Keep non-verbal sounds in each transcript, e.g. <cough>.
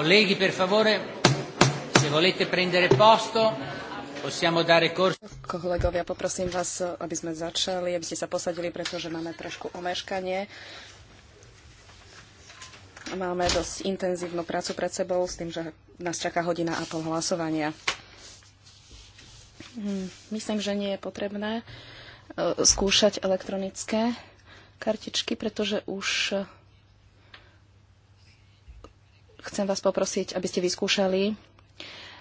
Colleghi, per favore, se volete prendere posto, possiamo dare corso. Kolegovia, poprosím vás, aby sme začali, aby ste sa posadili, pretože máme trošku omeškanie. Máme dosť intenzívnu prácu pred sebou, s tým, že nás čaká hodina a pol hlasovania. Hm, myslím, že nie je potrebné e, skúšať elektronické kartičky, pretože už chcem vás poprosiť, aby ste vyskúšali e,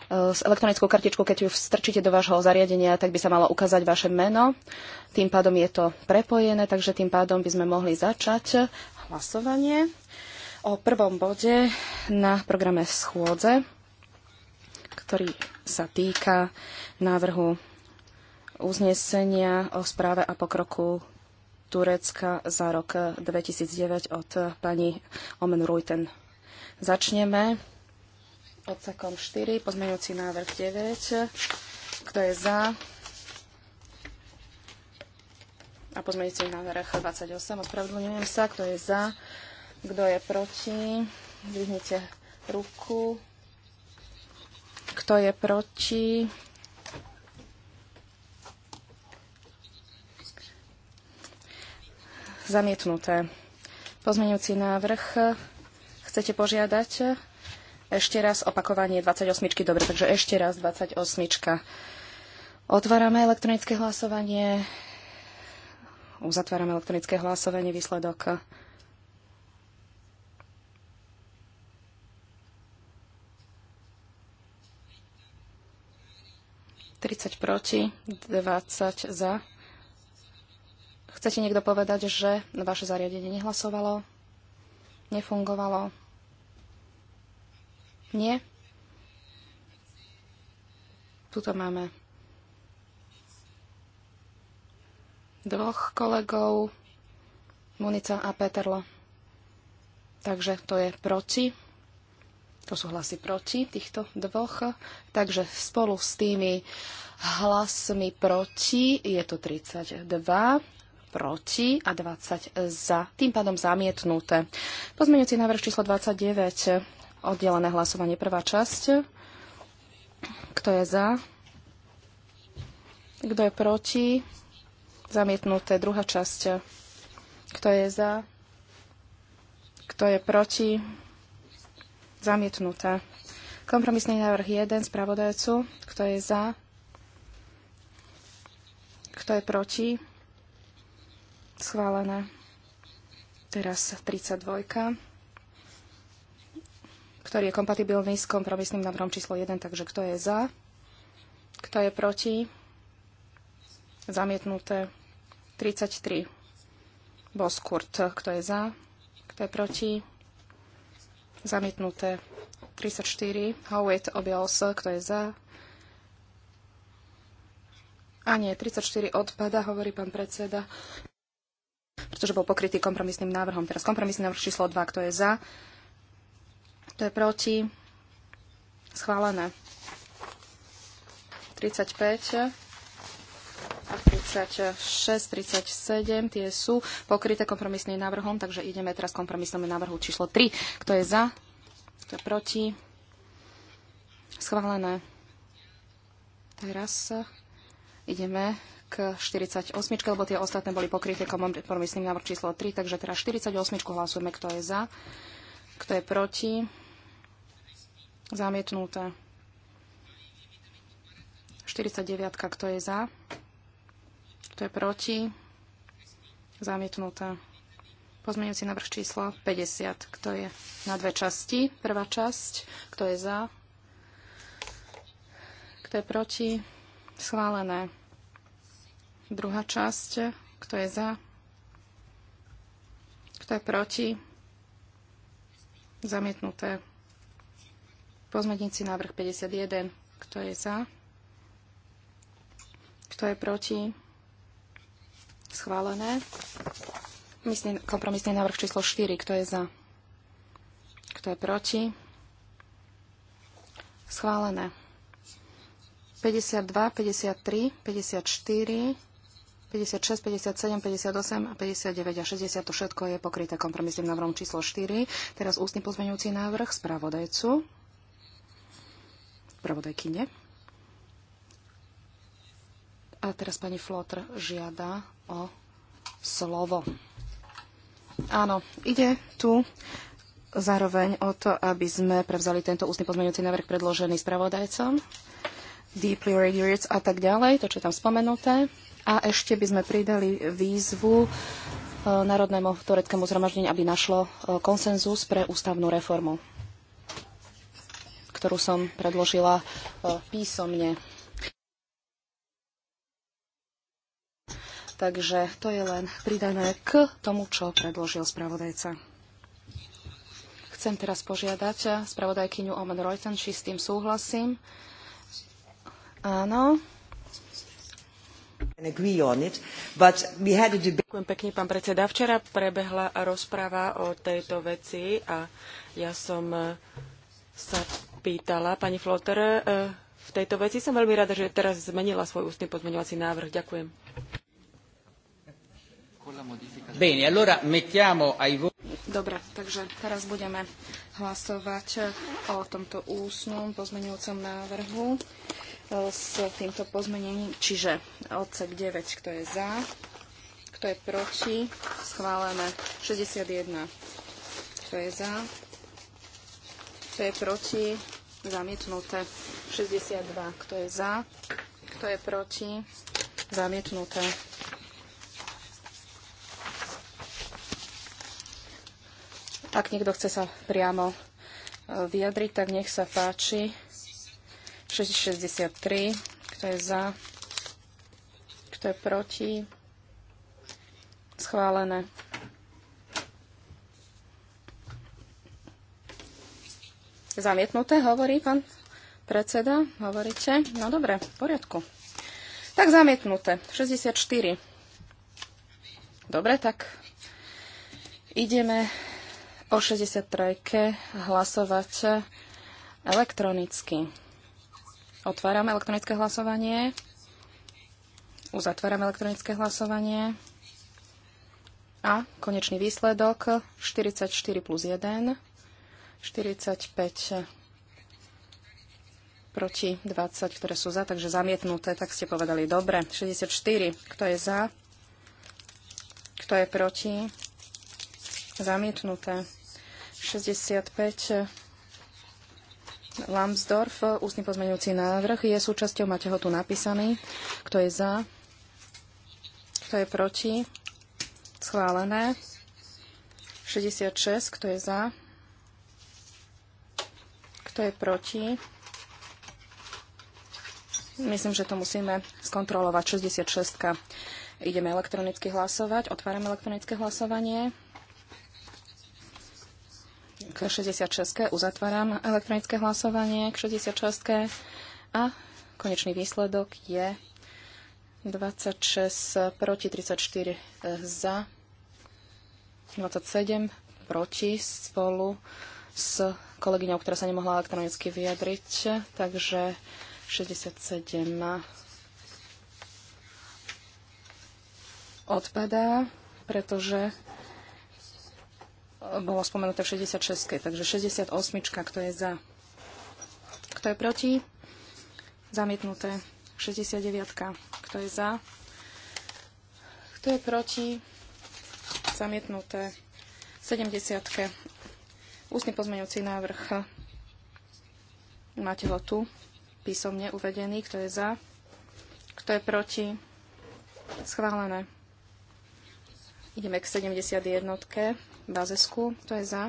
s elektronickou kartičkou, keď ju strčíte do vášho zariadenia, tak by sa malo ukázať vaše meno. Tým pádom je to prepojené, takže tým pádom by sme mohli začať hlasovanie o prvom bode na programe schôdze, ktorý sa týka návrhu uznesenia o správe a pokroku Turecka za rok 2009 e, od pani Omen Rujten. Začneme odsekom 4, pozmeňujúci návrh 9. Kto je za? A pozmeňujúci návrh 28. Ospravedlňujem sa. Kto je za? Kto je proti? Vyhnite ruku. Kto je proti? Zamietnuté. Pozmeňujúci návrh Chcete požiadať ešte raz opakovanie 28. Dobre, takže ešte raz 28. Otvárame elektronické hlasovanie. Uzatvárame elektronické hlasovanie. Výsledok proti, 20 za. Chcete niekto povedať, že vaše zariadenie nehlasovalo? Nefungovalo? Nie? Tuto máme dvoch kolegov, Monica a Peterlo. Takže to je proti. To sú hlasy proti týchto dvoch. Takže spolu s tými hlasmi proti je to 32 proti a 20 za. Tým pádom zamietnuté. Pozmeňujúci návrh číslo 29 Oddelené hlasovanie. Prvá časť. Kto je za? Kto je proti? Zamietnuté. Druhá časť. Kto je za? Kto je proti? Zamietnuté. Kompromisný návrh 1 spravodajcu. Kto je za? Kto je proti? Schválené. Teraz 32 ktorý je kompatibilný s kompromisným návrhom číslo 1. Takže kto je za? Kto je proti? Zamietnuté 33. Boskurt. Kto je za? Kto je proti? Zamietnuté 34. Howitt Obios. Kto je za? A nie, 34 odpada, hovorí pán predseda, pretože bol pokrytý kompromisným návrhom. Teraz kompromisný návrh číslo 2, kto je za, kto je proti? Schválené. 35 a 36, 37, tie sú pokryté kompromisným návrhom, takže ideme teraz kompromisnému návrhu číslo 3. Kto je za? Kto je proti? Schválené. Teraz ideme k 48, lebo tie ostatné boli pokryté kompromisným návrh číslo 3, takže teraz 48 hlasujeme, kto je za, kto je proti. Zamietnuté. 49. Kto je za? Kto je proti? Zamietnuté. Pozmeňujúci návrh číslo 50. Kto je na dve časti? Prvá časť. Kto je za? Kto je proti? Schválené. Druhá časť. Kto je za? Kto je proti? Zamietnuté. Pozmenici návrh 51. Kto je za? Kto je proti? Schválené. Myslím, kompromisný návrh číslo 4. Kto je za? Kto je proti? Schválené. 52, 53, 54, 56, 57, 58 a 59 a 60. To všetko je pokryté kompromisným návrhom číslo 4. Teraz ústny pozmeňujúci návrh spravodajcu spravodajkyne. A teraz pani Flotr žiada o slovo. Áno, ide tu zároveň o to, aby sme prevzali tento ústny pozmeňujúci návrh predložený spravodajcom, deeply regulates a tak ďalej, to, čo je tam spomenuté. A ešte by sme pridali výzvu e, Národnému toreckému zhromaždeniu, aby našlo e, konsenzus pre ústavnú reformu ktorú som predložila e, písomne. Takže to je len pridané k tomu, čo predložil spravodajca. Chcem teraz požiadať spravodajkyňu Omen Reuten, či s tým súhlasím. Áno. Ďakujem pekne, pán predseda. Včera prebehla rozprava o tejto veci a ja som sa pýtala pani Flotter e, v tejto veci. Som veľmi rada, že teraz zmenila svoj ústny pozmeňovací návrh. Ďakujem. Dobre, takže teraz budeme hlasovať e, o tomto ústnom pozmeňujúcom návrhu e, s týmto pozmenením, čiže odsek 9, kto je za, kto je proti, schválené 61, kto je za, kto je proti? Zamietnuté. 62. Kto je za? Kto je proti? Zamietnuté. Ak niekto chce sa priamo e, vyjadriť, tak nech sa páči. 663. Kto je za? Kto je proti? Schválené. Zamietnuté, hovorí pán predseda. Hovoríte? No dobre, v poriadku. Tak zamietnuté. 64. Dobre, tak ideme o 63. hlasovať elektronicky. Otváram elektronické hlasovanie. Uzatváram elektronické hlasovanie. A konečný výsledok 44 plus 1. 45 proti 20, ktoré sú za, takže zamietnuté, tak ste povedali dobre. 64, kto je za, kto je proti, zamietnuté. 65, Lambsdorff, ústny pozmeňujúci návrh, je súčasťou, máte ho tu napísaný. Kto je za, kto je proti, schválené. 66, kto je za, to je proti? Myslím, že to musíme skontrolovať. 66. Ideme elektronicky hlasovať. Otváram elektronické hlasovanie. K 66. Uzatváram elektronické hlasovanie k 66. A konečný výsledok je 26 proti 34 e, za, 27 proti spolu s kolegyňou, ktorá sa nemohla elektronicky vyjadriť, takže 67 odpadá, pretože bolo spomenuté v 66. Takže 68. Kto je za? Kto je proti? Zamietnuté. 69. Kto je za? Kto je proti? Zamietnuté. 70. Ústny pozmeňujúci návrh. Máte ho tu písomne uvedený, kto je za, kto je proti. Schválené. Ideme k 71. Bazesku. Kto je za?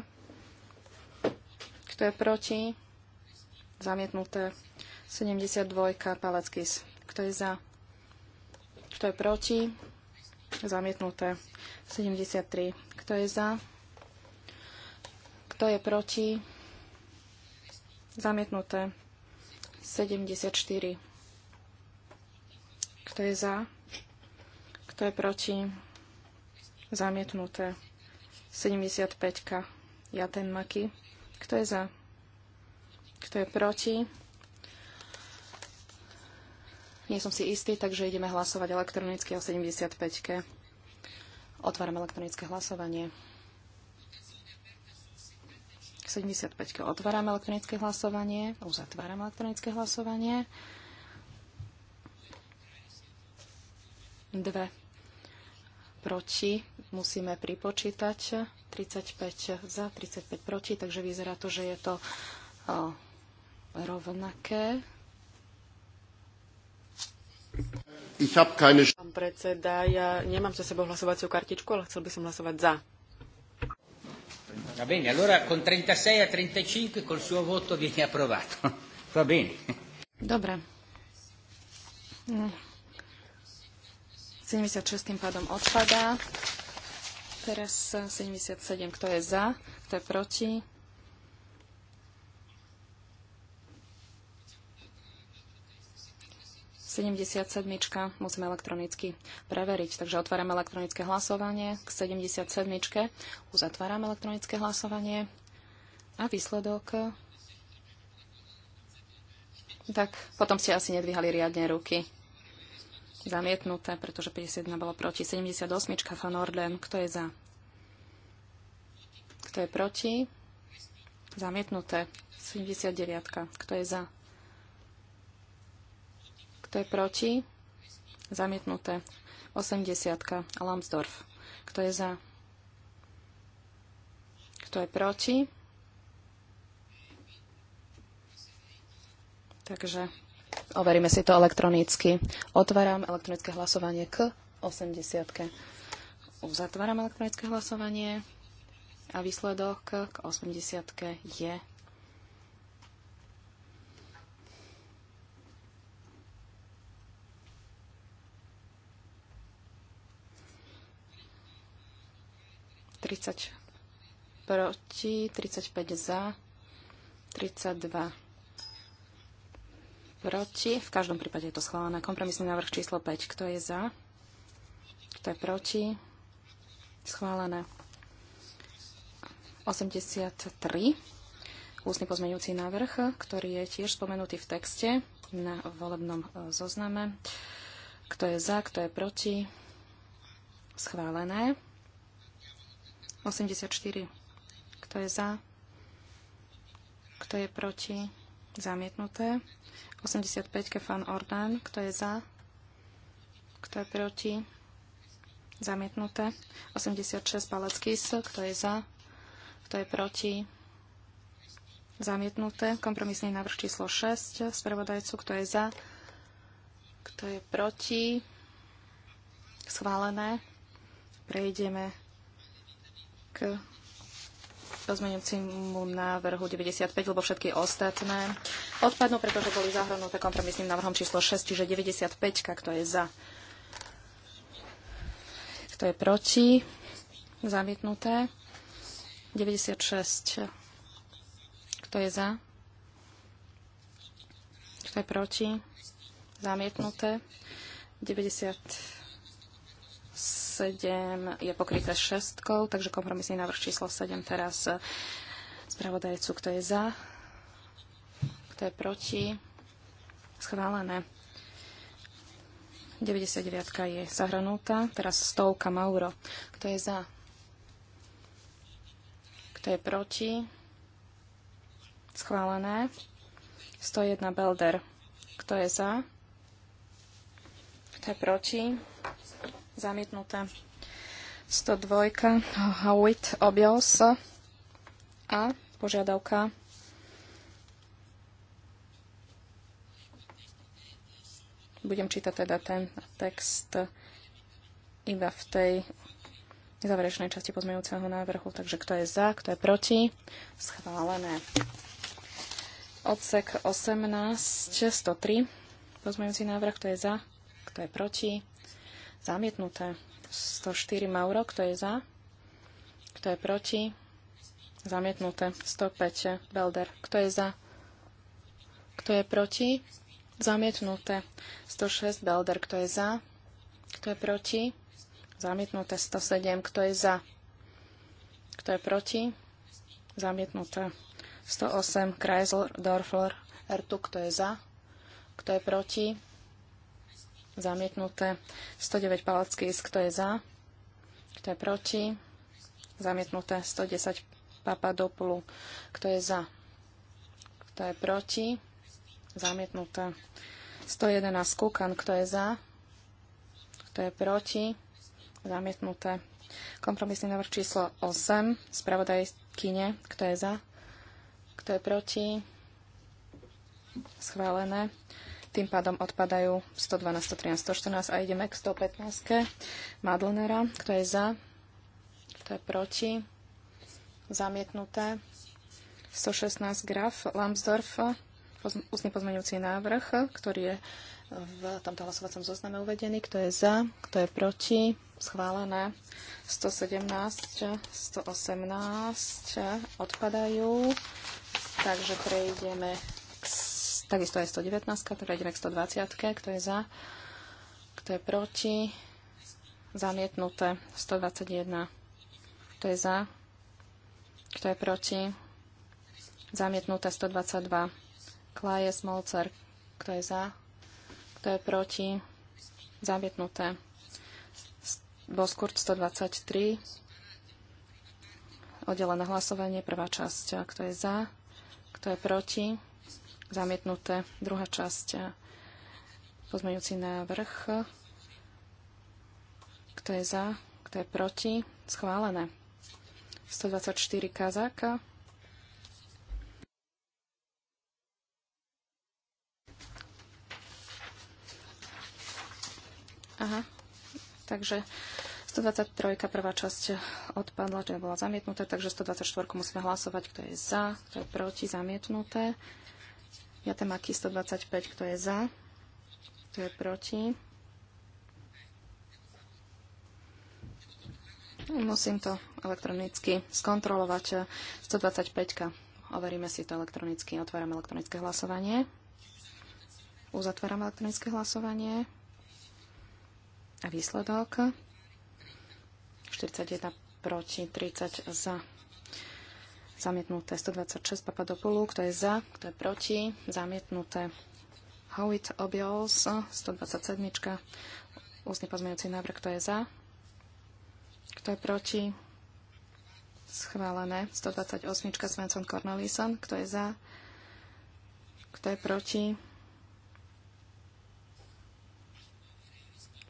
Kto je proti? Zamietnuté. 72. Palackis. Kto je za? Kto je proti? Zamietnuté. 73. Kto je za? Kto je proti? Zamietnuté. 74. Kto je za? Kto je proti? Zamietnuté. 75. Ja ten maky. Kto je za? Kto je proti? Nie som si istý, takže ideme hlasovať elektronicky o 75. Otváram elektronické hlasovanie. 75. Otváram elektronické hlasovanie. Uzatváram elektronické hlasovanie. Dve proti. Musíme pripočítať. 35 za, 35 proti, takže vyzerá to, že je to o, rovnaké. Ich keine... Pán predseda, ja nemám za sebou hlasovaciu kartičku, ale chcel by som hlasovať za. Va bene, allora con 36 a 35 col suo voto viene approvato. <laughs> Va bene. Dobre. 76 mm. tým pádom odpadá. Teraz 77, kto je za, kto je proti. 77. musíme elektronicky preveriť. Takže otváram elektronické hlasovanie k 77. Uzatváram elektronické hlasovanie. A výsledok... Tak potom ste asi nedvíhali riadne ruky. Zamietnuté, pretože 51 bolo proti. 78. Fan Orden. Kto je za? Kto je proti? Zamietnuté. 79. Kto je za? Kto je proti? Zamietnuté. 80. Lambsdorff. Kto je za? Kto je proti? Takže overíme si to elektronicky. Otváram elektronické hlasovanie k 80. Uzatváram elektronické hlasovanie a výsledok k 80 je 30 proti, 35 za, 32 proti. V každom prípade je to schválené. Kompromisný návrh číslo 5. Kto je za? Kto je proti? Schválené. 83. Ústny pozmeňujúci návrh, ktorý je tiež spomenutý v texte na volebnom e, zozname. Kto je za, kto je proti? Schválené. 84. Kto je za? Kto je proti? Zamietnuté. 85. Kefan Ordán. Kto je za? Kto je proti? Zamietnuté. 86. Paleckis. Kto je za? Kto je proti? Zamietnuté. Kompromisný návrh číslo 6. Spravodajcu. Kto je za? Kto je proti? Schválené. Prejdeme k pozmeňujúcemu návrhu 95, lebo všetky ostatné odpadnú, pretože boli zahrnuté kompromisným návrhom číslo 6, čiže 95, kto je za. Kto je proti? Zamietnuté. 96. Kto je za? Kto je proti? Zamietnuté. 90. 7 je pokryté šestkou, takže kompromisný návrh číslo 7 teraz spravodajcu, kto je za, kto je proti. Schválené. 99 je zahrnutá, teraz stovka Mauro. Kto je za? Kto je proti? Schválené. 101 Belder. Kto je za? Kto je proti? Zamietnuté. 102. Howitt Obios a požiadavka Budem čítať teda ten text iba v tej záverečnej časti pozmeňujúceho návrhu. Takže kto je za, kto je proti? Schválené. Odsek 18, 103. Pozmeňujúci návrh, kto je za, kto je proti? Zamietnuté. 104 Mauro, kto je za? Kto je proti? Zamietnuté. 105 Belder, kto je za? Kto je proti? Zamietnuté. 106 Belder, kto je za? Kto je proti? Zamietnuté. 107, kto je za? Kto je proti? Zamietnuté. 108 Kreisler, Dorfler, Ertu, kto je za? Kto je proti? zamietnuté. 109 Palacký, kto je za, kto je proti, zamietnuté. 110 Papadopoulou, kto je za, kto je proti, zamietnuté. 111 Kukan, kto je za, kto je proti, zamietnuté. Kompromisný návrh číslo 8, spravodajkyne, kto je za, kto je proti, schválené. Tým pádom odpadajú 112, 113, 114 a ideme k 115. Madlenera. Kto je za? Kto je proti? Zamietnuté. 116 Graf Lambsdorff. Ústny pozmeňujúci návrh, ktorý je v tomto hlasovacom zozname uvedený. Kto je za? Kto je proti? Schválené. 117, 118 odpadajú. Takže prejdeme Takisto aj 119, prejdeme k 120, kto je za, kto je proti, zamietnuté 121, kto je za, kto je proti, zamietnuté 122, Klaje Smolcer, kto je za, kto je proti, zamietnuté Boskurt 123, oddelené hlasovanie, prvá časť, kto je za, kto je proti, zamietnuté. Druhá časť, pozmeňujúci návrh. Kto je za, kto je proti, schválené. 124 kazáka. Aha, takže 123. prvá časť odpadla, čiže bola zamietnutá, takže 124. musíme hlasovať, kto je za, kto je proti, zamietnuté. Ja tam aký 125, kto je za, kto je proti. Musím to elektronicky skontrolovať. 125. Overíme si to elektronicky. Otváram elektronické hlasovanie. Uzatváram elektronické hlasovanie. A výsledok 41 proti 30 za. Zamietnuté 126 Papadopoulou, kto je za, kto je proti. Zamietnuté Howitt Obiols 127. Ústny pozmeňujúci návrh, kto je za, kto je proti. Schválené 128 Svensson Cornelison, kto je za, kto je proti.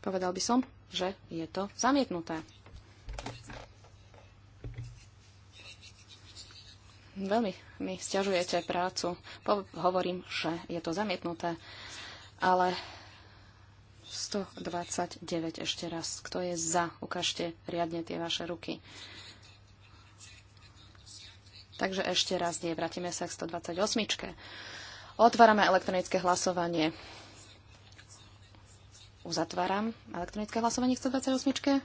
Povedal by som, že je to zamietnuté. Veľmi mi stiažujete prácu. Po- hovorím, že je to zamietnuté, ale 129 ešte raz. Kto je za? Ukážte riadne tie vaše ruky. Takže ešte raz nie. Vrátime sa k 128. Otvárame elektronické hlasovanie. Uzatváram elektronické hlasovanie k 128.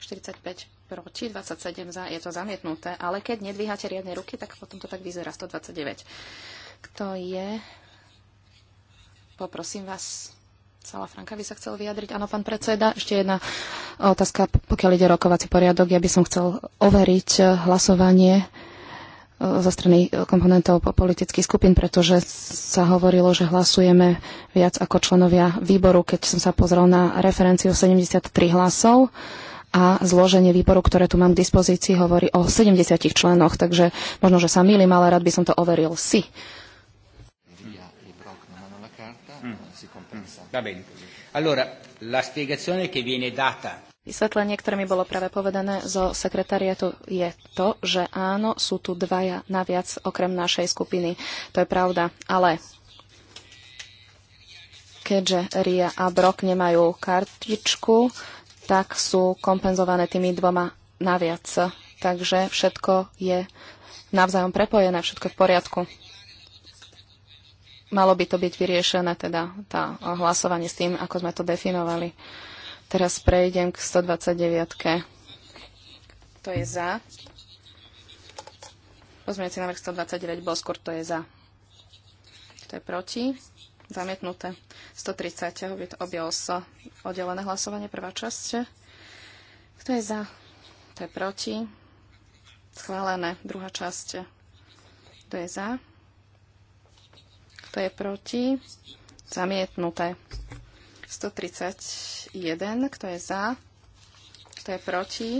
45 proti, 27 za, je to zamietnuté, ale keď nedvíhate riadne ruky, tak potom to tak vyzerá 129. Kto je? Poprosím vás. Sala Franka by sa chcel vyjadriť. Áno, pán predseda, ešte jedna otázka, pokiaľ ide rokovací poriadok. Ja by som chcel overiť hlasovanie e, zo strany komponentov politických skupín, pretože sa hovorilo, že hlasujeme viac ako členovia výboru, keď som sa pozrel na referenciu 73 hlasov a zloženie výboru, ktoré tu mám k dispozícii, hovorí o 70 členoch, takže možno, že sa milím, ale rád by som to overil si. Mm. Vysvetlenie, ktoré mi bolo práve povedané zo sekretariatu, je to, že áno, sú tu dvaja naviac okrem našej skupiny. To je pravda, ale keďže Ria a Brok nemajú kartičku, tak sú kompenzované tými dvoma naviac. Takže všetko je navzájom prepojené, všetko je v poriadku. Malo by to byť vyriešené, teda tá hlasovanie s tým, ako sme to definovali. Teraz prejdem k 129. -ke. To je za. Pozmeňujúci návrh 129 bol skôr, to je za. To je proti. Zamietnuté. 130. Objel sa oddelené hlasovanie, prvá časť. Kto je za? Kto je proti? Schválené. Druhá časť. Kto je za? Kto je proti? Zamietnuté. 131. Kto je za? Kto je proti?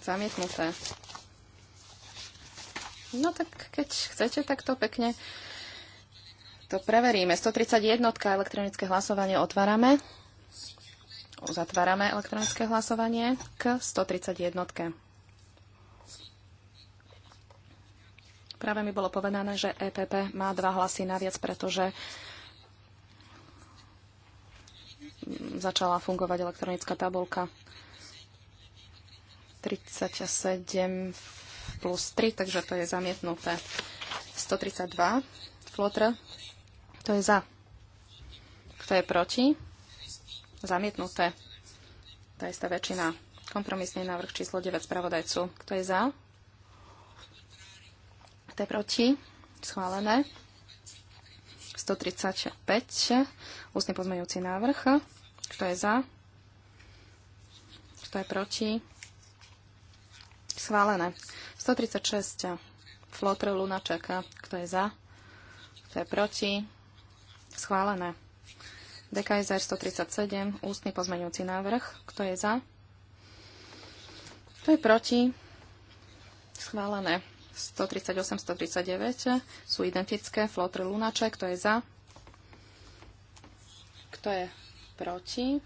Zamietnuté. No tak keď chcete, tak to pekne to preveríme. 131. elektronické hlasovanie otvárame. Uzatvárame elektronické hlasovanie k 131. Práve mi bolo povedané, že EPP má dva hlasy naviac, pretože začala fungovať elektronická tabulka 37 plus 3, takže to je zamietnuté 132. Flotr kto je za? Kto je proti? Zamietnuté. Tá istá väčšina. Kompromisný návrh číslo 9 spravodajcu. Kto je za? Kto je proti? Schválené. 135. Ústny pozmeňujúci návrh. Kto je za? Kto je proti? Schválené. 136. Flotr Lunaček. Kto je za? Kto je proti? Schválené. DKSR 137, ústny pozmeňujúci návrh. Kto je za? Kto je proti? Schválené. 138, 139 sú identické. Flotr Lunaček, kto je za? Kto je proti?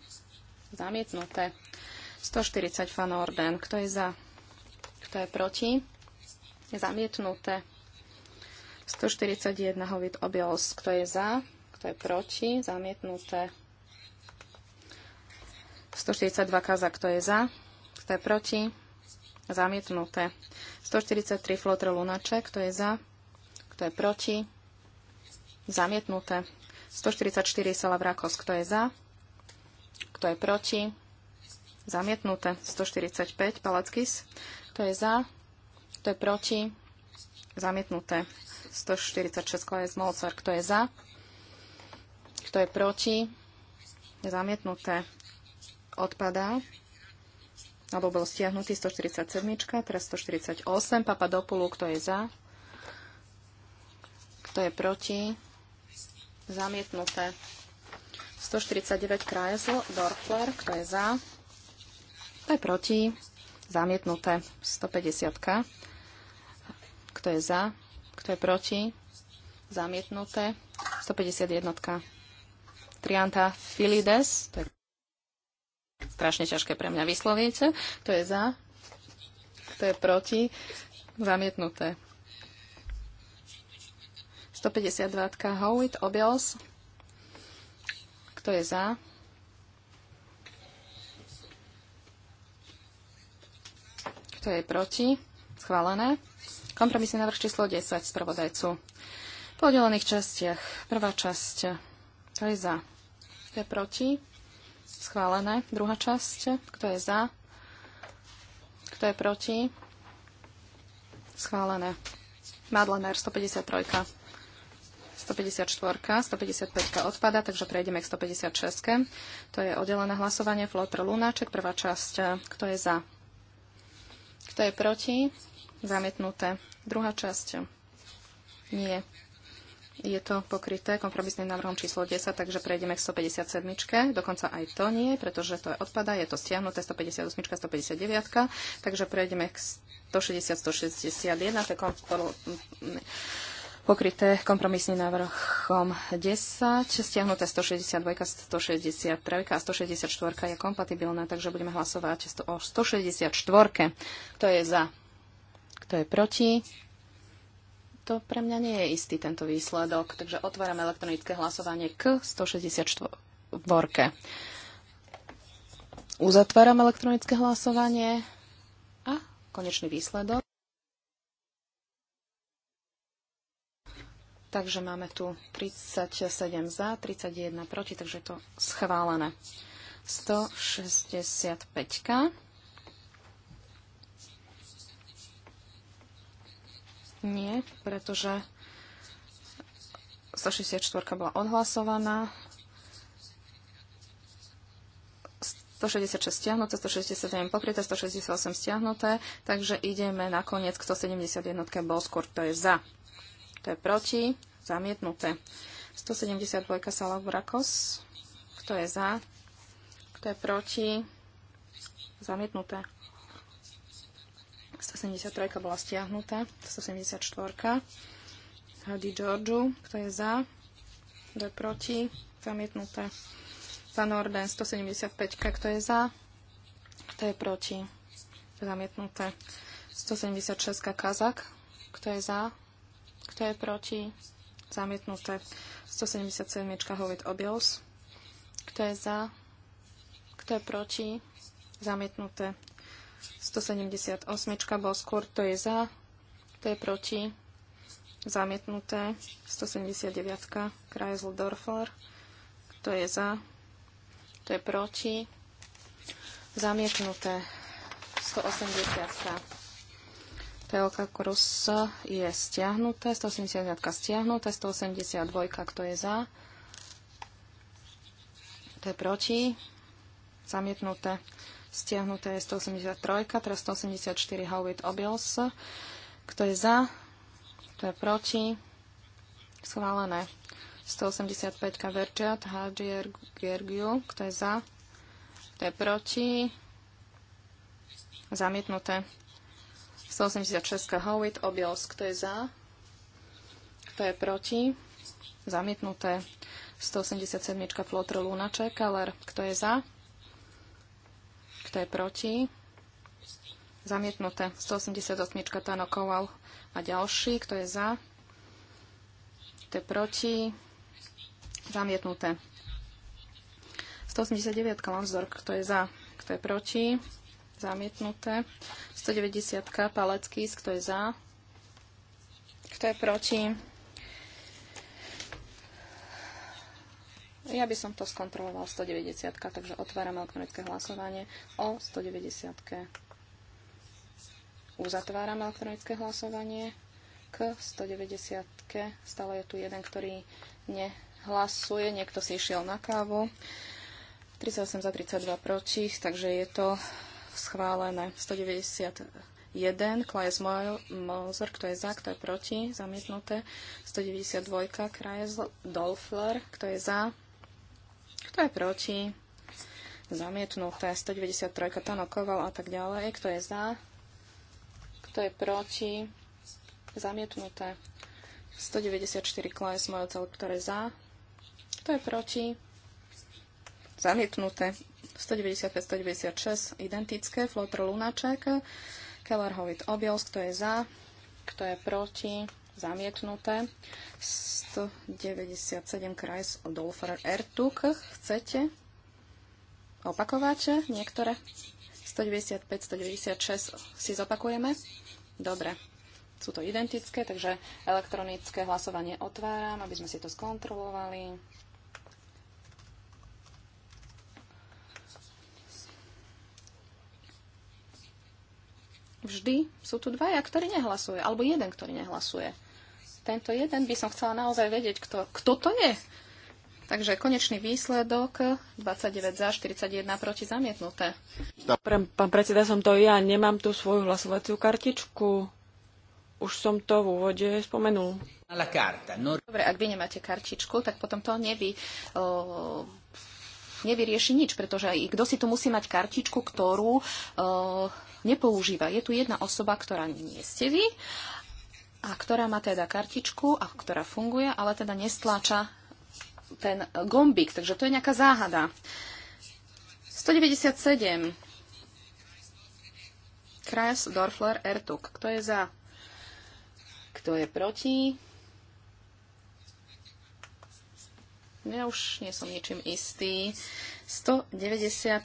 Zamietnuté. 140 Fan Orden, kto je za? Kto je proti? Zamietnuté. 141 Hovit Obios, kto je za? kto je proti, zamietnuté. 142 kaza, kto je za, kto je proti, zamietnuté. 143 flotre lunaček, kto je za, kto je proti, zamietnuté. 144 Salavrakos, kto je za, kto je proti, zamietnuté. 145 Palackis, kto je za, kto je proti, zamietnuté. 146 Klajec Molcar, kto je za, kto je proti? Zamietnuté. Odpadá. Alebo bol stiahnutý 147, teraz 148. Papadopoulou, kto je za? Kto je proti? Zamietnuté. 149 Kreisel, Dorfler, kto je za? Kto je proti? Zamietnuté. 150 Kto je za? Kto je proti? Zamietnuté. 151 -ka. Trianta Filides, to je strašne ťažké pre mňa vysloviť, kto je za, kto je proti, zamietnuté. 152 Howitt Obels, kto je za, kto je proti, schválené. Kompromisný návrh číslo 10 spravodajcu. Po oddelených častiach. Prvá časť. To je za. Kto je proti? Schválené. Druhá časť. Kto je za? Kto je proti? Schválené. Madlener 153. 154, 155 odpada, takže prejdeme k 156. To je oddelené hlasovanie Flotr Lunáček, prvá časť. Kto je za? Kto je proti? Zamietnuté. Druhá časť. Nie. Je to pokryté kompromisným návrhom číslo 10, takže prejdeme k 157. Dokonca aj to nie, pretože to je odpada, je to stiahnuté 158, 159. Takže prejdeme k 160, 161. pokryté kompromisným návrhom 10, stiahnuté 162, 163 a 164 je kompatibilná, takže budeme hlasovať o 164. Kto je za? Kto je proti? To pre mňa nie je istý tento výsledok, takže otváram elektronické hlasovanie k 164. Uzatváram elektronické hlasovanie a konečný výsledok. Takže máme tu 37 za, 31 proti, takže je to schválené. 165. Nie, pretože 164 bola odhlasovaná. 166 stiahnuté, 167 pokryté, 168 stiahnuté, takže ideme na koniec k 171 bol skôr, to je za, to je proti, zamietnuté. 172 Salok Brakos, kto je za, kto je proti, zamietnuté. 173 bola stiahnutá. 174. Hadi Georgiou. Kto je za? Kto je proti? Zamietnuté. Van Orden 175. Kto je za? Kto je proti? Zamietnuté. 176. Kazak. Kto je za? Kto je proti? Zamietnuté. 177. Hovit Obios. Kto je za? Kto je proti? Zamietnuté. 178. skôr, to je za, to je proti. Zamietnuté. 179. Kreisel Dorfler, to je za, to je proti. Zamietnuté. 180. Telka Cruz je stiahnuté, 180 stiahnuté, 182, kto je za, to je proti, zamietnuté, Stiahnuté je 183, teraz 184 Howit Obils. Kto je za? Kto je proti? Schválené. 185 Verčiat Hadžier Gergiu. Kto je za? Kto je proti? Zamietnuté. 186 Howit Obils. Kto je za? Kto je proti? Zamietnuté. 187 Flotr Lunaček. Keller. Kto je za? kto je proti. Zamietnuté. 188. Tano Koval a ďalší. Kto je za? Kto je proti? Zamietnuté. 189. Lanzor. Kto je za? Kto je proti? Zamietnuté. 190. Palecký. Kto je za? Kto je proti? Ja by som to skontroloval 190, takže otváram elektronické hlasovanie o 190. Uzatváram elektronické hlasovanie k 190. Stále je tu jeden, ktorý nehlasuje. Niekto si išiel na kávu. 38 za 32 proti, takže je to schválené. 191, Klajes Mozer, kto je za, kto je proti, zamietnuté. 192, Krajes Dolfler, kto je za, kto je proti? Zamietnuté. 193. Tanokoval a tak ďalej. Kto je za? Kto je proti? Zamietnuté. 194. Klaes Mojotel. Kto je za? Kto je proti? Zamietnuté. 195-196 identické, Flotr Lunaček, Keller Hovit Objels, kto je za, kto je proti, zamietnuté. 197 Kreis Dolfer Ertug. Chcete Opakovate niektoré? 195, 196 si zopakujeme? Dobre. Sú to identické, takže elektronické hlasovanie otváram, aby sme si to skontrolovali. Vždy sú tu dvaja, ktorí nehlasuje, alebo jeden, ktorý nehlasuje tento jeden by som chcela naozaj vedieť, kto, kto to je. Takže konečný výsledok 29 za, 41 proti zamietnuté. Pán predseda, som to ja, nemám tu svoju hlasovaciu kartičku. Už som to v úvode spomenul. No- Dobre, ak vy nemáte kartičku, tak potom to nevy, uh, nevyrieši nič, pretože aj kto si tu musí mať kartičku, ktorú uh, nepoužíva. Je tu jedna osoba, ktorá nie ste vy a ktorá má teda kartičku a ktorá funguje, ale teda nestláča ten gombík, takže to je nejaká záhada. 197. Kres, Dorfler, Ertug. Kto je za? Kto je proti? Ja už nie som ničím istý. 197.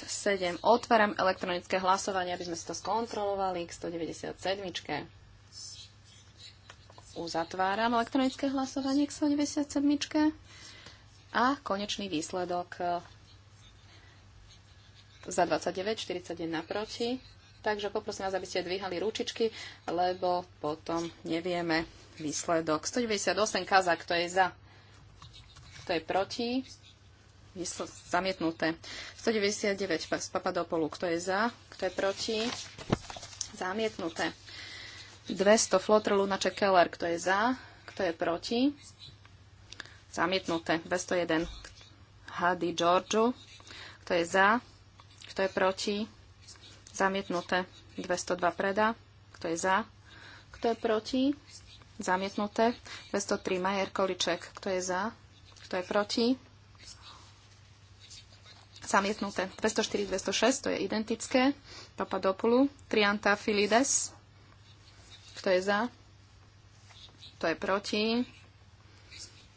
Otváram elektronické hlasovanie, aby sme si to skontrolovali k 197 uzatváram elektronické hlasovanie k 197. A konečný výsledok e, za 29, 41 naproti, Takže poprosím vás, aby ste dvíhali ručičky, lebo potom nevieme výsledok. 198 kazak, to je za, to je proti, zamietnuté. 199 z Papadopolu, kto je za, kto je proti, zamietnuté. 200 Flotr Lunaček Keller. Kto je za? Kto je proti? Zamietnuté. 201 Hady Georgiou. Kto je za? Kto je proti? Zamietnuté. 202 Preda. Kto je za? Kto je proti? Zamietnuté. 203 Majer Količek. Kto je za? Kto je proti? Zamietnuté. 204, 206, to je identické. Papadopoulou. Trianta Filides. Kto je za? Kto je proti?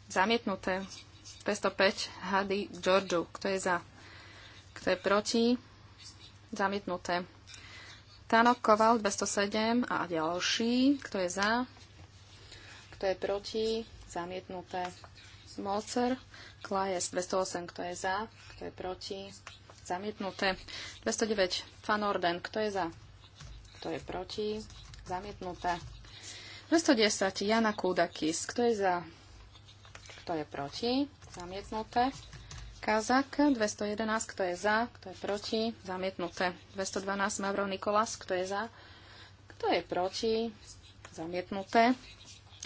Zamietnuté. 205 Hady Georgiou. Kto je za? Kto je proti? Zamietnuté. Tanok Koval 207 a ďalší. Kto je za? Kto je proti? Zamietnuté. Molcer Klajes 208. Kto je za? Kto je proti? Zamietnuté. 209 Fanorden. Kto je za? Kto je proti? Zamietnuté. 210 Jana Kudakis. Kto je za? Kto je proti? Zamietnuté. Kazak 211, kto je za, kto je proti, zamietnuté. 212 Mavro Nikolas, kto je za, kto je proti, zamietnuté.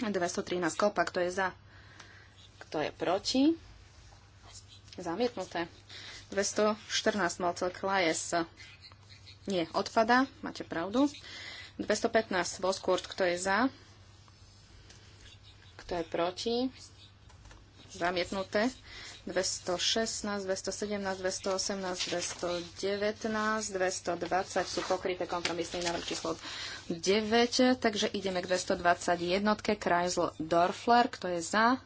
213 Kopa, kto je za, kto je proti, zamietnuté. 214 Malcel Klajes, nie, odpada, máte pravdu. 215 Voskurt, kto je za? Kto je proti? Zamietnuté. 216, 217, 218, 219, 220 sú pokryté kompromisný návrh číslo 9, takže ideme k 221. Kreisel Dorfler, kto je za,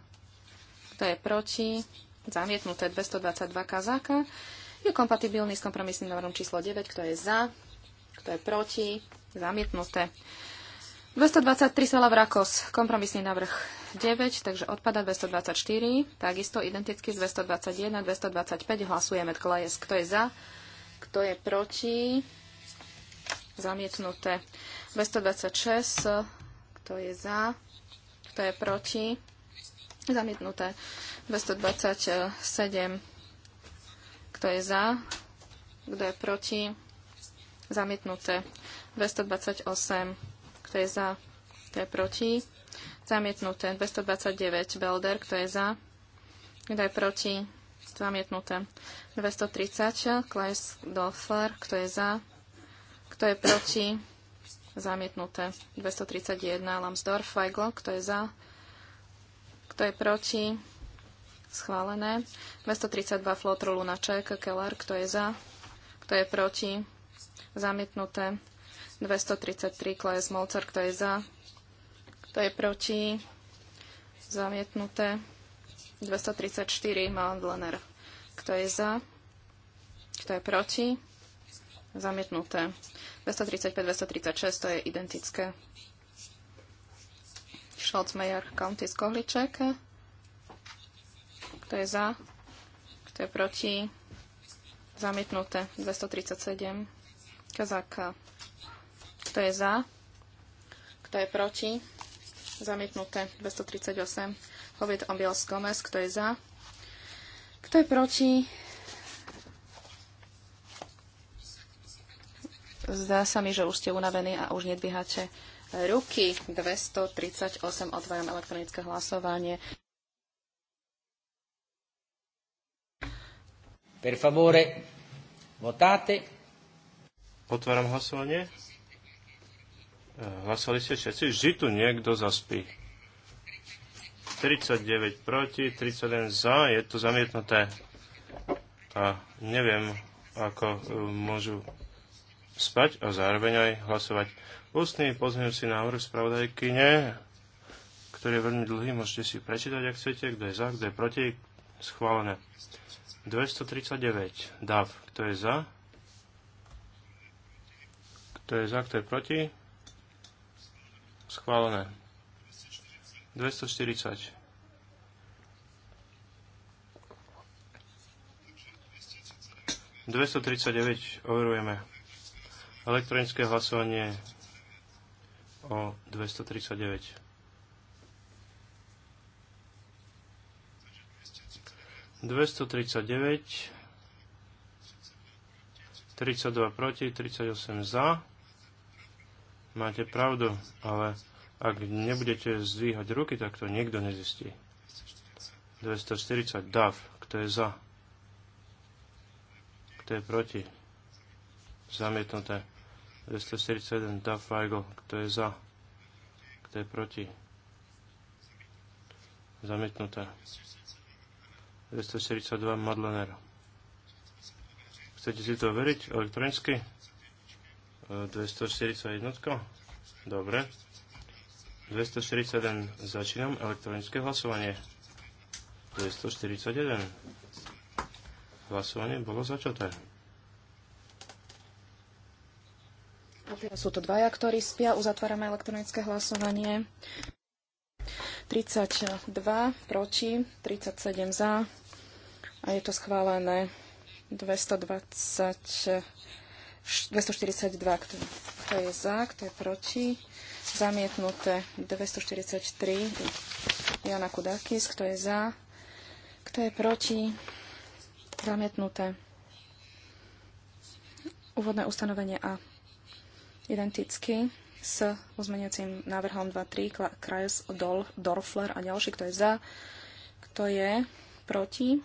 kto je proti, zamietnuté 222 kazáka, je kompatibilný s kompromisným návrhom číslo 9, kto je za, kto je proti, Zamietnuté. 223 Vrakos, kompromisný návrh 9, takže odpada 224, takisto identicky z 221, 225, hlasujeme, kto je za, kto je proti, zamietnuté. 226, kto je za, kto je proti, zamietnuté. 227, kto je za, kto je proti, Zamietnuté. 228. Kto je za? Kto je proti? Zamietnuté. 229. Belder. Kto je za? Kto je proti? Zamietnuté. 230. Kleis Dolfer. Kto je za? Kto je proti? Zamietnuté. 231. Lambsdorff. Weigl, Kto je za? Kto je proti? Schválené. 232. Flotro Lunaček. Keller. Kto je za? Kto je proti? zamietnuté. 233 Z Molcar, kto je za, kto je proti, zamietnuté. 234 Mandlener, kto je za, kto je proti, zamietnuté. 235, 236, to je identické. Scholzmeier, County Kohliček? kto je za, kto je proti, zamietnuté. 237 Kazaka. Kto je za? Kto je proti? Zamietnuté. 238. Hoviet Ambios Gomez. Kto je za? Kto je proti? Zdá sa mi, že už ste unavení a už nedvíhate ruky. 238 otváram elektronické hlasovanie. Per favore, votate. Otváram hlasovanie. E, hlasovali ste všetci? Vždy tu niekto zaspí. 39 proti, 31 za, je to zamietnuté. A neviem, ako e, môžu spať a zároveň aj hlasovať. Ústny pozmeňujúci návrh spravodajkyne, ktorý je veľmi dlhý, môžete si prečítať, ak chcete, kto je za, kto je proti, schválené. 239. DAV, kto je za? Kto je za, kto je proti? Schválené. 240. Dvesto tridsaťdeväť overujeme. Elektronické hlasovanie o 239. Dvesto tridsaťdeväť. 32 proti, 38 za máte pravdu, ale ak nebudete zdvíhať ruky, tak to nikto nezistí. 240 DAV, kto je za? Kto je proti? Zamietnuté. 241 DAV Weigl, kto je za? Kto je proti? Zamietnuté. 242 Madlener. Chcete si to veriť elektronicky? 241. Dobre. 241. Začínam elektronické hlasovanie. 241. Hlasovanie bolo začaté. A teraz sú to dvaja, ktorí spia. Uzatvárame elektronické hlasovanie. 32 proti, 37 za. A je to schválené 220 242, kto, je za, kto je proti. Zamietnuté 243 Jana Kudakis, kto je za, kto je proti. Zamietnuté úvodné ustanovenie A identicky s uzmeniacím návrhom 2.3 Kreis, Dol, Dorfler a ďalší, kto je za, kto je proti.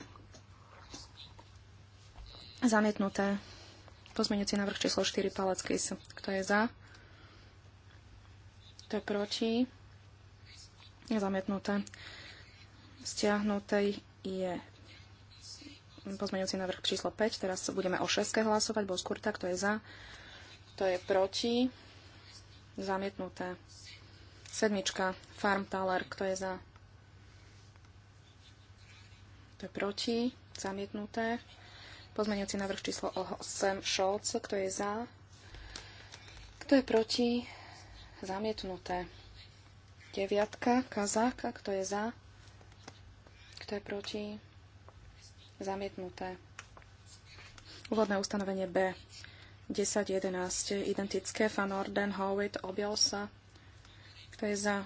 Zamietnuté Pozmeňujúci návrh číslo 4 Palackej. Kto je za? Kto je proti? Je zamietnuté. Stiahnutej je pozmeňujúci návrh číslo 5. Teraz budeme o 6 hlasovať. Bol skurta, kto je za, kto je proti. Zamietnuté. Sedmička, Farm Taler, kto je za? Kto je proti? Zamietnuté. Pozmeňujúci návrh číslo 8 Scholz. Kto je za? Kto je proti? Zamietnuté. Deviatka Kazáka. Kto je za? Kto je proti? Zamietnuté. Úvodné ustanovenie B. 10, 11. Identické. Van Orden, Howitt, sa. Kto je za?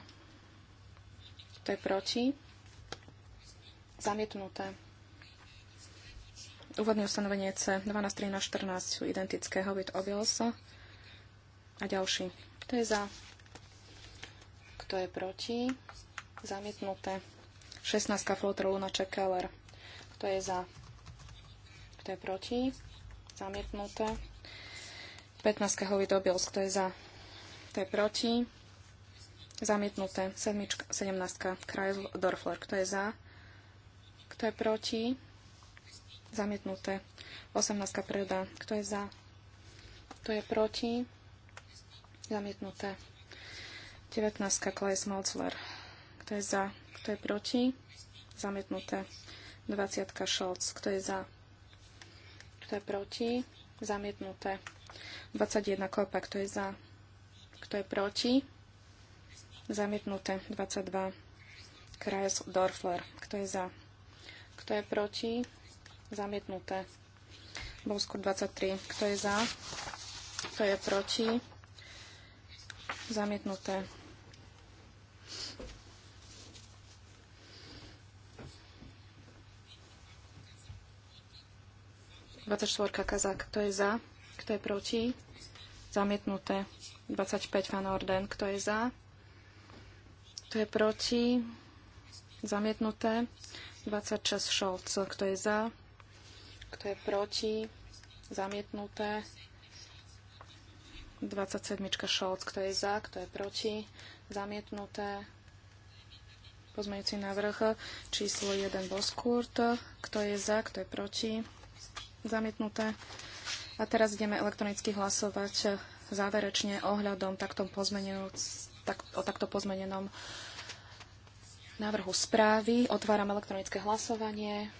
Kto je proti? Zamietnuté. Úvodné ustanovenie C 12, 13, 14 sú identické. Hobbit objel sa. A ďalší. Kto je za? Kto je proti? Zamietnuté. 16. Flotter Luna Keller. Kto je za? Kto je proti? Zamietnuté. 15. Hovid Obils. Kto je za? Kto je proti? Zamietnuté. 17. Krajl Dorfler. Kto je za? Kto je proti? Zamietnuté. 18. preda. Kto je za? Kto je proti? Zamietnuté. 19. Klaes Molzler. Kto je za? Kto je proti? Zamietnuté. 20. Scholz. Kto je za? Kto je proti? Zamietnuté. 21. Kopa. Kto je za? Kto je proti? Zamietnuté. 22. Krajes Dorfler. Kto je za? Kto je proti? Zamietnuté. Bosku 23. Kto je za? Kto je proti? Zamietnuté. Dvadsaťštvorka Kazak, Kto je za? Kto je proti? Zamietnuté. 25 Fan Orden. Kto je za? Kto je proti? Zamietnuté. 26 Scholz. Kto je za? Kto je proti? Zamietnuté. 27. Šolc. Kto je za? Kto je proti? Zamietnuté. Pozmeňujúci návrh číslo 1 Boskurt. Kto je za? Kto je proti? Zamietnuté. A teraz ideme elektronicky hlasovať záverečne ohľadom takto tak, o takto pozmenenom návrhu správy. Otváram elektronické hlasovanie.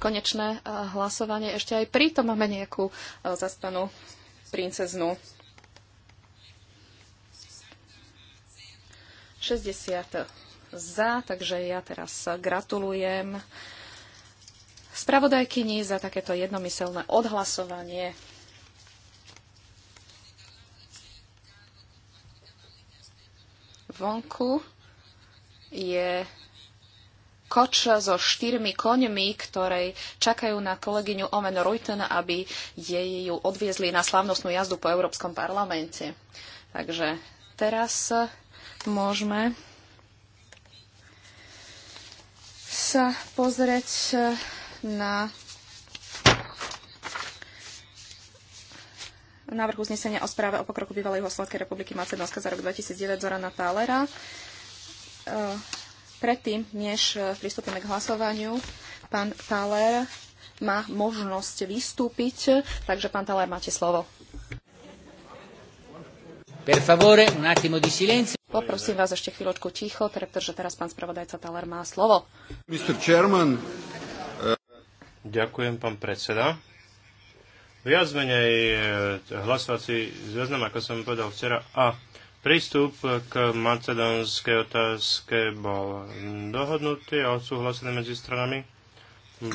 konečné eh, hlasovanie. Ešte aj pritom máme nejakú eh, zastanú princeznú. 60 za, takže ja teraz gratulujem spravodajkyni za takéto jednomyselné odhlasovanie. Vonku je koč so štyrmi koňmi, ktorej čakajú na kolegyňu Omen Reuten, aby jej ju odviezli na slavnostnú jazdu po Európskom parlamente. Takže teraz môžeme sa pozrieť na návrh uznesenia o správe o pokroku bývalej Juhoslovanskej republiky Macedónska za rok 2009 Zorana Pálera e, Predtým, než e, pristúpime k hlasovaniu, pán Thaler má možnosť vystúpiť, takže pán Thaler, máte slovo. Per favore, un attimo di silenzio. Poprosím vás ešte chvíľočku ticho, pretože teraz pán spravodajca Thaler má slovo. Mr. Chairman. E, ďakujem, pán predseda. Viac menej e, hlasovací zoznam, ako som povedal včera, a Prístup k macedónskej otázke bol dohodnutý a odsúhlasený medzi stranami.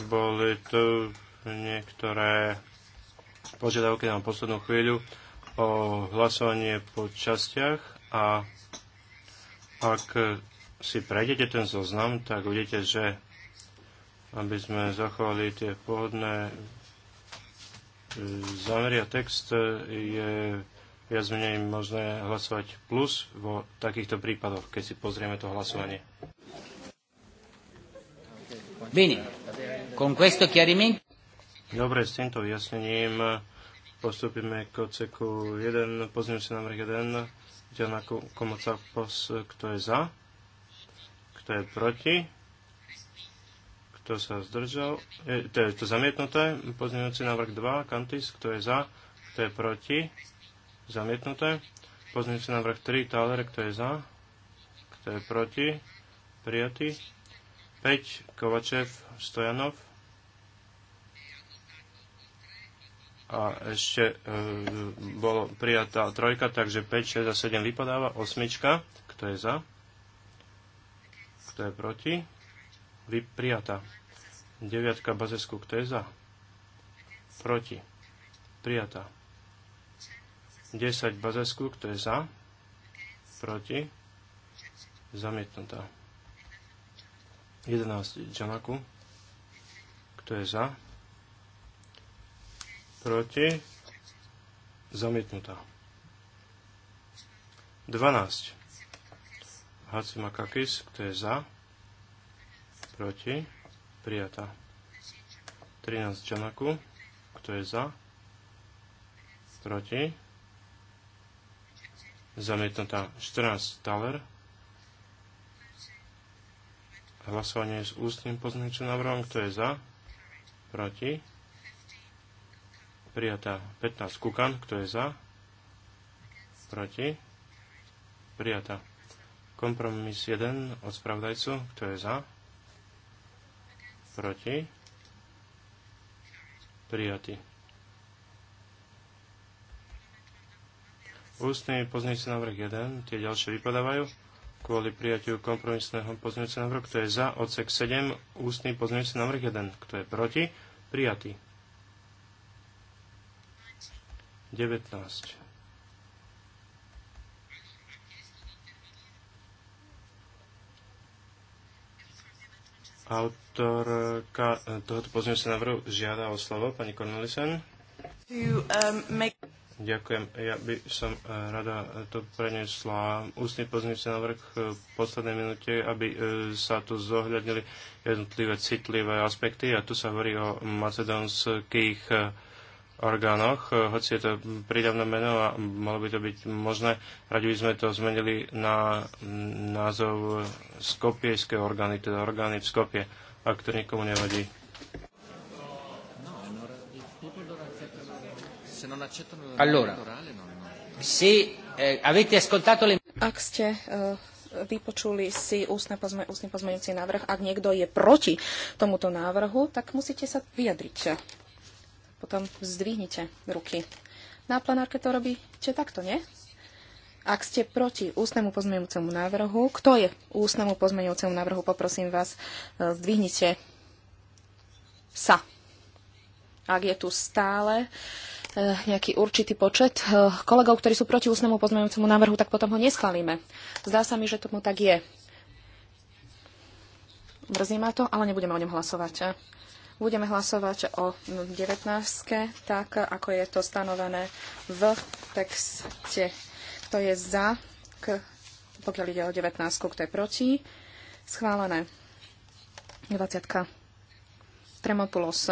Boli tu niektoré požiadavky na poslednú chvíľu o hlasovanie po častiach a ak si prejdete ten zoznam, tak uvidíte, že aby sme zachovali tie pôvodné zameria text je viac menej možné hlasovať plus vo takýchto prípadoch, keď si pozrieme to hlasovanie. Dobre, s týmto vyjasnením postupíme k odseku 1, pozrieme sa návrh 1, komoca pos, kto je za, kto je proti, kto sa zdržal, je, to je to zamietnuté, pozrieme návrh 2, Kantis, kto je za, kto je proti, zamietnuté. na vrch 3, Thaler, kto je za, kto je proti, prijatý. 5, Kovačev, Stojanov. A ešte e, bolo prijatá trojka, takže 5, 6 a 7 vypadáva. Osmička, kto je za, kto je proti, Vy, prijatá. Deviatka Bazesku, kto je za, proti, prijatá. 10 bazesku, kto je za, proti, zamietnutá. 11 džanaku, kto je za, proti, zamietnutá. 12 Hacimakakis, kto je za, proti, prijatá. 13 džanaku, kto je za, proti, zamietnutá 14 taler. Hlasovanie s ústnym pozmeňujúcim návrhom, kto je za, proti, prijatá 15 kukan, kto je za, proti, prijatá kompromis 1 od spravdajcu, kto je za, proti, prijatý. Ústny pozmeňujúci návrh 1, tie ďalšie vypadávajú kvôli prijatiu kompromisného pozmeňujúceho návrhu. Kto je za odsek 7, ústny pozmeňujúci návrh 1. Kto je proti? Prijatý. 19. Autorka eh, tohoto pozmeňujúceho návrhu žiada o slovo, pani Cornelisen. To, um, make... Ďakujem. Ja by som e, rada to prenesla ústny pozornici na vrch e, v poslednej minúte, aby e, sa tu zohľadnili jednotlivé citlivé aspekty a tu sa hovorí o macedónskych orgánoch, hoci je to prídavné meno a malo by to byť možné. Radi by sme to zmenili na názov skopiejské orgány, teda orgány v Skopie, ak to nikomu nevadí. se non accettano allora, orale, no, no. Se, eh, avete ascoltato le... Ak ste uh, vypočuli si ústne pozme, ústny pozmeňujúci návrh, ak niekto je proti tomuto návrhu, tak musíte sa vyjadriť. Potom zdvihnite ruky. Na plenárke to robíte takto, nie? Ak ste proti ústnemu pozmeňujúcemu návrhu, kto je ústnemu pozmeňujúcemu návrhu, poprosím vás, eh, zdvihnite sa. Ak je tu stále uh, Eh, nejaký určitý počet eh, kolegov, ktorí sú proti ústnemu pozmeňujúcemu návrhu, tak potom ho neschválime. Zdá sa mi, že tomu tak je. Mrzí ma to, ale nebudeme o ňom hlasovať. Budeme hlasovať o 19. tak, ako je to stanovené v texte. Kto je za, k, pokiaľ ide o 19, kto je proti. Schválené. 20. Tremopulos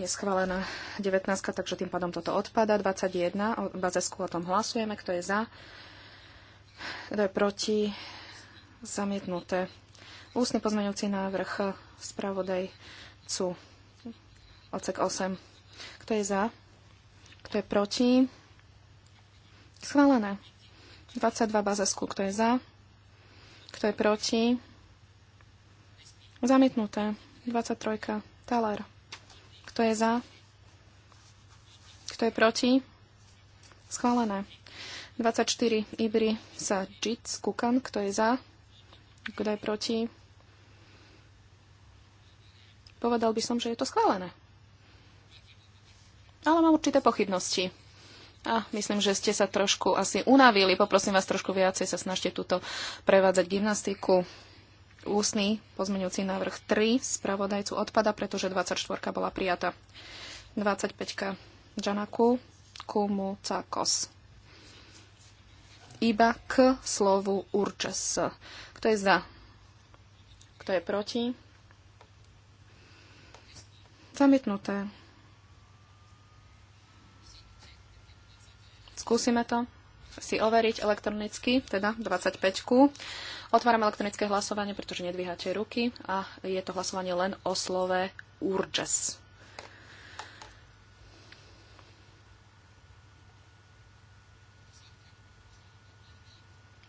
je schválená 19, takže tým pádom toto odpada. 21, bazesku o tom hlasujeme, kto je za, kto je proti, zamietnuté. Ústny pozmeňujúci návrh cu. odsek 8. Kto je za? Kto je proti? Schválené. 22 bazesku. Kto je za? Kto je proti? Zamietnuté. 23. Taler. Kto je za? Kto je proti? Schválené. 24. Ibri sa Jit Kukan. Kto je za? Kto je proti? Povedal by som, že je to schválené. Ale mám určité pochybnosti. A myslím, že ste sa trošku asi unavili. Poprosím vás trošku viacej sa snažte túto prevádzať gymnastiku. Ústny pozmeňujúci návrh 3 spravodajcu odpada, pretože 24 bola prijatá. 25 Džanaku, Kumu Cakos. Iba k slovu určes. Kto je za? Kto je proti? Zamietnuté. Skúsime to si overiť elektronicky, teda 25. Otváram elektronické hlasovanie, pretože nedvíhate ruky a je to hlasovanie len o slove urges.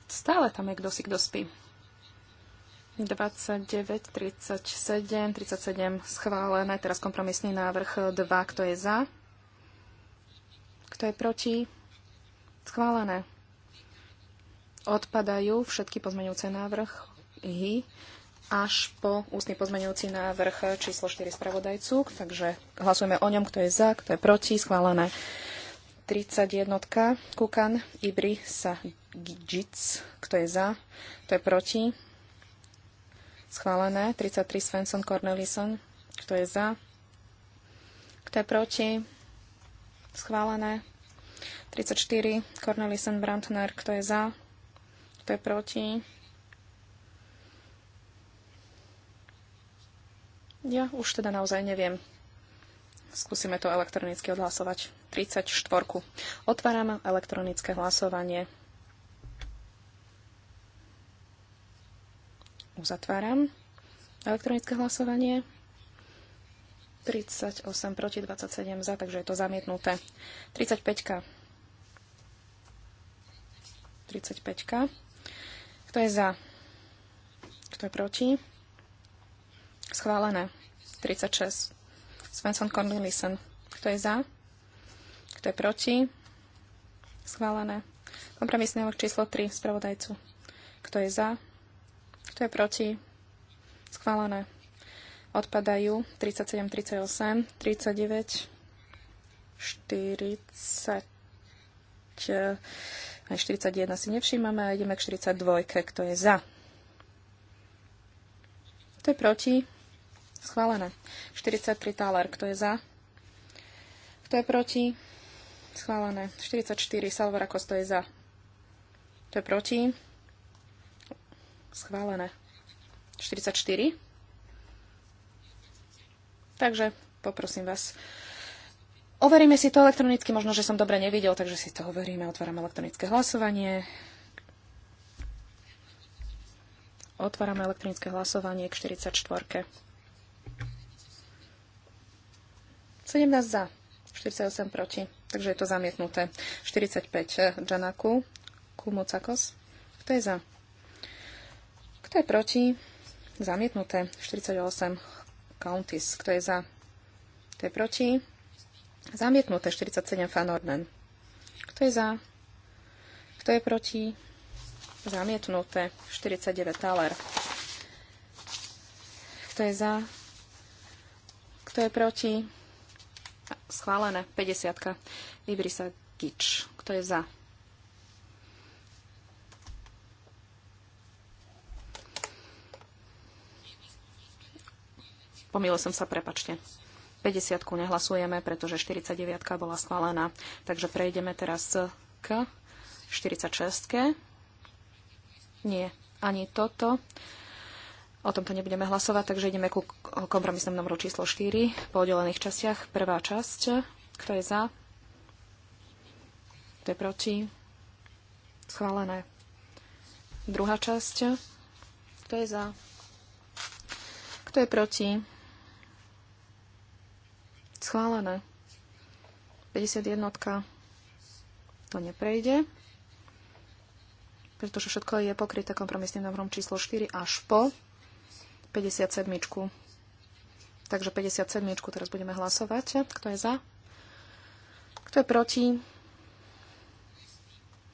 Stále tam je kdo si kto spí. 29, 37, 37 schválené. Teraz kompromisný návrh 2. Kto je za? Kto je proti? Schválené odpadajú všetky pozmeňujúce návrhy až po ústny pozmeňujúci návrh číslo 4 spravodajcu. Takže hlasujeme o ňom, kto je za, kto je proti, schválené. 31. Kukan, Ibri, sa Gidžic, kto je za, kto je proti, schválené. 33. Svensson, Cornelison, kto je za, kto je proti, schválené. 34. Cornelison, Brandner, kto je za, kto je proti? Ja už teda naozaj neviem. Skúsime to elektronicky odhlasovať. 34. Otváram elektronické hlasovanie. Uzatváram elektronické hlasovanie. 38 proti 27 za, takže je to zamietnuté. 35. 35. Kto je za? Kto je proti? Schválené. 36. Svensson Cornelissen. Kto je za? Kto je proti? Schválené. Kompromisný návrh číslo 3 spravodajcu. Kto je za? Kto je proti? Schválené. Odpadajú 37, 38, 39, 40, aj 41 si nevšímame a ideme k 42, kto je za. Kto je proti? Schválené. 43 taler, kto je za? Kto je proti? Schválené. 44 Salvora Kosto je za. Kto je proti? Schválené. 44. Takže poprosím vás Overíme si to elektronicky, možno, že som dobre nevidel, takže si to overíme. Otváram elektronické hlasovanie. Otvárame elektronické hlasovanie k 44. 17 za, 48 proti, takže je to zamietnuté. 45 eh, Janaku, Kumocakos. Kto je za? Kto je proti? Zamietnuté. 48 Countis. Kto je za? Kto je proti? Zamietnuté 47 Fanorden. Kto je za? Kto je proti? Zamietnuté 49 taler. Kto je za? Kto je proti? Schválené 50 Ibrisa Gič. Kto je za? Pomýlil som sa, prepačte. 50 nehlasujeme, pretože 49 bola schválená. Takže prejdeme teraz k 46. -ke. Nie, ani toto. O tomto nebudeme hlasovať, takže ideme ku kompromisnom numru číslo 4 po oddelených častiach. Prvá časť. Kto je za? Kto je proti? Schválené. Druhá časť. Kto je za? Kto je proti? Schválené. 51. To neprejde, pretože všetko je pokryté kompromisným návrhom číslo 4 až po 57. Takže 57. teraz budeme hlasovať. Kto je za? Kto je proti?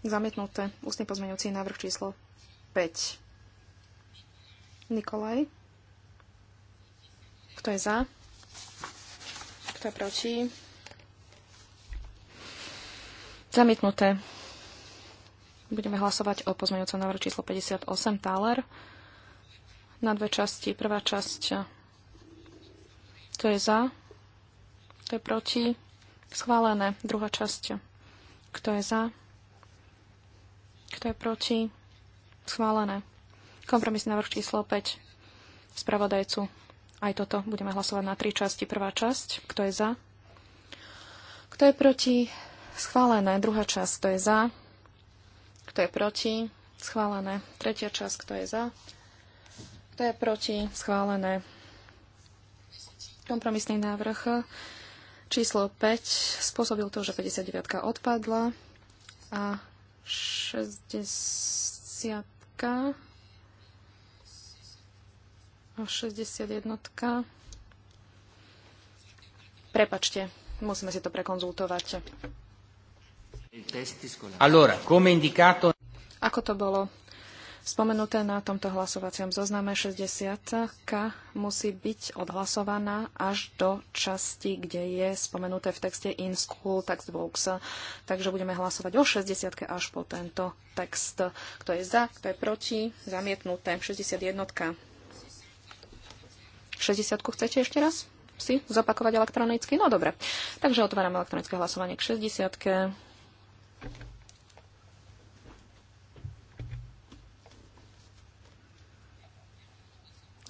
Zamietnuté. Ústny pozmeňujúci návrh číslo 5. Nikolaj. Kto je za? Kto je proti? Zamietnuté. Budeme hlasovať o pozmeňujúcom návrhu číslo 58 Thaler na dve časti. Prvá časť to je za, to je proti, schválené. Druhá časť kto je za, kto je proti, schválené. Kompromisný návrh číslo 5 spravodajcu aj toto budeme hlasovať na tri časti. Prvá časť, kto je za? Kto je proti? Schválené. Druhá časť, kto je za? Kto je proti? Schválené. Tretia časť, kto je za? Kto je proti? Schválené. Kompromisný návrh číslo 5 spôsobil to, že 59 odpadla a 60 61. Prepačte, musíme si to prekonzultovať. Allora, come indicato... Ako to bolo spomenuté na tomto hlasovacom zozname 60 K musí byť odhlasovaná až do časti, kde je spomenuté v texte in school textbooks. Takže budeme hlasovať o 60 až po tento text. Kto je za, kto je proti, zamietnuté 61. 60 chcete ešte raz si zopakovať elektronicky? No dobre. Takže otváram elektronické hlasovanie k 60. -ke.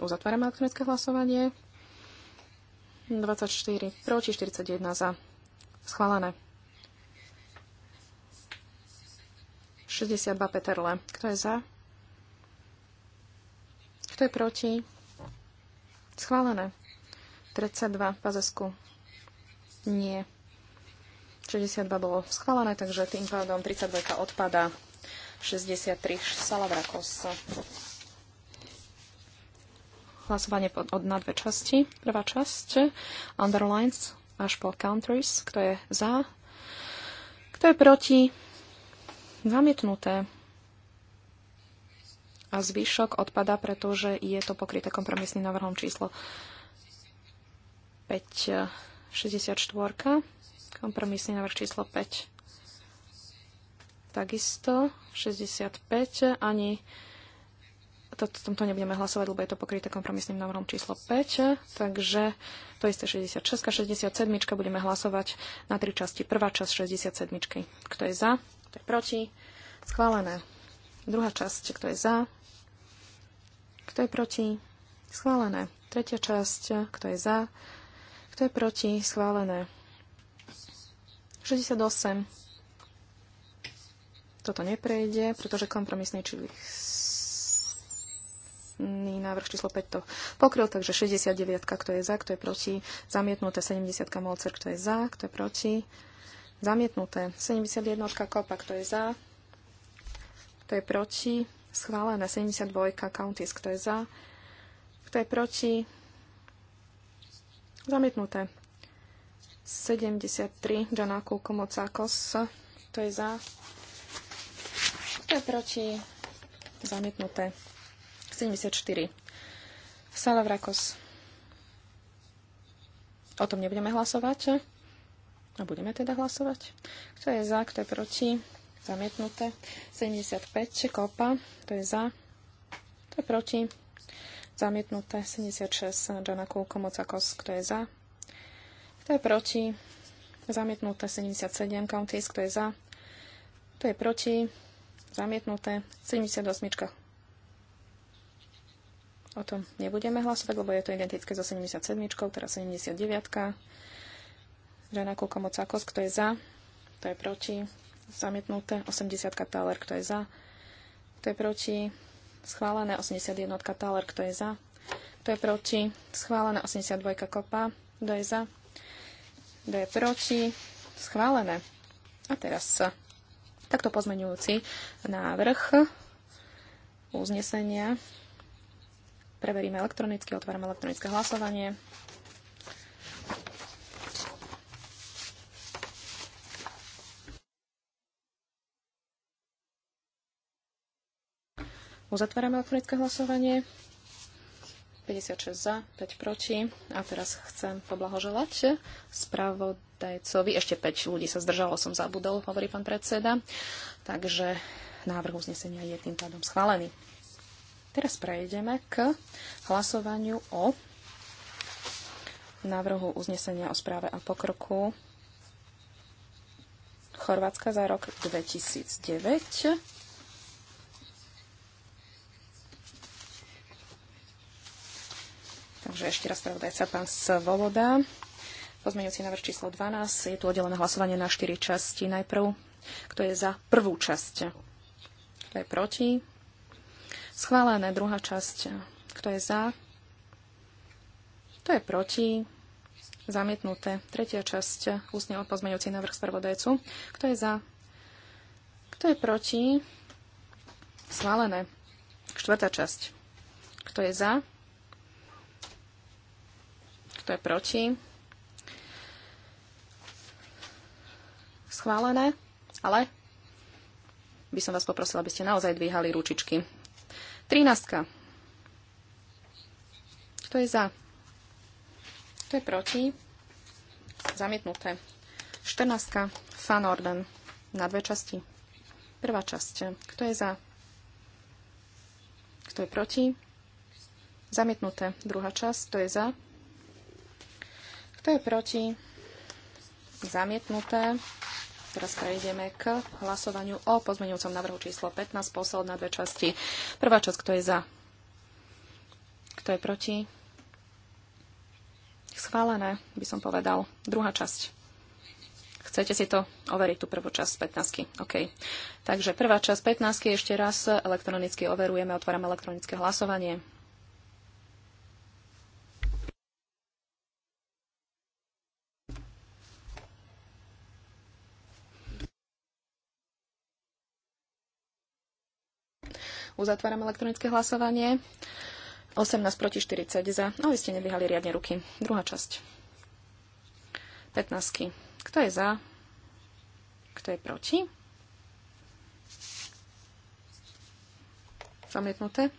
Uzatváram elektronické hlasovanie. 24 proti, 41 za. Schválené. 62 Peterle. Kto je za? Kto je proti? Schválené. 32 Pazesku. Nie. 62 bolo schválené, takže tým pádom 32 odpada. 63 Salavrakos. Hlasovanie pod, od na dve časti. Prvá časť underlines až po countries. Kto je za? Kto je proti? Zamietnuté a zvyšok odpada, pretože je to pokryté kompromisným návrhom číslo 564, kompromisný návrh číslo 5 takisto 65, ani to, tomto nebudeme hlasovať, lebo je to pokryté kompromisným návrhom číslo 5, takže to isté 66, 67 budeme hlasovať na tri časti. Prvá časť 67. Kto je za? Kto je proti? Schválené. Druhá časť, kto je za, kto je proti? Schválené. Tretia časť. Kto je za? Kto je proti? Schválené. 68. Toto neprejde, pretože kompromisný čili návrh číslo 5 to pokryl, takže 69, kto je za, kto je proti, zamietnuté 70, Molcer, kto je za, kto je proti, zamietnuté 71, Kopa, kto je za, kto je proti, schválená 72 counties, kto je za, kto je proti, zamietnuté 73 Janaku Komocákos, kto je za, kto je proti, zamietnuté 74 Salavrakos. O tom nebudeme hlasovať. A budeme teda hlasovať. Kto je za, kto je proti? zamietnuté. 75, kopa, to je za, to je proti, zamietnuté. 76, Džana Kulko, Mocakos, kto je za, kto je proti, zamietnuté. 77, Counties, kto je za, To je proti, zamietnuté. 78, o tom nebudeme hlasovať, lebo je to identické so 77, teraz 79. Žena Kulko, Mocakos, kto je za, kto je proti, zamietnuté, 80 taler, kto je za, kto je proti, schválené, 81 taler, kto je za, kto je proti, schválené, 82 Kopa, kto je za, kto je proti, schválené. A teraz eh, takto pozmeňujúci návrh uznesenia. Preveríme elektronicky, otvárame elektronické hlasovanie. Uzatváram elektronické hlasovanie. 56 za, 5 proti. A teraz chcem poblahoželať spravodajcovi. Ešte 5 ľudí sa zdržalo, som zabudol, hovorí pán predseda. Takže návrh uznesenia je tým pádom schválený. Teraz prejdeme k hlasovaniu o návrhu uznesenia o správe a pokroku Chorvátska za rok 2009. Takže ešte raz spravodajca pán Svoboda. Pozmeňujúci návrh číslo 12. Je tu oddelené hlasovanie na 4 časti. Najprv, kto je za prvú časť? Kto je proti? Schválené druhá časť. Kto je za? Kto je proti? Zamietnuté. Tretia časť ústne odpozmeňujúci návrh spravodajcu. Kto je za? Kto je proti? Schválené. Štvrtá časť. Kto je za? Kto je proti? Schválené, ale by som vás poprosila, aby ste naozaj dvíhali ručičky. 13. Kto je za? Kto je proti? Zamietnuté. 14. Fan Orden. Na dve časti. Prvá časť. Kto je za? Kto je proti? Zamietnuté. Druhá časť. Kto je za? Kto je proti? Zamietnuté. Teraz prejdeme k hlasovaniu o pozmeňujúcom návrhu číslo 15, posledná dve časti. Prvá časť, kto je za? Kto je proti? Schválené, by som povedal. Druhá časť. Chcete si to overiť, tú prvú časť 15. OK. Takže prvá časť 15. ešte raz elektronicky overujeme, otváram elektronické hlasovanie. Uzatváram elektronické hlasovanie. 18 proti 40 za. No, vy ste nedvíhali riadne ruky. Druhá časť. 15. Kto je za? Kto je proti? Zamietnuté.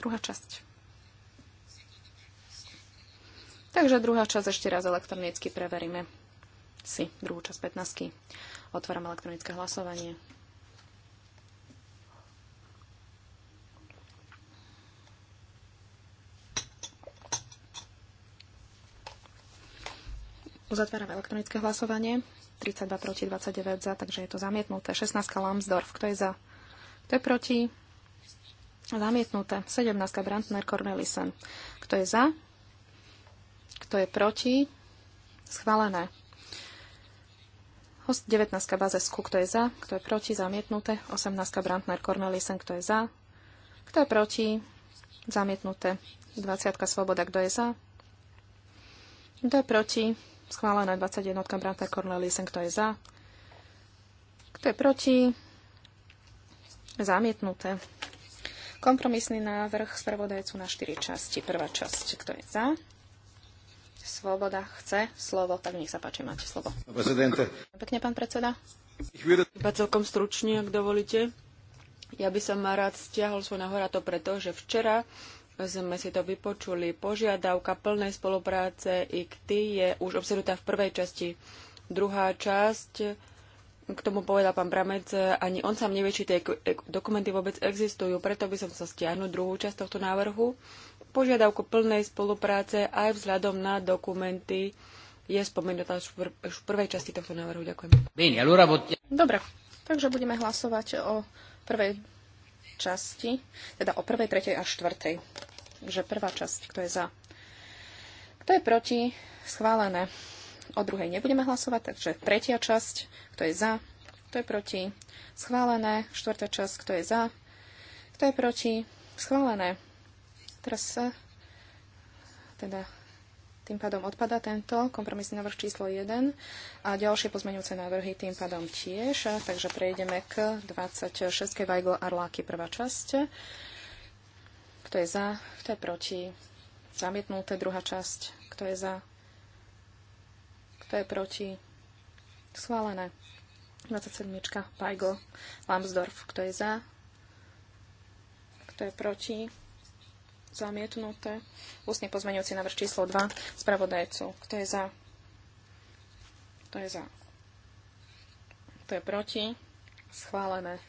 Druhá časť. Takže druhá časť ešte raz elektronicky preveríme si druhú časť 15. Otváram elektronické hlasovanie. Uzatváram elektronické hlasovanie. 32 proti 29 za, takže je to zamietnuté. 16 Lambsdorff, kto je za? Kto je proti? Zamietnuté. 17 Brandner Cornelissen. Kto je za? Kto je proti? Schválené. 19. Bazesku, kto je za, kto je proti, zamietnuté. 18. Brantner Cornelissen, kto je za, kto je proti, zamietnuté. 20. Svoboda, kto je za, kto je proti, Schválená 21. Branta Cornelisen. Kto je za? Kto je proti? Zamietnuté. Kompromisný návrh spravodajcu na 4 časti. Prvá časť. Kto je za? Svoboda chce slovo, tak nech sa páči, máte slovo. Pekne, pán predseda. Iba celkom stručne, ak dovolíte. Ja by som rád stiahol svoj nahorato to preto, že včera sme si to vypočuli. Požiadavka plnej spolupráce IKT je už obsednutá v prvej časti. Druhá časť, k tomu povedal pán Bramec, ani on sám nevie, či tie dokumenty vôbec existujú, preto by som sa stiahnuť druhú časť tohto návrhu. Požiadavku plnej spolupráce aj vzhľadom na dokumenty je spomenutá už v prvej časti tohto návrhu. Ďakujem. Dobre, takže budeme hlasovať o prvej časti, teda o prvej, tretej a štvrtej. Takže prvá časť, kto je za. Kto je proti? Schválené. O druhej nebudeme hlasovať, takže tretia časť, kto je za, kto je proti, schválené. Štvrtá časť, kto je za, kto je proti, schválené. Teraz sa teda tým pádom odpada tento kompromisný návrh číslo 1 a ďalšie pozmeňujúce návrhy tým pádom tiež. Takže prejdeme k 26. Weigl a Rláky prvá časť. Kto je za, kto je proti. Zamietnuté druhá časť. Kto je za, kto je proti. Schválené. 27. Weigl, Lambsdorff. Kto je za, kto je proti Zamietnuté. Ústne pozmeňujúci návrh číslo 2 spravodajcu. Kto je za? Kto je za? Kto je proti? Schválené.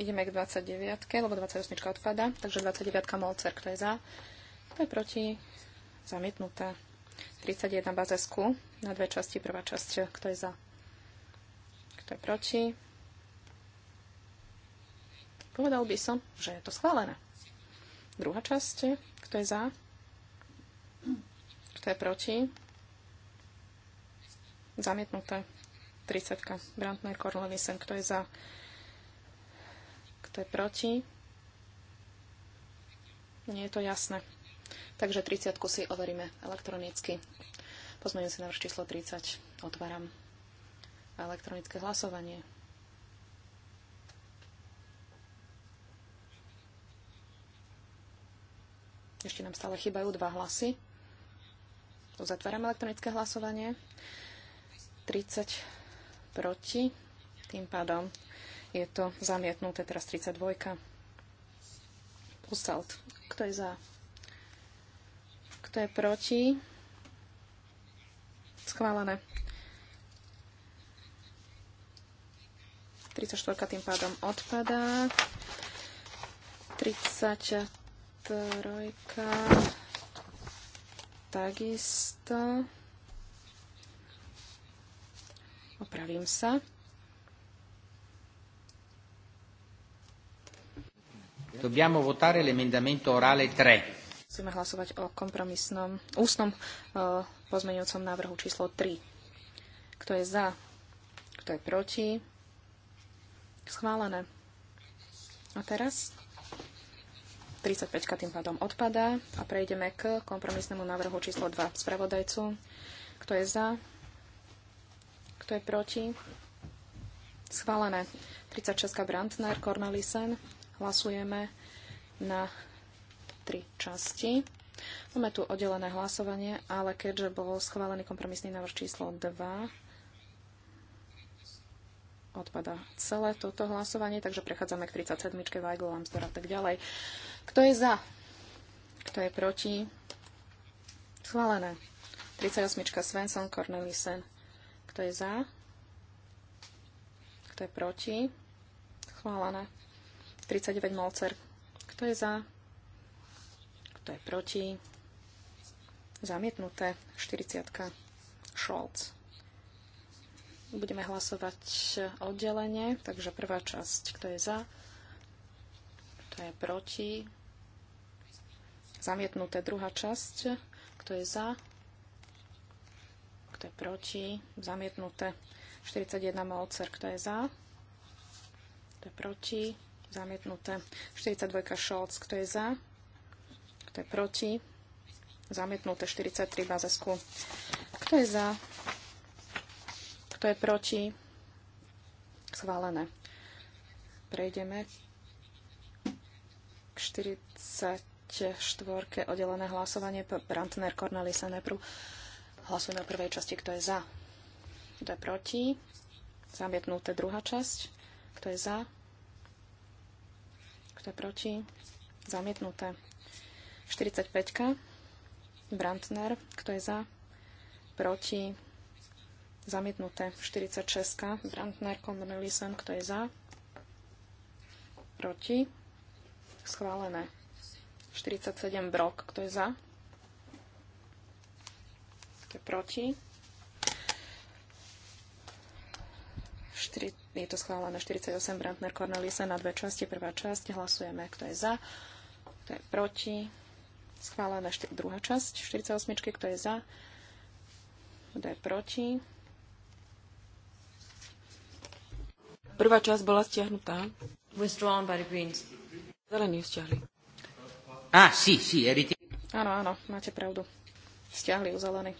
Ideme k 29, lebo 28 odpada, takže 29 Molcer, kto je za? Kto je proti? Zamietnuté. 31 Bazesku na dve časti, prvá časť, kto je za? Kto je proti? Povedal by som, že je to schválené. Druhá časť. Kto je za? Kto je proti? Zamietnuté. 30. Brandner Korlevisen. Kto je za? Kto je proti? Nie je to jasné. Takže 30 si overíme elektronicky. Pozmením si návrh číslo 30. Otváram elektronické hlasovanie. Ešte nám stále chýbajú dva hlasy. Uzatváram elektronické hlasovanie. 30 proti. Tým pádom je to zamietnuté teraz 32. Pusalt. Kto je za? Kto je proti? Schválené. 34 tým pádom odpadá. 30. Trojka takisto. Opravím sa. Dobbiamo votare l'emendamento orale 3. Musíme hlasovať o kompromisnom ústnom e, pozmeňujúcom návrhu číslo 3. Kto je za? Kto je proti? Schválené. A teraz? 35 tým pádom odpadá a prejdeme k kompromisnému návrhu číslo 2 spravodajcu. Kto je za? Kto je proti? Schválené. 36 Brandner, Cornelisen. Hlasujeme na tri časti. Máme tu oddelené hlasovanie, ale keďže bol schválený kompromisný návrh číslo 2, odpada celé toto hlasovanie, takže prechádzame k 37. Weigl, Amster a tak ďalej. Kto je za? Kto je proti? Schválené. 38. Svensson Cornelissen. Kto je za? Kto je proti? Schválené. 39. Molcer. Kto je za? Kto je proti? Zamietnuté. 40. Scholz. Budeme hlasovať oddelenie, takže prvá časť, kto je za, kto je proti, Zamietnuté druhá časť. Kto je za? Kto je proti? Zamietnuté 41 Molcer. Kto je za? Kto je proti? Zamietnuté 42 Scholz. Kto je za? Kto je proti? Zamietnuté 43 Bazesku. Kto je za? Kto je proti? Schválené. Prejdeme k 40 Štvorke oddelené hlasovanie. Brantner, Cornelisa, Nepru. Hlasujeme o prvej časti, kto je za. Kto je proti? Zamietnuté druhá časť. Kto je za? Kto je proti? Zamietnuté. 45. -ka. Brantner. Kto je za? Proti? Zamietnuté. 46. Brantner, Cornelisen. Kto je za? Proti? Schválené. 47 brok. Kto je za? Kto je proti? 4, je to schválené 48 Brandner Cornelisa na dve časti. Prvá časť hlasujeme, kto je za, kto je proti. Schválená št- druhá časť 48, kto je za, kto je proti. Prvá časť bola stiahnutá. Withdrawn by the Greens. Zelení stiahli. Ah, sí, sí, eriti... Áno, áno, máte pravdu. Stiahli ju zelený.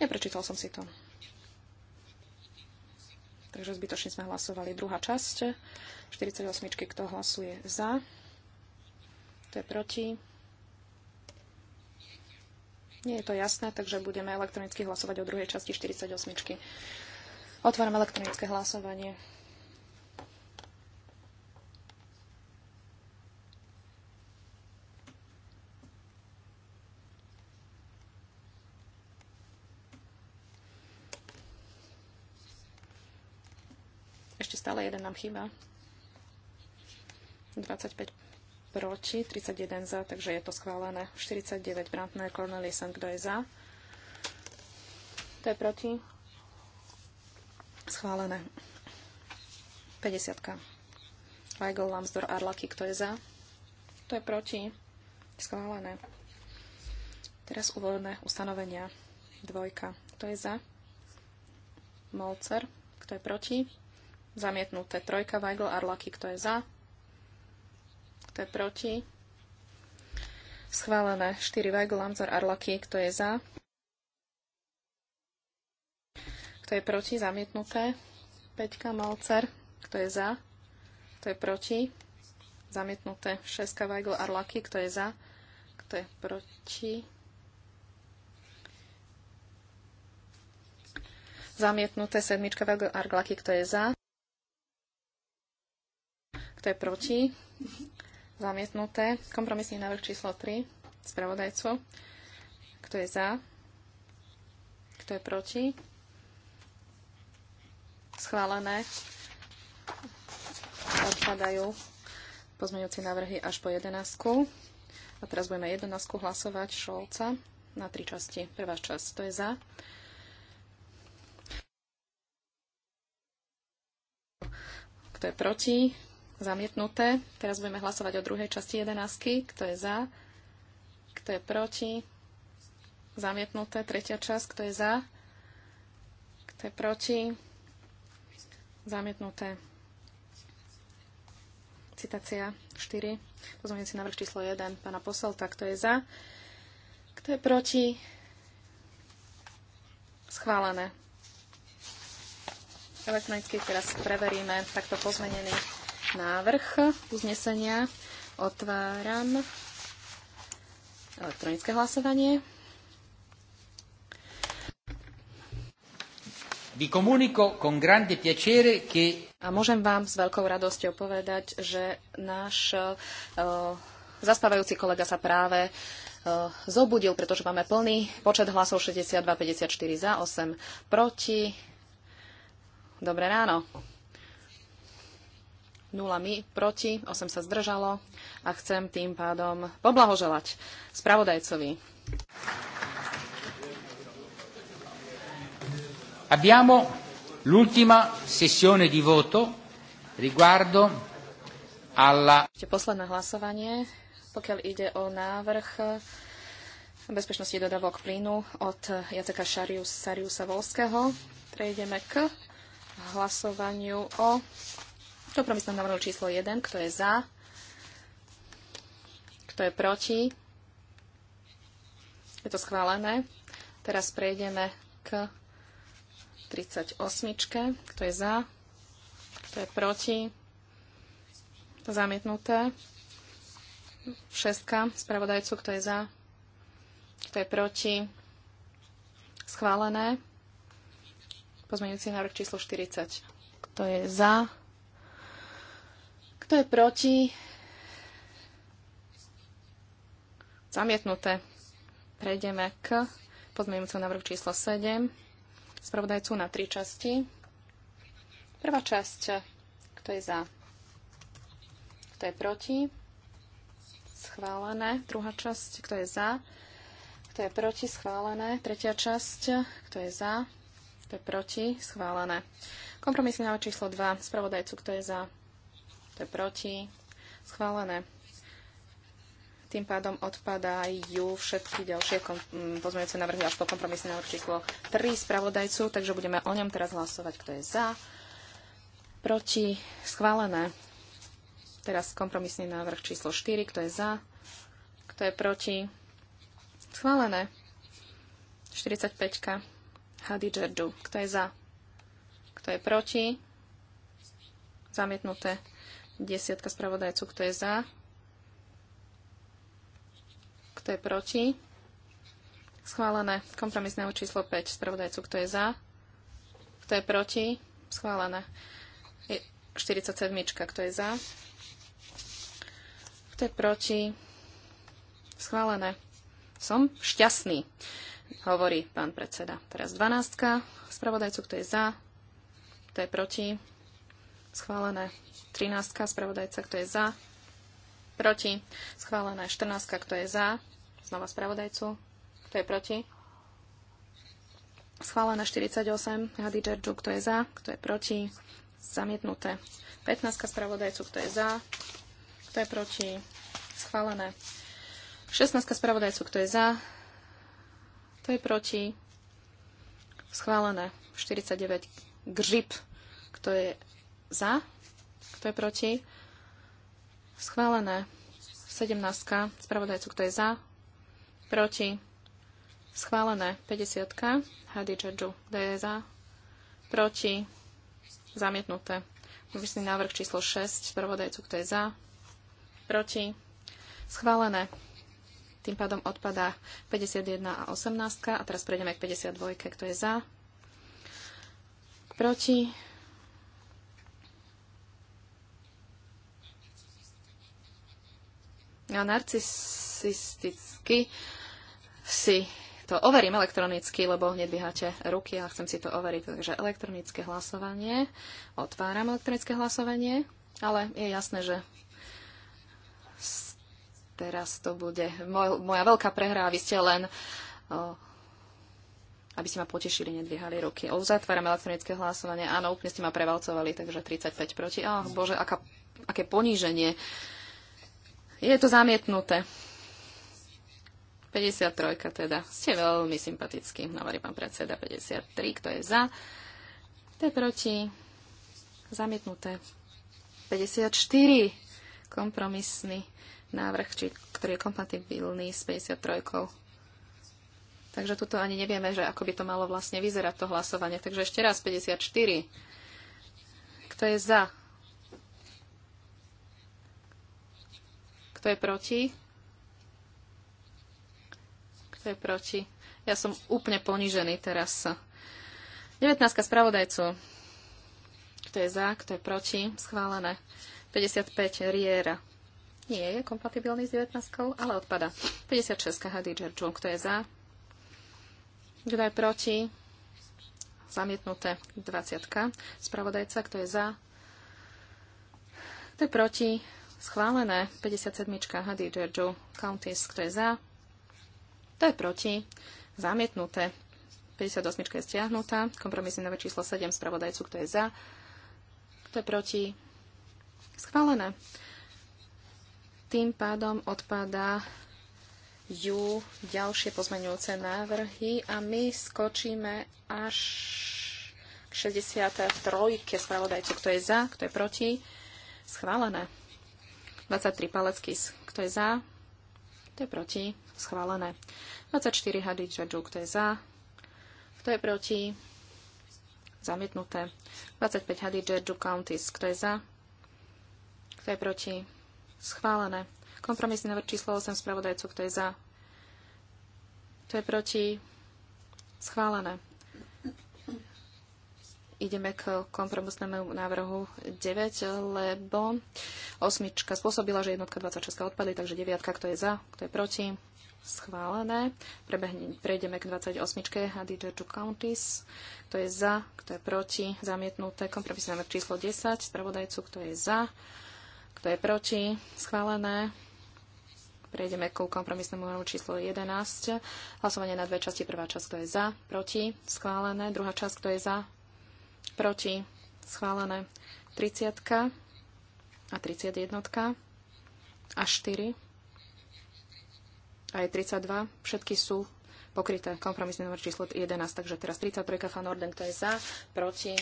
Neprečítal som si to. Takže zbytočne sme hlasovali. Druhá časť. 48. Kto hlasuje za? Kto je proti? Nie je to jasné, takže budeme elektronicky hlasovať o druhej časti 48. Otváram elektronické hlasovanie. Stále jeden nám chýba. 25 proti, 31 za, takže je to schválené. 49 Brantner, Cornelissen, kto je za? To je proti. Schválené. 50. Weigel, Weigl, Lambsdor, kto je za? To je proti. Schválené. Teraz uvoľné ustanovenia. Dvojka. Kto je za? Molcer. Kto je proti? Zamietnuté. Trojka Weigl Arlaky, kto je za? Kto je proti? Schválené. 4 Weigl Lamzor Arlaky, kto je za? Kto je proti? Zamietnuté. 5 Malcer, kto je za? Kto je proti? Zamietnuté. 6 Weigl Arlaky, kto je za? Kto je proti? Zamietnuté. sedmička Weigl Arlaky, kto je za? Kto je proti? Zamietnuté. Kompromisný návrh číslo 3 spravodajcu. Kto je za? Kto je proti? Schválené. Odpadajú pozmeňujúce návrhy až po 11. A teraz budeme 11 hlasovať Šolca na tri časti. Prvá časť, to je za. Kto je proti? zamietnuté. Teraz budeme hlasovať o druhej časti 11. Kto je za? Kto je proti? Zamietnuté. Tretia časť. Kto je za? Kto je proti? Zamietnuté. Citácia 4. Pozvanie si návrh číslo 1 pána Poselta. Kto je za? Kto je proti? Schválené. Elektronicky teraz preveríme takto pozmenený návrh uznesenia. Otváram elektronické hlasovanie. Vi comunico con grande piacere che... A môžem vám s veľkou radosťou povedať, že náš uh, zaspávajúci kolega sa práve uh, zobudil, pretože máme plný počet hlasov 62, 54 za, 8 proti. Dobré ráno my proti, 8 sa zdržalo a chcem tým pádom poblahoželať spravodajcovi. Abbiamo l'ultima sessione di voto riguardo alla... Ešte posledné hlasovanie, pokiaľ ide o návrh bezpečnosti dodavok plynu od Jaceka Šarius, Sariusa Volského. Prejdeme k hlasovaniu o Kompromisné návrh číslo 1. Kto je za? Kto je proti? Je to schválené. Teraz prejdeme k 38. Kto je za? Kto je proti? Zamietnuté. Šestka spravodajcu, kto je za, kto je proti. Schválené. Pozmeňujúci návrh číslo 40. Kto je za, kto je proti? Zamietnuté. Prejdeme k pozmeňujúcemu návrhu číslo 7. Spravodajcu na tri časti. Prvá časť. Kto je za? Kto je proti? Schválené. Druhá časť. Kto je za? Kto je proti? Schválené. Tretia časť. Kto je za? Kto je proti? Schválené. Kompromisný návrh číslo 2. Spravodajcu. Kto je za? to je proti, schválené. Tým pádom odpadajú všetky ďalšie pozmeňujúce návrhy až po kompromisne na číslo 3 spravodajcu, takže budeme o ňom teraz hlasovať, kto je za, proti, schválené. Teraz kompromisný návrh číslo 4, kto je za, kto je proti, schválené. 45. Džerdu. kto je za, kto je proti, zamietnuté. Desiatka spravodajcu, kto je za? Kto je proti? Schválené. Kompromisné číslo 5. Spravodajcu, kto je za? Kto je proti? Schválené. 47. Kto je za? Kto je proti? Schválené. Som šťastný, hovorí pán predseda. Teraz 12. Spravodajcu, kto je za? Kto je proti? Schválené. 13. Spravodajca, kto je za? Proti. Schválené. 14. Kto je za? Znova spravodajcu. Kto je proti? Schválené 48. Hady Džerdžu, kto je za? Kto je proti? Zamietnuté. 15. Spravodajcu, kto je za? Kto je proti? Schválené. 16. Spravodajcu, kto je za? Kto je proti? Schválené. 49. Gřip, kto je za, kto je proti, schválené. 17. Spravodajcu, kto je za, proti, schválené. 50. Hadidžadžu, kto je za, proti, zamietnuté. Uvisný návrh číslo 6, spravodajcu, kto je za, proti, schválené. Tým pádom odpadá 51 a 18. A teraz prejdeme k 52, kto je za, proti, narcisisticky si to overím elektronicky, lebo nedvíhate ruky a chcem si to overiť. Takže elektronické hlasovanie. Otváram elektronické hlasovanie, ale je jasné, že teraz to bude moj, moja veľká prehra a vy ste len o, aby ste ma potešili, nedvíhali ruky. Uzatváram elektronické hlasovanie. Áno, úplne ste ma prevalcovali, takže 35 proti. Oh, bože, aká, aké poníženie. Uh, je to zamietnuté. 53 teda. Ste veľmi sympatickí, hovorí pán predseda. 53, kto je za? Kto je proti? Zamietnuté. 54, kompromisný návrh, či, ktorý je kompatibilný s 53. Takže tuto ani nevieme, že ako by to malo vlastne vyzerať, to hlasovanie. Takže ešte raz 54. Kto je za? Kto je proti? Kto je proti? Ja som úplne ponížený teraz. 19. spravodajcu. Kto je za, kto je proti? Schválené. 55. Riera. Nie je kompatibilný s 19, ale odpada. 56. Hadi Kto je za? Kto je proti? Zamietnuté. 20. Spravodajca. Kto je za? Kto je proti? Schválené. 57. Hadi Georgiou Counties. Kto je za? Kto je proti? Zamietnuté. 58. je stiahnutá. Kompromisný návrh číslo 7 spravodajcu. Kto je za? Kto je proti? Schválené. Tým pádom odpadá ju ďalšie pozmeňujúce návrhy a my skočíme až k 63. spravodajcu. Kto je za? Kto je proti? Schválené. 23 Paleckis, kto je za? Kto je proti? Schválené. 24 Hadidžadžu, kto je za? Kto je proti? Zamietnuté. 25 Hadidžadžu Counties, kto je za? Kto je proti? Schválené. Kompromisný návrh číslo 8 spravodajcu, kto je za? Kto je proti? Schválené ideme k kompromisnému návrhu 9, lebo osmička spôsobila, že jednotka 26 odpadli, takže deviatka, kto je za, kto je proti, schválené. Prebehne, prejdeme k 28. Hadidžer to Counties. Kto je za, kto je proti, zamietnuté. Kompromis návrh číslo 10, spravodajcu, kto je za, kto je proti, schválené. Prejdeme ku kompromisnému návrhu číslo 11. Hlasovanie na dve časti. Prvá časť, kto je za, proti, schválené. Druhá časť, kto je za, proti, schválené 30 a 31 a 4 a je 32, všetky sú pokryté kompromisný nr. číslo 11, takže teraz 33 Fan Orden, kto je za, proti,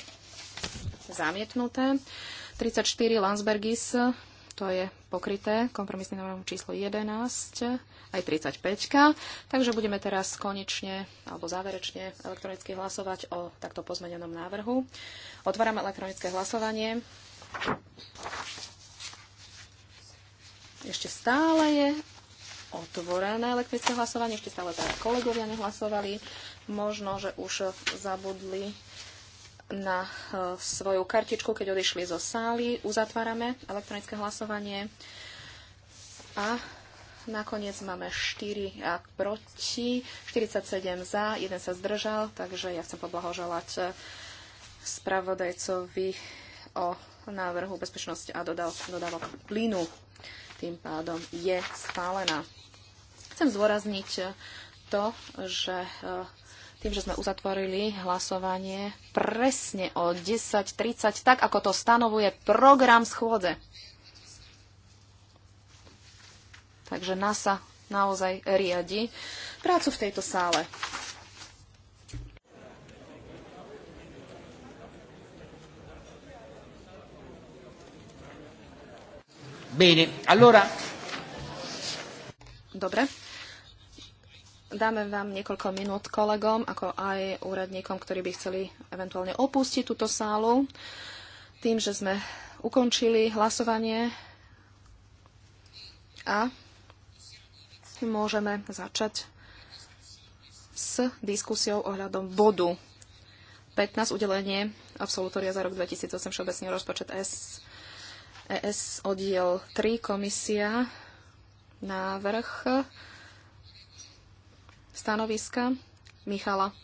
zamietnuté. 34 Landsbergis, to je pokryté kompromisným návrhom číslo 11, aj 35. Takže budeme teraz konečne alebo záverečne elektronicky hlasovať o takto pozmenenom návrhu. Otváram elektronické hlasovanie. Ešte stále je otvorené elektrické hlasovanie, ešte stále teda kolegovia nehlasovali. Možno, že už zabudli na e, svoju kartičku, keď odišli zo sály. Uzatvárame elektronické hlasovanie. A nakoniec máme 4 proti, 47 za, jeden sa zdržal, takže ja chcem poblahoželať e, spravodajcovi o návrhu bezpečnosť a dodávok plynu. Tým pádom je schválená. Chcem zvorazniť to, že e, tým, že sme uzatvorili hlasovanie presne o 10.30, tak ako to stanovuje program schôdze. Takže NASA naozaj riadi prácu v tejto sále. Bene, allora... Dobre. Dáme vám niekoľko minút kolegom, ako aj úradníkom, ktorí by chceli eventuálne opustiť túto sálu. Tým, že sme ukončili hlasovanie a môžeme začať s diskusiou ohľadom bodu 15 udelenie absolutória za rok 2008 všeobecný rozpočet S, ES oddiel 3 komisia návrh stanoviska Michala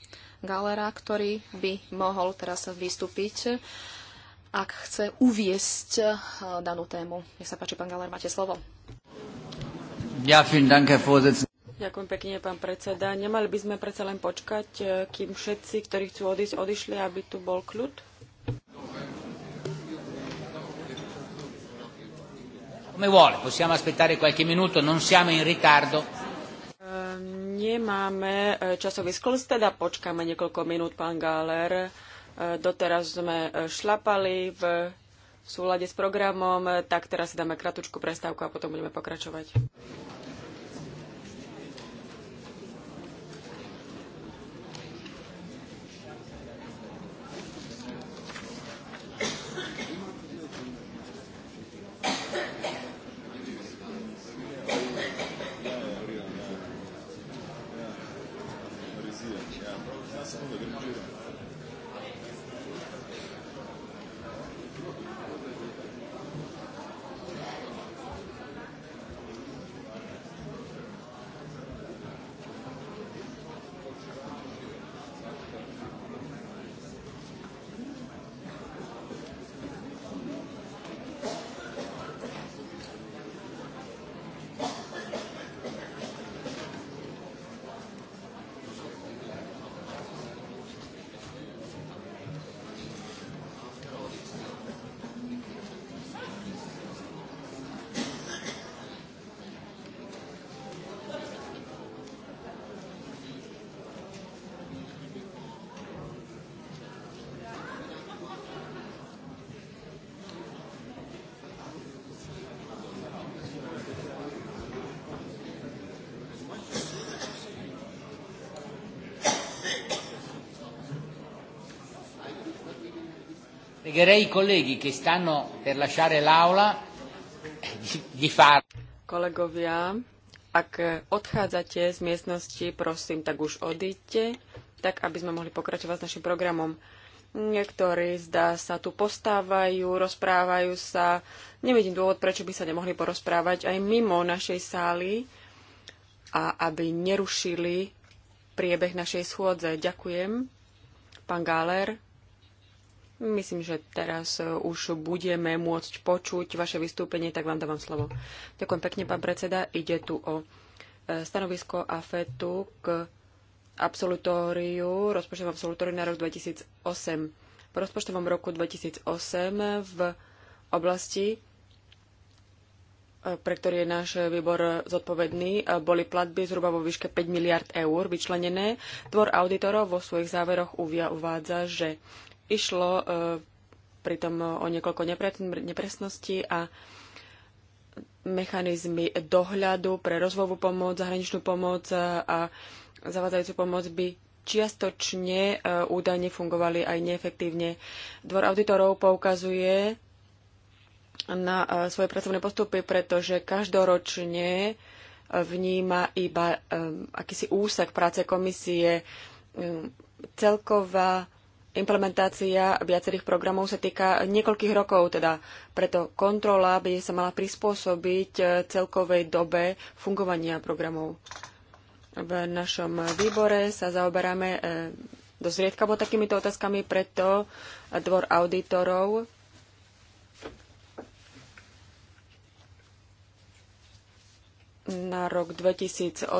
Galera, ktorý by mohol teraz vystúpiť, ak chce uviesť eh, danú tému. Nech sa páči, pán Galer, máte slovo. Ja, Ďakujem pekne, pán predseda. Nemali by sme predsa len počkať, eh, kým všetci, ktorí chcú odísť, odišli, aby tu bol kľud? Come vuole, possiamo aspettare qualche minuto, non siamo in ritardo. Nemáme e, časový sklus, teda počkáme niekoľko minút, pán Gáler. E, doteraz sme e, šlapali v súlade s programom, tak teraz si dáme kratučku prestávku a potom budeme pokračovať. pregherei i colleghi che stanno per lasciare l'aula eh, di far... Kolegovia, ak odchádzate z miestnosti, prosím, tak už odíďte, tak aby sme mohli pokračovať s našim programom. Niektorí, zdá sa, tu postávajú, rozprávajú sa. Nevidím dôvod, prečo by sa nemohli porozprávať aj mimo našej sály a aby nerušili priebeh našej schôdze. Ďakujem. Pán Gáler. Myslím, že teraz e, už budeme môcť počuť vaše vystúpenie, tak vám dávam slovo. Ďakujem pekne, pán predseda. Ide tu o e, stanovisko AFETu k absolutóriu, rozpočtovom absolutóriu na rok 2008. Po rozpočtovom roku 2008 v oblasti, e, pre ktorý je náš výbor zodpovedný, boli platby zhruba vo výške 5 miliard eur vyčlenené. Dvor auditorov vo svojich záveroch uvádza, že Išlo e, pritom o niekoľko nepresností a mechanizmy dohľadu pre rozvojovú pomoc, zahraničnú pomoc a zavádzajúcu pomoc by čiastočne e, údajne fungovali aj neefektívne. Dvor auditorov poukazuje na e, svoje pracovné postupy, pretože každoročne vníma iba akýsi úsek práce komisie. Celková implementácia viacerých programov sa týka niekoľkých rokov, teda preto kontrola by sa mala prispôsobiť e, celkovej dobe fungovania programov. V našom výbore sa zaoberáme e, dosť riedkavo takýmito otázkami, preto dvor auditorov na rok 2008 e,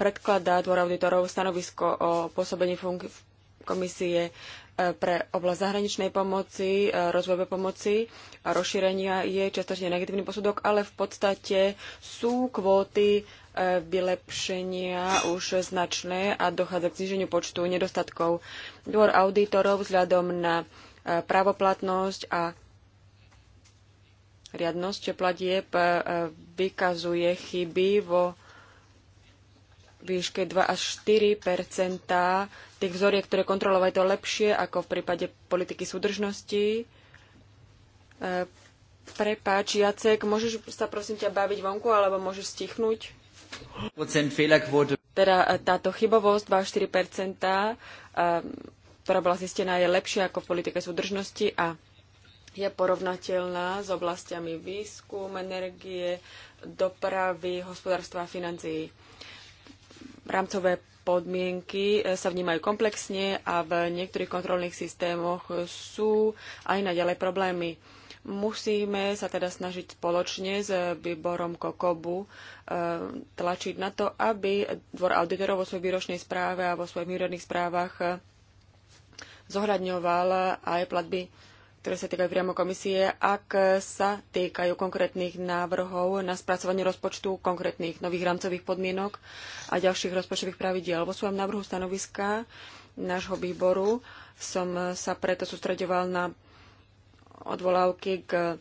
predkladá dvor auditorov stanovisko o pôsobení funk- komisie e, pre oblasť zahraničnej pomoci, e, rozvojovej pomoci a rozšírenia je čiastočne negatívny posudok, ale v podstate sú kvóty e, vylepšenia už značné a dochádza k zniženiu počtu nedostatkov. Dvor auditorov vzhľadom na právoplatnosť a riadnosť platieb vykazuje chyby vo výške 2 až 4 tých vzoriek, ktoré kontrolovať to lepšie ako v prípade politiky súdržnosti. E, prepáč, Jacek, môžeš sa prosím ťa baviť vonku, alebo môžeš stichnúť? Teda e, táto chybovosť 2-4%, až e, ktorá bola zistená, je lepšia ako v politike súdržnosti a je porovnateľná s oblastiami výskum, energie, dopravy, hospodárstva a financií. Rámcové podmienky e, sa vnímajú komplexne a v niektorých kontrolných systémoch sú aj naďalej problémy. Musíme sa teda snažiť spoločne s výborom Kokobu e, tlačiť na to, aby dvor auditorov vo svojej výročnej správe a vo svojich výrodných správach e, zohľadňoval aj platby ktoré sa týkajú priamo komisie, ak sa týkajú konkrétnych návrhov na spracovanie rozpočtu, konkrétnych nových rámcových podmienok a ďalších rozpočtových pravidiel. Vo svojom návrhu stanoviska nášho výboru som sa preto sústreďoval na odvolávky k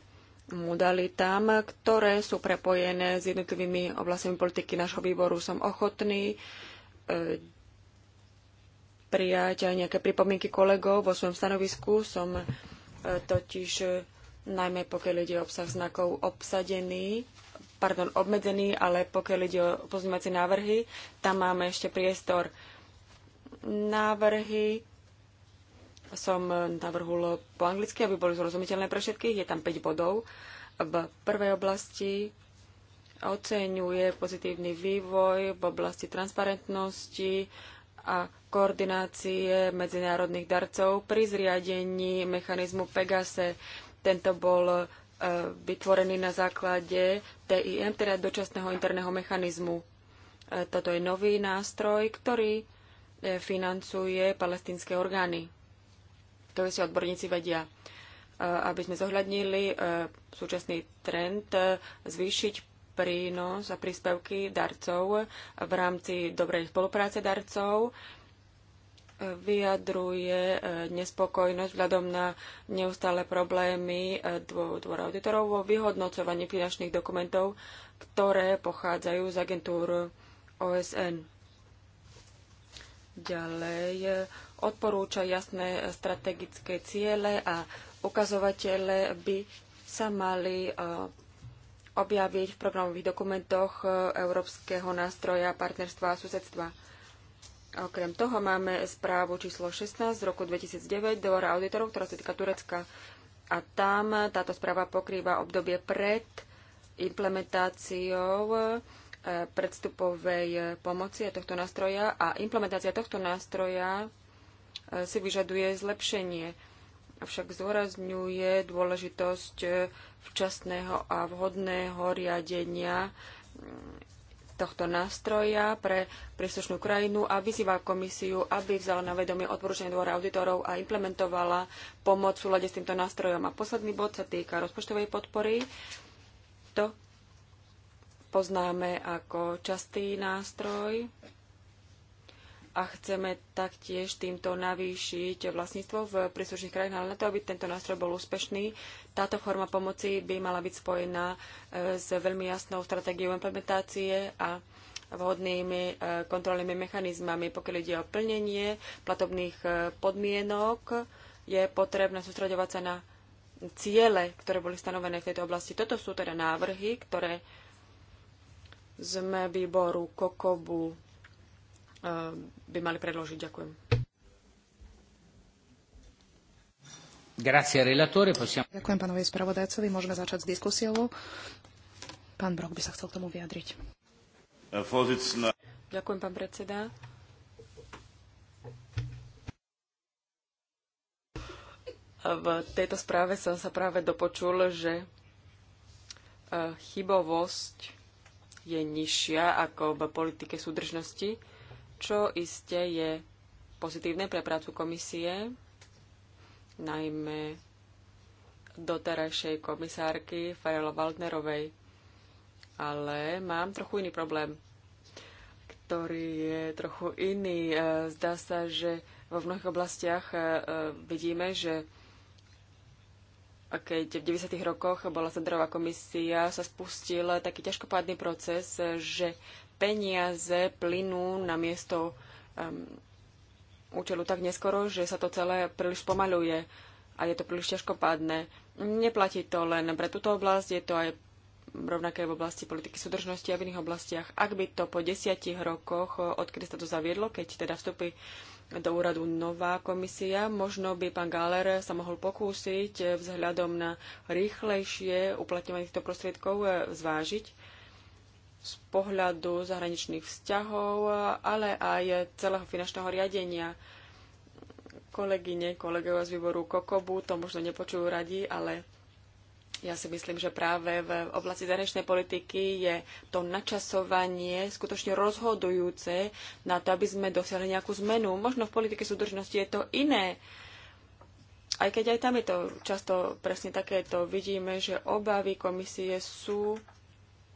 modalitám, ktoré sú prepojené s jednotlivými oblastiami politiky nášho výboru. Som ochotný e, prijať aj nejaké pripomienky kolegov vo svojom stanovisku. Som totiž e, najmä pokiaľ ide o obsah znakov obsadený, pardon, obmedzený, ale pokiaľ ide o pozmeňovacie návrhy, tam máme ešte priestor. Návrhy som navrhul po anglicky, aby boli zrozumiteľné pre všetkých. Je tam 5 bodov. V prvej oblasti oceňuje pozitívny vývoj v oblasti transparentnosti, a koordinácie medzinárodných darcov pri zriadení mechanizmu Pegase. Tento bol e, vytvorený na základe TIM, teda dočasného interného mechanizmu. E, toto je nový nástroj, ktorý e, financuje palestinské orgány. To si odborníci vedia. Aby sme zohľadnili súčasný trend zvýšiť prínos a príspevky darcov v rámci dobrej spolupráce darcov vyjadruje eh, nespokojnosť vzhľadom na neustále problémy eh, dvora auditorov vo vyhodnocovaní finančných dokumentov, ktoré pochádzajú z agentúr OSN. Ďalej eh, odporúča jasné strategické ciele a ukazovatele by sa mali objaviť v programových dokumentoch e, Európskeho nástroja partnerstva a susedstva. Okrem toho máme správu číslo 16 z roku 2009 Dvora auditorov, ktorá sa týka Turecka. A tam táto správa pokrýva obdobie pred implementáciou e, predstupovej e, pomoci a tohto nástroja a implementácia tohto nástroja si vyžaduje zlepšenie. Avšak zdôrazňuje dôležitosť včasného a vhodného riadenia mm, tohto nástroja pre príslušnú krajinu a vyzýva komisiu, aby vzala na vedomie odporúčanie dvora auditorov a implementovala pomoc v súlade s týmto nástrojom. A posledný bod sa týka rozpočtovej podpory. To poznáme ako častý nástroj a chceme taktiež týmto navýšiť vlastníctvo v príslušných krajinách, ale na to, aby tento nástroj bol úspešný, táto forma pomoci by mala byť spojená e, s veľmi jasnou stratégiou implementácie a vhodnými e, kontrolnými mechanizmami. Pokiaľ ide o plnenie platobných e, podmienok, je potrebné sústredovať sa na ciele, ktoré boli stanovené v tejto oblasti. Toto sú teda návrhy, ktoré sme výboru Kokobu Eh, by mali predložiť. Ďakujem. Ďakujem pánovi spravodajcovi. Môžeme začať s diskusiou. Pán Brok by sa chcel k tomu vyjadriť. Ďakujem, pán predseda. V tejto správe som sa práve dopočul, že eh, chybovosť je nižšia ako v politike súdržnosti čo iste je pozitívne pre prácu komisie, najmä doterajšej komisárky Farel Waldnerovej. Ale mám trochu iný problém, ktorý je trochu iný. E, zdá sa, že vo mnohých oblastiach e, e, vidíme, že keď v 90. rokoch bola Centrová komisia, sa spustil taký ťažkopádny proces, že peniaze plynú na miesto um, účelu tak neskoro, že sa to celé príliš pomaluje a je to príliš ťažkopádne. Neplatí to len pre túto oblasť, je to aj rovnaké v oblasti politiky súdržnosti a v iných oblastiach. Ak by to po desiatich rokoch, odkedy sa to zaviedlo, keď teda vstupí do úradu nová komisia, možno by pán Galer sa mohol pokúsiť eh, vzhľadom na rýchlejšie uplatňovanie týchto prostriedkov eh, zvážiť, z pohľadu zahraničných vzťahov, ale aj celého finančného riadenia. Kolegyne, kolegovia z výboru Kokobu to možno nepočujú radi, ale ja si myslím, že práve v oblasti zahraničnej politiky je to načasovanie skutočne rozhodujúce na to, aby sme dosiahli nejakú zmenu. Možno v politike súdržnosti je to iné, aj keď aj tam je to často presne takéto. Vidíme, že obavy komisie sú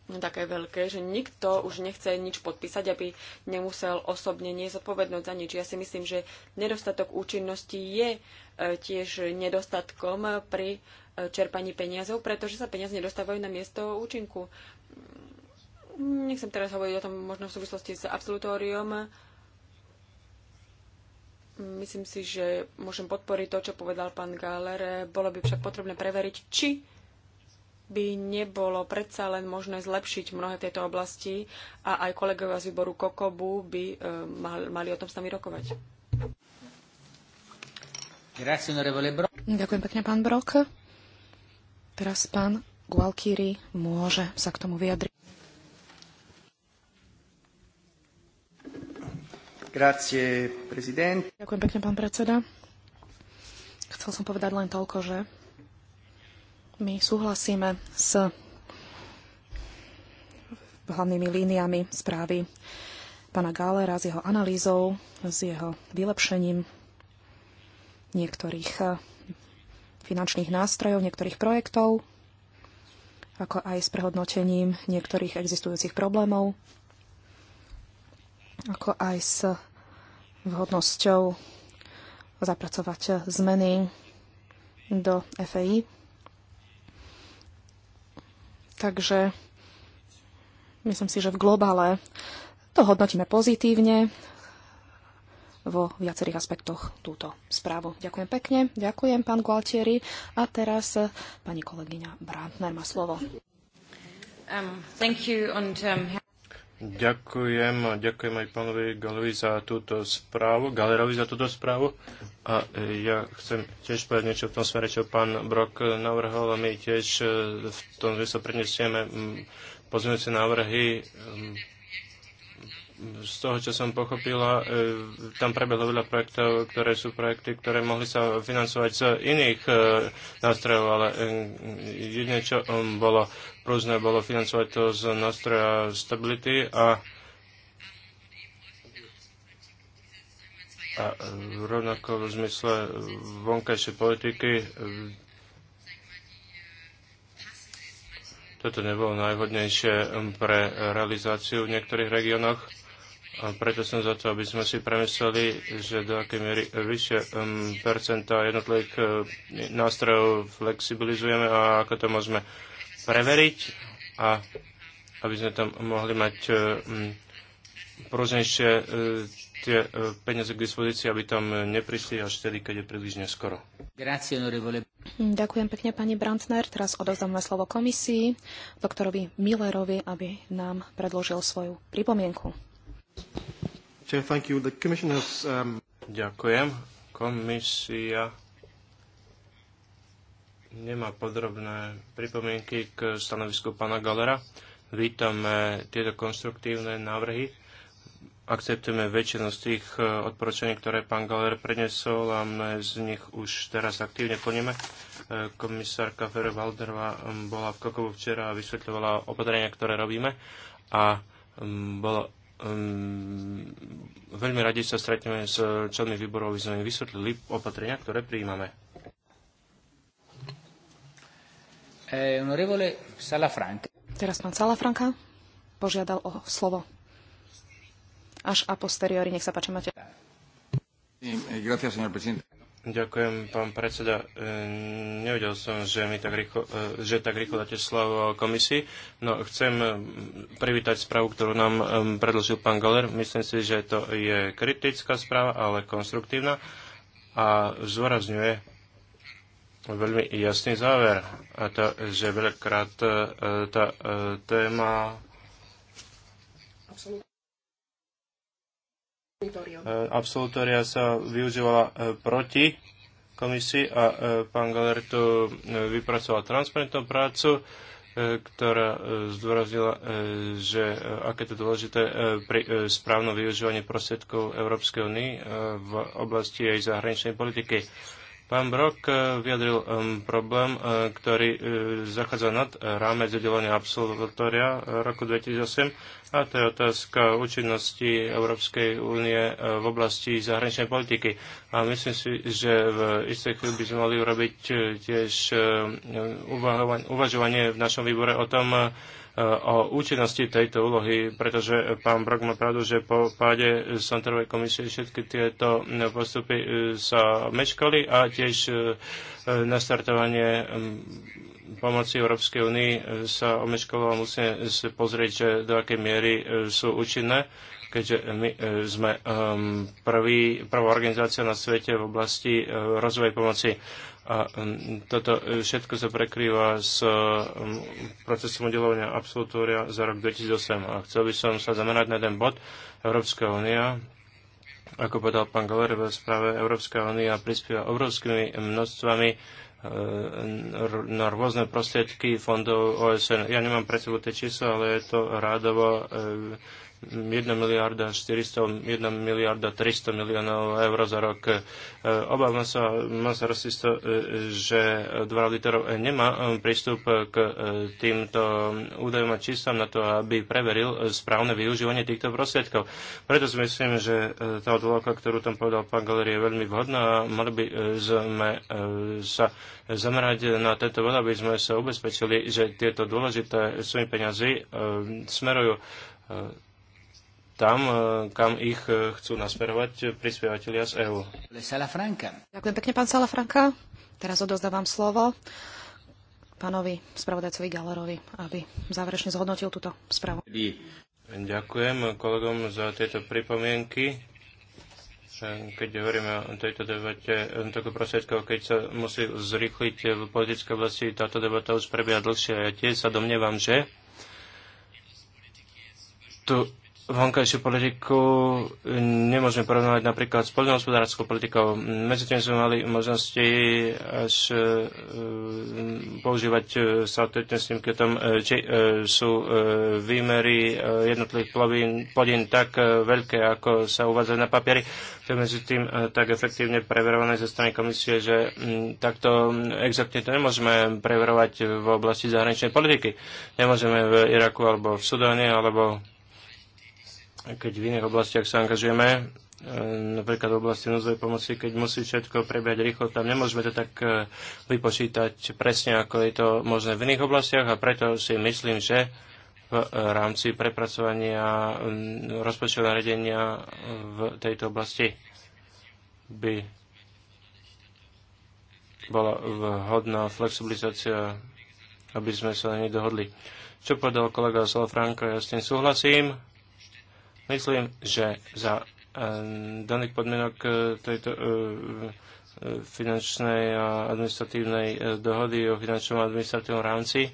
také veľké, že nikto už nechce nič podpísať, aby nemusel osobne nezodpovednúť za nič. Ja si myslím, že nedostatok účinnosti je e, tiež nedostatkom pri e, čerpaní peniazov, pretože sa peniaze nedostávajú na miesto účinku. Nechcem teraz hovoriť o tom možno v súvislosti s absolutóriom. Myslím si, že môžem podporiť to, čo povedal pán Galer. Bolo by však potrebné preveriť, či by nebolo predsa len možné zlepšiť mnohé tieto oblasti a aj kolegovia z výboru Kokobu by e, mali o tom s nami rokovať. Ďakujem pekne, pán Brok. Teraz pán Gualkiri môže sa k tomu vyjadriť. Grazie, Ďakujem pekne, pán predseda. Chcel som povedať len toľko, že my súhlasíme s hlavnými líniami správy pána Gálera, s jeho analýzou, s jeho vylepšením niektorých eh, finančných nástrojov, niektorých projektov, ako aj s prehodnotením niektorých existujúcich problémov, ako aj s vhodnosťou zapracovať eh, zmeny do FEI Takže myslím si, že v globále to hodnotíme pozitívne vo viacerých aspektoch túto správu. Ďakujem pekne, ďakujem pán Gualtieri a teraz eh, pani kolegyňa Brandner má slovo. Um, thank you and, um... Ďakujem, ďakujem aj pánovi Galovi za túto správu, Galerovi za túto správu. A e, ja chcem tiež povedať niečo v tom smere, čo pán Brok navrhol a my tiež e, v tom zmysle prednesieme pozmeňujúce návrhy z toho, čo som pochopila, e, tam prebehlo veľa projektov, ktoré sú projekty, ktoré mohli sa financovať z iných e, nástrojov, ale e, jedine, čo um, bolo prúzne, bolo financovať to z nástroja stability a a rovnako v zmysle vonkajšej politiky toto nebolo najhodnejšie um, pre realizáciu v niektorých regiónoch. A preto som za to, aby sme si premysleli, že do akej miery vyššie um, percenta jednotlivých uh, nástrojov flexibilizujeme a ako to môžeme preveriť a aby sme tam mohli mať um, e, pružnejšie uh, e, tie uh, peniaze k dispozícii, aby tam neprišli až vtedy, keď je príliš neskoro. Ďakujem pekne, pani Brantner. Teraz odovzdáme slovo komisii, doktorovi Millerovi, aby nám predložil svoju pripomienku. Chair, thank you. The commission has, um... Ďakujem. Komisia nemá podrobné pripomienky k stanovisku pána Galera. Vítame tieto konstruktívne návrhy. Akceptujeme väčšinu z tých eh, odporúčaní, ktoré pán Galer prednesol a mnohé z nich už teraz aktívne plníme. Eh, komisárka Ferre Valderová mm, bola v Kokovu včera a vysvetľovala opatrenia, ktoré robíme a mm, bolo um, veľmi radi sa stretneme s členmi výborov, aby sme im vysvetlili opatrenia, ktoré prijímame. E, Teraz pán Salafranka požiadal o slovo. Až a posteriori, nech sa páči, máte. E, gracias, señor presidente. Ďakujem, pán predseda. E, nevedel som, že, mi tak rýchlo, e, že tak rýchlo dáte slovo komisii. No, chcem e, privítať správu, ktorú nám predložil pán Galer. Myslím si, že to je kritická správa, ale konstruktívna a zdôrazňuje veľmi jasný záver. A to, že veľakrát tá téma E, absolutória sa využívala e, proti komisii a e, pán Galer tu vypracoval transparentnú prácu, ktorá zdôraznila, že aké to dôležité pri správnom využívaní prostriedkov Európskej únie v oblasti jej zahraničnej politiky. Pán Brok eh, vyjadril problém, eh, ktorý eh, zachádza nad rámec udelenia absolutória roku 2008 a to je otázka účinnosti Európskej únie v oblasti zahraničnej politiky. A myslím si, že v istej chvíli by sme mali urobiť tiež uvažovanie v našom výbore o tom, o účinnosti tejto úlohy, pretože pán Brok má pravdu, že po páde Santorovej komisie všetky tieto postupy e, sa meškali a tiež e, nastartovanie mm, pomoci Európskej únii e, sa omeškalo a musíme si pozrieť, že do akej miery sú účinné keďže my sme prvá organizácia na svete v oblasti rozvoja pomoci. A toto e, všetko sa prekrýva s e, procesom udelovania absolutória za rok 2008. A chcel by som sa zamerať na ten bod. Európska únia, ako povedal pán Galer, v správe, Európska únia prispieva obrovskými množstvami e, na rôzne prostriedky fondov OSN. Ja nemám pre sebou tie čísla, ale je to rádovo 1 miliarda 400, 1 miliarda 300 miliónov eur za rok. E, obávam sa, má sa rozsisto, e, že 2 literov nemá e, prístup k týmto údajom a číslam na to, aby preveril správne využívanie týchto prostriedkov. Preto si myslím, že tá odvolávka, ktorú tam povedal pán Galerie, je veľmi vhodná a mali by sme sa zamerať na tento bod, aby sme sa ubezpečili, že tieto dôležité svoje peniazy smerujú tam, e, kam ich e, chcú nasmerovať prispievateľia z EÚ. Ďakujem pekne, pán Salafranka. Teraz odozdávam slovo pánovi spravodajcovi Galerovi, aby záverečne zhodnotil túto správu. Ďakujem kolegom za tieto pripomienky keď hovoríme o tejto debate, takú prostriedkov, keď sa musí zrýchliť v politickej oblasti, táto debata už prebieha dlhšie. Ja tiež sa domnievam, že tu vonkajšiu politiku nemôžeme porovnávať napríklad s poľnohospodárskou politikou. Medzi tým sme mali možnosti až e, používať satelitné snímky o tom, či e, sú e, výmery jednotlivých plodín tak veľké, ako sa uvádzajú na papieri. To je medzi tým tak efektívne preverované zo strany komisie, že takto exaktne to nemôžeme preverovať v oblasti zahraničnej politiky. Nemôžeme v Iraku alebo v Sudáne alebo keď v iných oblastiach sa angažujeme, e, napríklad v oblasti núzovej pomoci, keď musí všetko prebiehať rýchlo, tam nemôžeme to tak e, vypočítať presne, ako je to možné v iných oblastiach a preto si myslím, že v e, rámci prepracovania rozpočtového nariadenia v tejto oblasti by bola vhodná flexibilizácia, aby sme sa nedohodli. Čo povedal kolega Salafranco, ja s tým súhlasím Myslím, že za eh, daných podmienok eh, tejto eh, finančnej a administratívnej dohody o finančnom a administratívnom rámci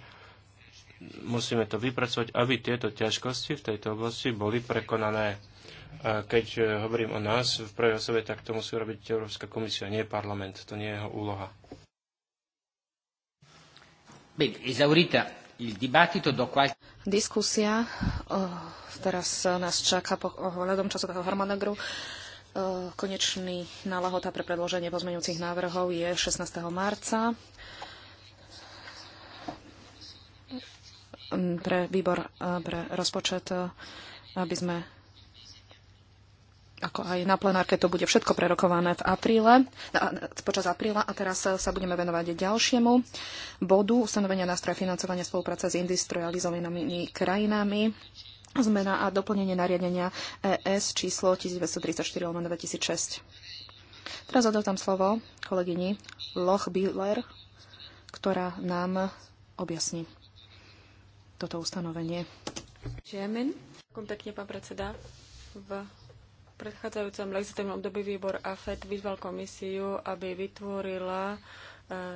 musíme to vypracovať, aby tieto ťažkosti v tejto oblasti boli prekonané. A keď hovorím o nás v prvej osobe, tak to musí robiť Európska komisia, nie parlament. To nie je jeho úloha. Bene, esaurita Diskusia teraz nás čaká ohľadom časového harmonogramu. Konečný nálahota pre predloženie pozmeňujúcich návrhov je 16. marca. Pre výbor pre rozpočet, aby sme ako aj na plenárke, to bude všetko prerokované v apríle, počas apríla a teraz sa budeme venovať ďalšiemu bodu ustanovenia nástroja financovania spolupráce s industrializovanými krajinami zmena a doplnenie nariadenia ES číslo 1234 2006 Teraz odovzdám slovo kolegyni Loch Biller, ktorá nám objasní toto ustanovenie. Čiemen, kontaktne pán predseda. V predchádzajúcom legislatívnom období výbor AFED vyzval komisiu, aby vytvorila e,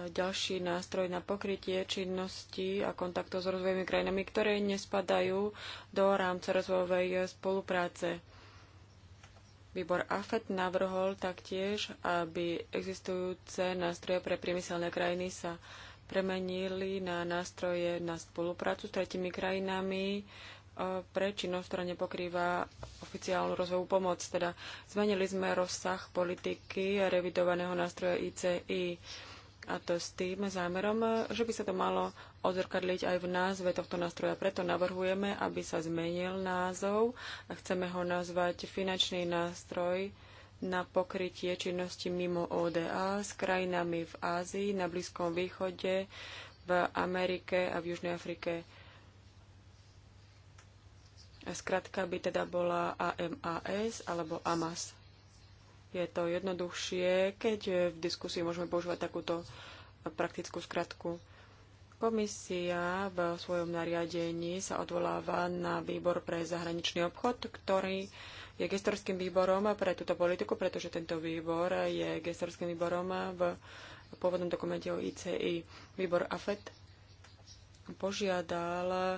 ďalší nástroj na pokrytie činnosti a kontaktov s rozvojovými krajinami, ktoré nespadajú do rámca rozvojovej spolupráce. Výbor AFET navrhol taktiež, aby existujúce nástroje pre priemyselné krajiny sa premenili na nástroje na spoluprácu s tretimi krajinami pre činnosť, ktorá nepokrýva oficiálnu rozvojovú pomoc. Teda zmenili sme rozsah politiky revidovaného nástroja ICI a to s tým zámerom, že by sa to malo odzrkadliť aj v názve tohto nástroja. Preto navrhujeme, aby sa zmenil názov a chceme ho nazvať finančný nástroj na pokrytie činnosti mimo ODA s krajinami v Ázii, na Blízkom východe, v Amerike a v Južnej Afrike. Skratka by teda bola AMAS alebo AMAS. Je to jednoduchšie, keď v diskusii môžeme používať takúto praktickú skratku. Komisia v svojom nariadení sa odvoláva na výbor pre zahraničný obchod, ktorý je gestorským výborom pre túto politiku, pretože tento výbor je gestorským výborom v pôvodnom dokumente o ICI. Výbor AFET požiadal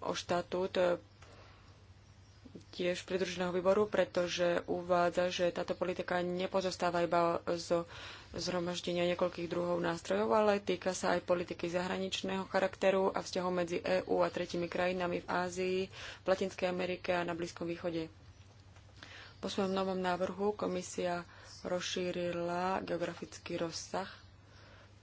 o štatút e, tiež pridruženého výboru, pretože uvádza, že táto politika nepozostáva iba zo zhromaždenia niekoľkých druhov nástrojov, ale týka sa aj politiky zahraničného charakteru a vzťahov medzi EÚ a tretimi krajinami v Ázii, v Latinskej Amerike a na Blízkom východe. Po svojom novom návrhu komisia rozšírila geografický rozsah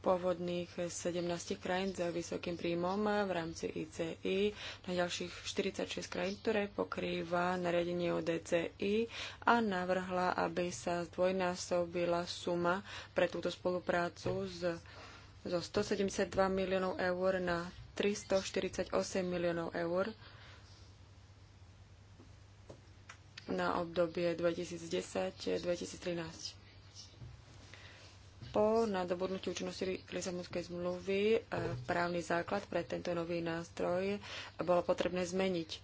pôvodných 17 krajín s vysokým príjmom v rámci ICI na ďalších 46 krajín, ktoré pokrýva nariadenie o DCI a navrhla, aby sa zdvojnásobila suma pre túto spoluprácu z, zo 172 miliónov eur na 348 miliónov eur na obdobie 2010-2013. Po nadobudnutí účinnosti Lisabonskej zmluvy e, právny základ pre tento nový nástroj bolo potrebné zmeniť. E,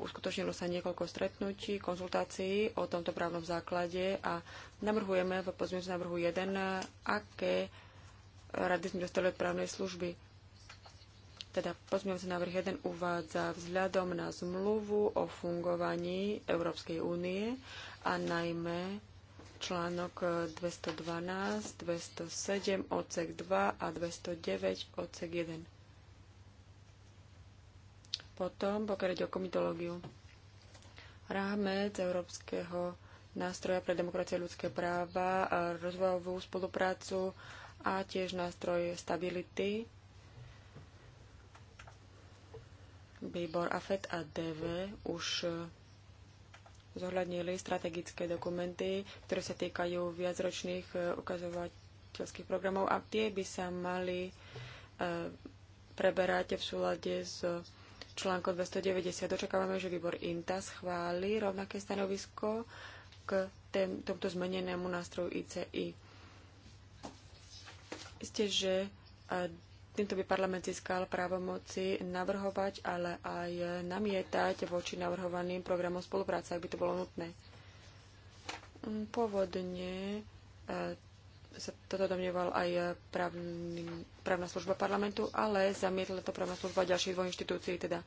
uskutočnilo sa niekoľko stretnutí, konzultácií o tomto právnom základe a navrhujeme v pozmeňujúcom návrhu 1, aké rady sme dostali od právnej služby. Teda pozmeňujúci návrh 1 uvádza vzhľadom na zmluvu o fungovaní Európskej únie a najmä článok 212, e, 207, odsek 2 a 209, odsek 1. Potom pokrať o komitológiu. Rámec Európskeho nástroja pre demokracie a ľudské práva, a rozvojovú spoluprácu a tiež nástroj stability. Výbor AFET a DV už e, zohľadnili strategické dokumenty, ktoré sa týkajú viacročných e, ukazovateľských programov a tie by sa mali e, preberať v súlade s článkom 290. Očakávame, že výbor INTA schváli rovnaké stanovisko k tém, tomto zmenenému nástroju ICI. Isté, že e, Týmto by parlament získal právomoci navrhovať, ale aj namietať voči navrhovaným programom spolupráce, ak by to bolo nutné. Pôvodne e, sa toto domnieval aj právny, právna služba parlamentu, ale zamietla to právna služba ďalších dvoch inštitúcií, teda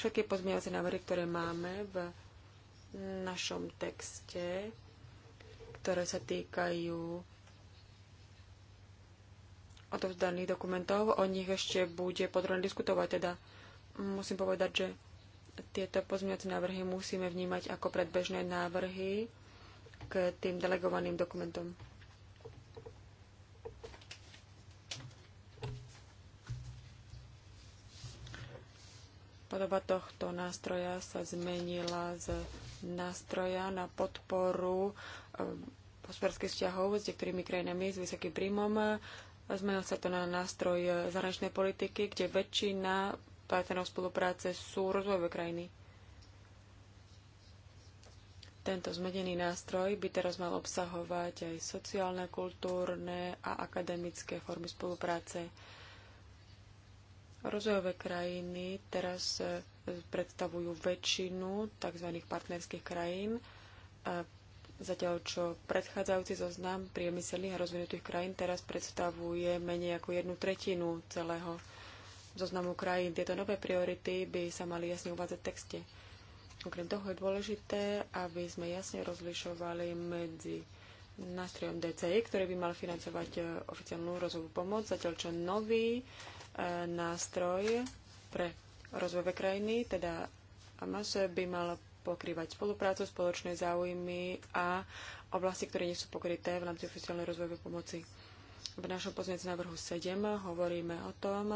všetky pozmeňovacie návrhy, ktoré máme v našom texte, ktoré sa týkajú odovzdaných dokumentov. O nich ešte bude podrobne diskutovať. Teda musím povedať, že tieto pozmeňovacie návrhy musíme vnímať ako predbežné návrhy k tým delegovaným dokumentom. Podoba tohto nástroja sa zmenila z nástroja na podporu eh, hospodárskych vzťahov s niektorými krajinami s vysokým príjmom Zmenil sa to na nástroj zahraničnej politiky, kde väčšina partnerov spolupráce sú rozvojové krajiny. Tento zmenený nástroj by teraz mal obsahovať aj sociálne, kultúrne a akademické formy spolupráce. Rozvojové krajiny teraz eh, predstavujú väčšinu tzv. partnerských krajín eh, Zatiaľ, čo predchádzajúci zoznam priemyselných a rozvinutých krajín teraz predstavuje menej ako jednu tretinu celého zoznamu krajín. Tieto nové priority by sa mali jasne uvádzať v texte. Okrem toho je dôležité, aby sme jasne rozlišovali medzi nástrojom DCI, e, ktorý by mal financovať e, oficiálnu rozvojovú pomoc, zatiaľ čo nový e, nástroj pre rozvojové krajiny, teda AMAS, by mal pokrývať spoluprácu, spoločné záujmy a oblasti, ktoré nie sú pokryté v rámci oficiálnej rozvojovej pomoci. V našom pozmeňujúcom návrhu 7 hovoríme o tom,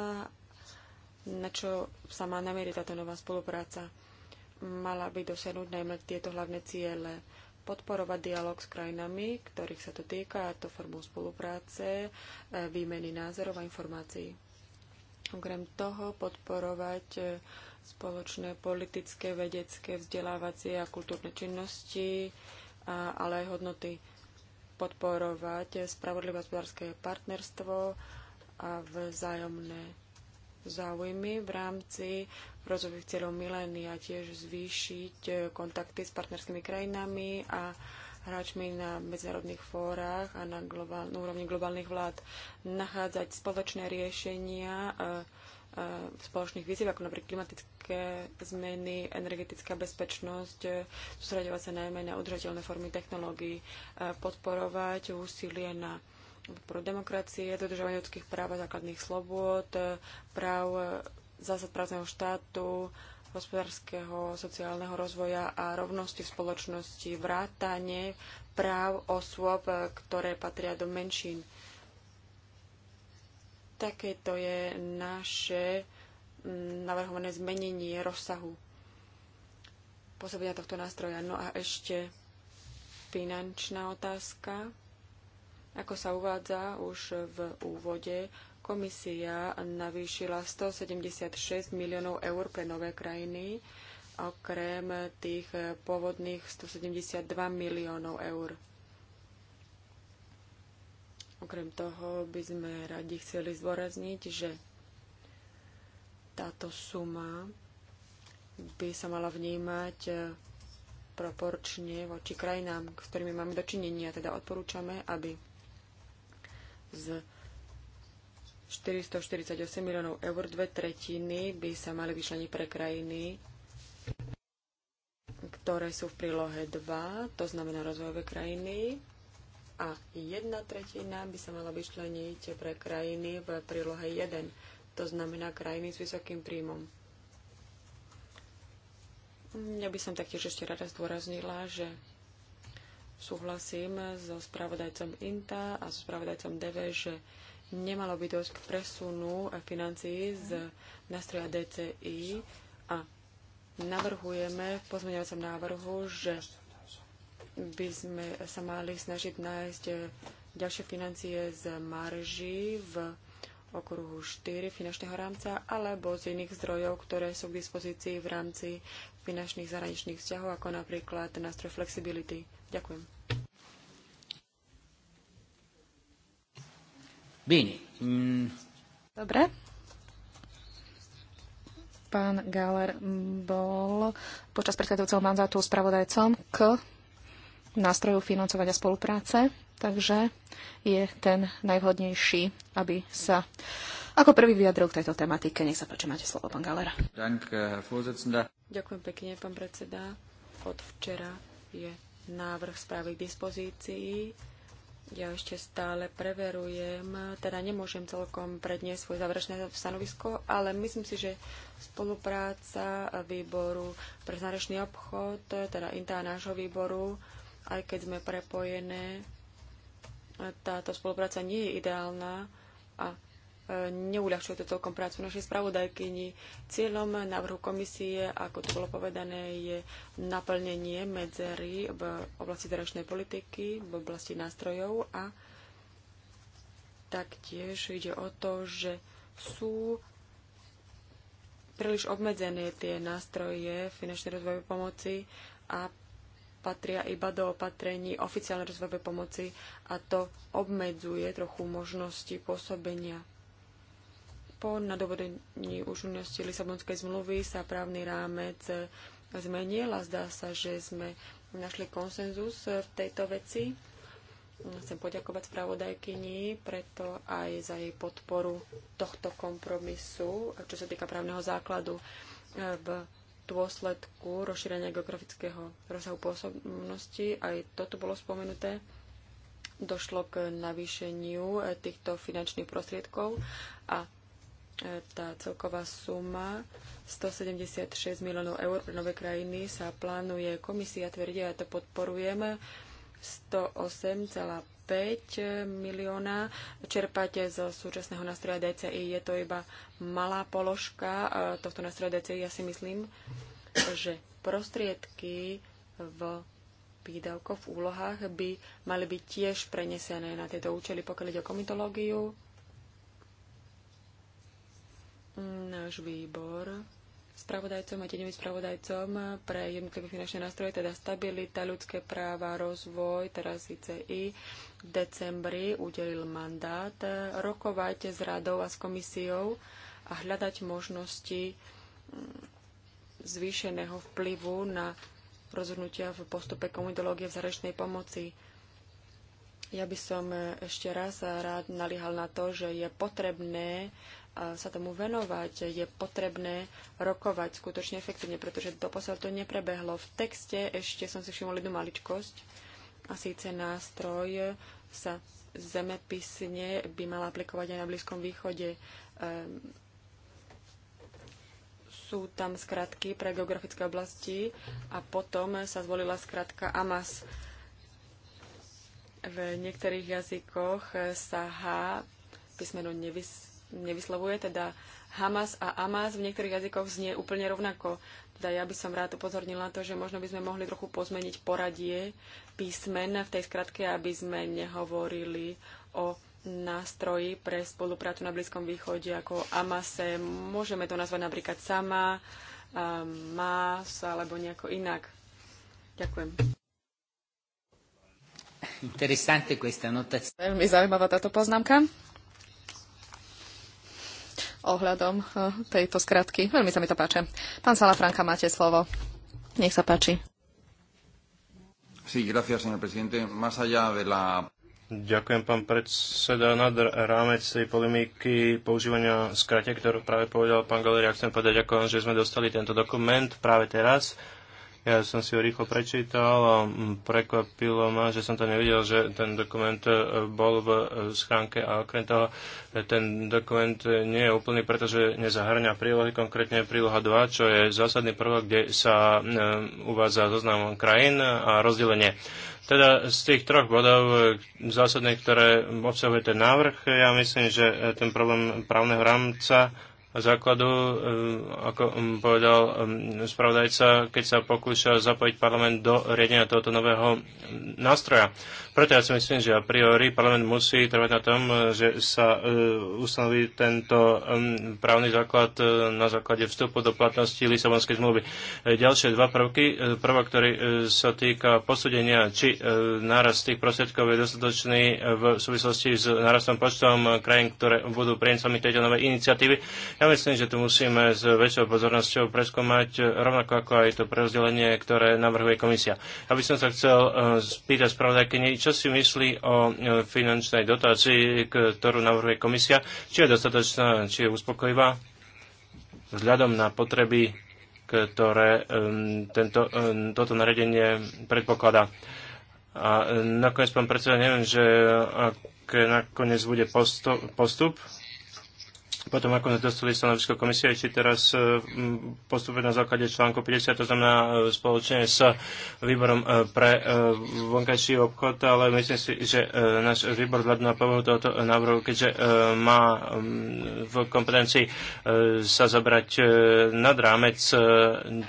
na čo sa má namieriť táto nová spolupráca. Mala by dosiahnuť najmä tieto hlavné ciele podporovať dialog s krajinami, ktorých sa to týka, a to formou spolupráce, e, výmeny názorov a informácií. Okrem toho podporovať e, spoločné politické, vedecké, vzdelávacie a kultúrne činnosti, a, ale aj hodnoty podporovať spravodlivé hospodárske partnerstvo a vzájomné záujmy v rámci rozvojových cieľov milénia tiež zvýšiť kontakty s partnerskými krajinami a hráčmi na medzinárodných fórach a na, globál, na úrovni globálnych vlád nachádzať spoločné riešenia e, E, spoločných víziev, ako napríklad klimatické zmeny, energetická bezpečnosť, e, sústredovať sa najmä na udržateľné formy technológií, e, podporovať úsilie na podporu demokracie, dodržovanie ľudských práv a základných slobôd, práv zásad právneho štátu, hospodárskeho, sociálneho rozvoja a rovnosti v spoločnosti, vrátanie práv osôb, ktoré patria do menšín. Takéto je naše mm, navrhované zmenenie rozsahu pôsobenia tohto nástroja. No a ešte finančná otázka. Ako sa uvádza už v úvode, komisia navýšila 176 miliónov eur pre nové krajiny, okrem tých pôvodných 172 miliónov eur. Okrem toho by sme radi chceli zdôrazniť, že táto suma by sa mala vnímať e, proporčne voči krajinám, s ktorými máme dočinenia. Teda odporúčame, aby z 448 miliónov eur dve tretiny by sa mali vyšleniť pre krajiny, ktoré sú v prílohe 2, to znamená rozvojové krajiny, a jedna tretina by sa mala vyčleniť pre krajiny v prílohe 1, to znamená krajiny s vysokým príjmom. Ja by som taktiež ešte rada zdôraznila, že súhlasím so spravodajcom INTA a so spravodajcom DV, že nemalo by dosť k presunu financií z nástroja DCI a navrhujeme v pozmeňovacom návrhu, že by sme sa mali snažiť nájsť e, ďalšie financie z marží v okruhu 4 finančného rámca alebo z iných zdrojov, ktoré sú k dispozícii v rámci finančných zahraničných vzťahov, ako napríklad nástroj flexibility. Ďakujem. Bini. Mm. Dobre. Pán Galer bol počas predchádzajúceho mandátu spravodajcom k nástrojov financovania spolupráce, takže je ten najvhodnejší, aby sa ako prvý vyjadril k tejto tematike. Nech sa páči, máte slovo, pán Galera. Eh, Ďakujem pekne, pán predseda. Od včera je návrh správy k dispozícii. Ja ešte stále preverujem, teda nemôžem celkom predniesť svoje záverečné stanovisko, ale myslím si, že spolupráca výboru pre značný obchod, teda intá nášho výboru, aj keď sme prepojené, táto spolupráca nie je ideálna a e, neuľahčuje to celkom prácu našej spravodajkyni. Cieľom návrhu komisie, ako tu bolo povedané, je naplnenie medzery v oblasti zračnej politiky, v oblasti nástrojov a taktiež ide o to, že sú príliš obmedzené tie nástroje finančnej rozvojovej pomoci a patria iba do opatrení oficiálnej rozvojovej pomoci a to obmedzuje trochu možnosti pôsobenia. Po nadobudení účinnosti Lisabonskej zmluvy sa právny rámec zmenil a zdá sa, že sme našli konsenzus v tejto veci. Chcem poďakovať spravodajkyni preto aj za jej podporu tohto kompromisu, čo sa týka právneho základu v dôsledku rozšírenia geografického rozsahu pôsobnosti, aj toto bolo spomenuté, došlo k navýšeniu eh, týchto finančných prostriedkov a eh, tá celková suma 176 miliónov eur pre nové krajiny sa plánuje. Komisia tvrdia, ja to podporujeme, 108,5 5 milióna čerpáte zo súčasného nástroja DCI. Je to iba malá položka e, tohto nástroja DCI. Ja si myslím, že prostriedky v výdavkoch, v úlohách by mali byť tiež prenesené na tieto účely, pokiaľ ide o komitológiu. Náš výbor spravodajcom a tieňovým spravodajcom pre jednotlivé finančné nástroje, teda stabilita, ľudské práva, rozvoj, teraz ICI decembri udelil mandát eh, rokovať s radou a s komisiou a hľadať možnosti mm, zvýšeného vplyvu na rozhodnutia v postupe komunitológie v zahraničnej pomoci. Ja by som eh, ešte raz rád nalihal na to, že je potrebné eh, sa tomu venovať, je potrebné rokovať skutočne efektívne, pretože doposiaľ to neprebehlo. V texte ešte som si všimol jednu maličkosť, a síce nástroj sa zemepisne by mala aplikovať aj na Blízkom východe. Ehm, sú tam skratky pre geografické oblasti a potom sa zvolila skratka AMAS. V niektorých jazykoch sa H písmeno nevys- nevyslovuje, teda Hamas a Amas v niektorých jazykoch znie úplne rovnako. Teda ja by som rád upozornila to, že možno by sme mohli trochu pozmeniť poradie písmen v tej skratke, aby sme nehovorili o nástroji pre spoluprácu na Blízkom východe ako AMASE. Môžeme to nazvať napríklad SAMA, MAS alebo nejako inak. Ďakujem. Veľmi zaujímavá táto poznámka ohľadom eh, tejto skratky. Veľmi sa mi to páče. Pán Sala Franka, máte slovo. Nech sa páči. Sí, gracias, señor presidente. Más allá de la Ďakujem, pán predseda. Nad rámec tej polemiky používania skrate, ktorú práve povedal pán Galeria, chcem povedať, ďakujem, že sme dostali tento dokument práve teraz ja som si ho rýchlo prečítal a mm, prekvapilo ma, že som to nevidel, že ten dokument e, bol v e, schránke a okrem toho e, ten dokument nie je úplný, pretože nezahrňa prílohy, konkrétne príloha 2, čo je zásadný prvok, kde sa uvádza zoznam krajín a rozdelenie. Teda z tých troch bodov zásadných, ktoré obsahuje ten návrh, ja myslím, že ten problém právneho rámca základu, um, ako um, povedal um, spravodajca, keď sa pokúša zapojiť parlament do riadenia tohoto nového nástroja. Preto ja si myslím, že a priori parlament musí trvať na tom, že sa uh, ustanoví tento právny základ uh, na základe vstupu do platnosti Lisabonskej zmluvy. E, ďalšie dva prvky. E, prvá, ktorý e, sa týka posúdenia, či nárast tých prostriedkov je dostatočný v súvislosti s narastom počtom krajín, ktoré budú príjemcami tejto novej iniciatívy. Ja ja myslím, že tu musíme s väčšou pozornosťou preskúmať rovnako ako aj to prerozdelenie, ktoré navrhuje komisia. Ja by som sa chcel e, spýtať spravodajkyni, čo si myslí o e, finančnej dotácii, ktorú navrhuje komisia, či je dostatočná, či je uspokojivá vzhľadom na potreby, ktoré e, tento, toto naredenie predpokladá. A nakoniec, pán predseda, neviem, že ak nakoniec bude postup potom ako sme dostali stanovisko komisie, či teraz e, postupovať na základe článku 50, to znamená e, spoločne s výborom e, pre vonkajší obchod, ale myslím si, že náš výbor vzhľadom na povahu tohoto návrhu, keďže má v kompetencii sa zabrať nad rámec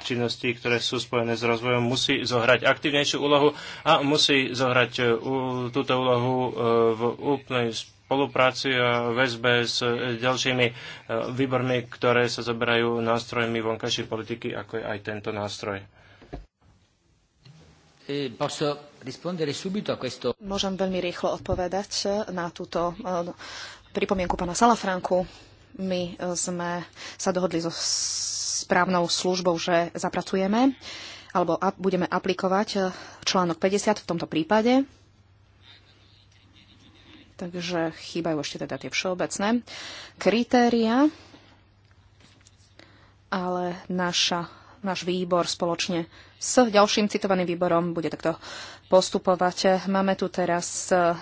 činností, ktoré sú spojené s rozvojom, musí zohrať aktívnejšiu úlohu a musí zohrať túto úlohu v úplnej spoločnosti spolupráci a väzbe s e, ďalšími e, výbormi, ktoré sa zaberajú nástrojmi vonkajšej politiky, ako je aj tento nástroj. E, Môžem veľmi rýchlo odpovedať na túto pripomienku pána Salafranku. My sme sa dohodli so správnou službou, že zapracujeme alebo budeme aplikovať článok 50 v tomto prípade Takže chýbajú ešte teda tie všeobecné kritéria, ale naša, náš výbor spoločne s ďalším citovaným výborom bude takto postupovať. Máme tu teraz e,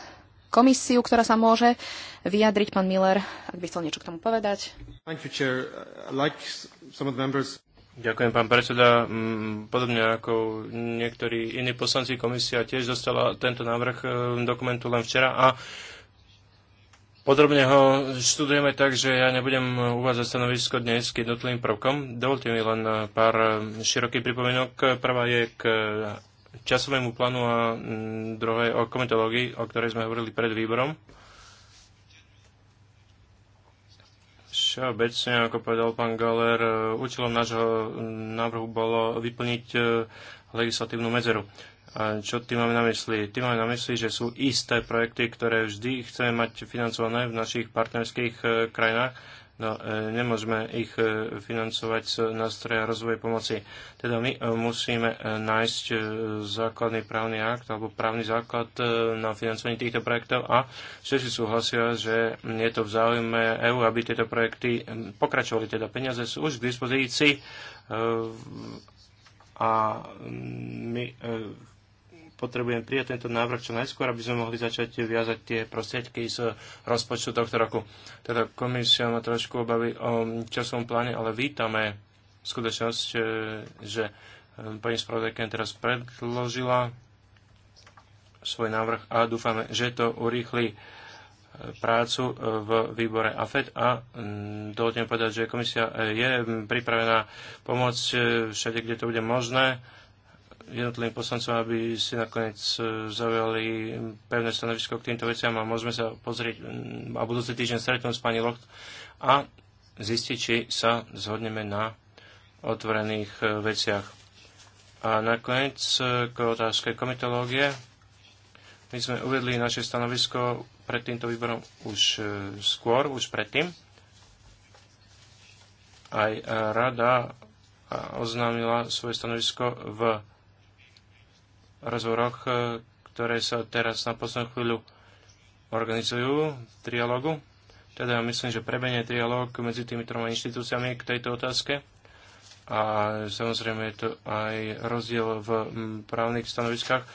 komisiu, ktorá sa môže vyjadriť. Pán Miller, ak by chcel niečo k tomu povedať. You, like members... Ďakujem, pán predseda. Mm, podobne ako niektorí iní poslanci, komisia tiež dostala tento návrh e, dokumentu len včera a Podrobne ho študujeme tak, že ja nebudem uvádzať stanovisko dnes k jednotlivým prvkom. Dovolte mi len pár širokých pripomienok. Prvá je k časovému plánu a mm, druhé o komentológii, o ktorej sme hovorili pred výborom. Všeobecne, ako povedal pán Galer, účelom nášho mm, návrhu bolo vyplniť e, legislatívnu medzeru. A čo tým máme na mysli? Tým máme na mysli, že sú isté projekty, ktoré vždy chceme mať financované v našich partnerských e, krajinách, no e, nemôžeme ich e, financovať z nástroja rozvoje pomoci. Teda my musíme nájsť základný právny akt alebo právny základ na financovanie týchto projektov a všetci súhlasia, že je to v záujme EÚ, aby tieto projekty pokračovali. Teda peniaze sú už k dispozícii a my potrebujem prijať tento návrh čo najskôr, aby sme mohli začať viazať tie prostriedky z rozpočtu tohto roku. Teda komisia má trošku obavy o časovom pláne, ale vítame skutočnosť, e, že e, pani spravodajka teraz predložila svoj návrh a dúfame, že to urýchli e, prácu v výbore AFED a dovolte mi povedať, že komisia je pripravená pomôcť všade, kde to bude možné jednotlivým poslancom, aby si nakoniec e, zaujali pevné stanovisko k týmto veciam a môžeme sa pozrieť a budúci týždeň stretnúť s pani Locht a zistiť, či sa zhodneme na otvorených e, veciach. A nakoniec e, k otázke komitológie. My sme uvedli naše stanovisko pred týmto výborom už skôr, už predtým. Aj rada oznámila svoje stanovisko v rozhovoroch, e, ktoré sa teraz na poslednú chvíľu organizujú v trialógu. Teda ja myslím, že prebenie trialóg medzi tými troma inštitúciami k tejto otázke. A samozrejme je to aj rozdiel v právnych stanoviskách.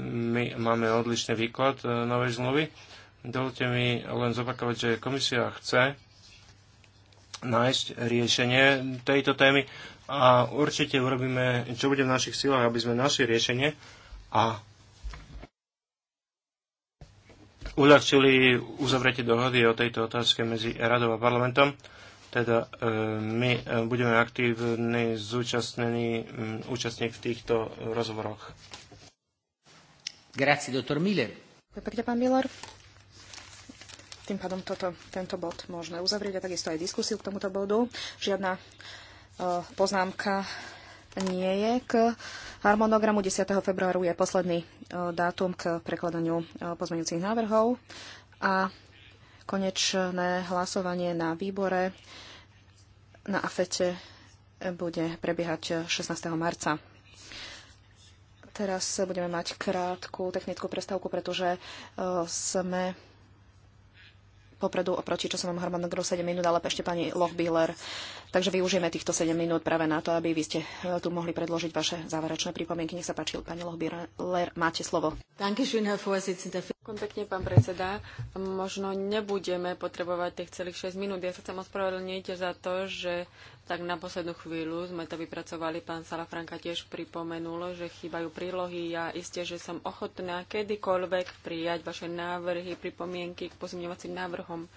My máme odlišný výklad e, novej zmluvy. Dovolte mi len zopakovať, že komisia chce nájsť riešenie tejto témy a určite urobíme, čo bude v našich silách, aby sme našli riešenie a uľahčili uzavretie dohody o tejto otázke medzi radou a parlamentom. Teda e, my e, budeme aktívni zúčastnení mm, účastník v týchto rozhovoroch. Grazie, doktor Miller. Pekne, pán Miller. Tým pádom toto, tento bod môžeme uzavrieť a takisto aj diskusiu k tomuto bodu. Žiadna uh, poznámka nie je k harmonogramu. 10. februáru je posledný e, dátum k prekladaniu e, pozmeňujúcich návrhov a konečné hlasovanie na výbore na AFETE bude prebiehať 16. marca. Teraz budeme mať krátku technickú prestávku, pretože e, sme popredu oproti časovom harmonogramu 7 minút, ale ešte pani Lochbíler Takže využijeme týchto 7 minút práve na to, aby vy ste eh, tu mohli predložiť vaše záverečné pripomienky. Nech sa páči, pani Lohbirler, máte slovo. Ďakujem pekne, pán predseda. Možno nebudeme potrebovať tých celých 6 minút. Ja sa chcem ospravedlniť za to, že tak na poslednú chvíľu sme to vypracovali. Pán Salafranka tiež pripomenul, že chýbajú prílohy. Ja isté, že som ochotná kedykoľvek prijať vaše návrhy, pripomienky k pozmeňovacím návrhom.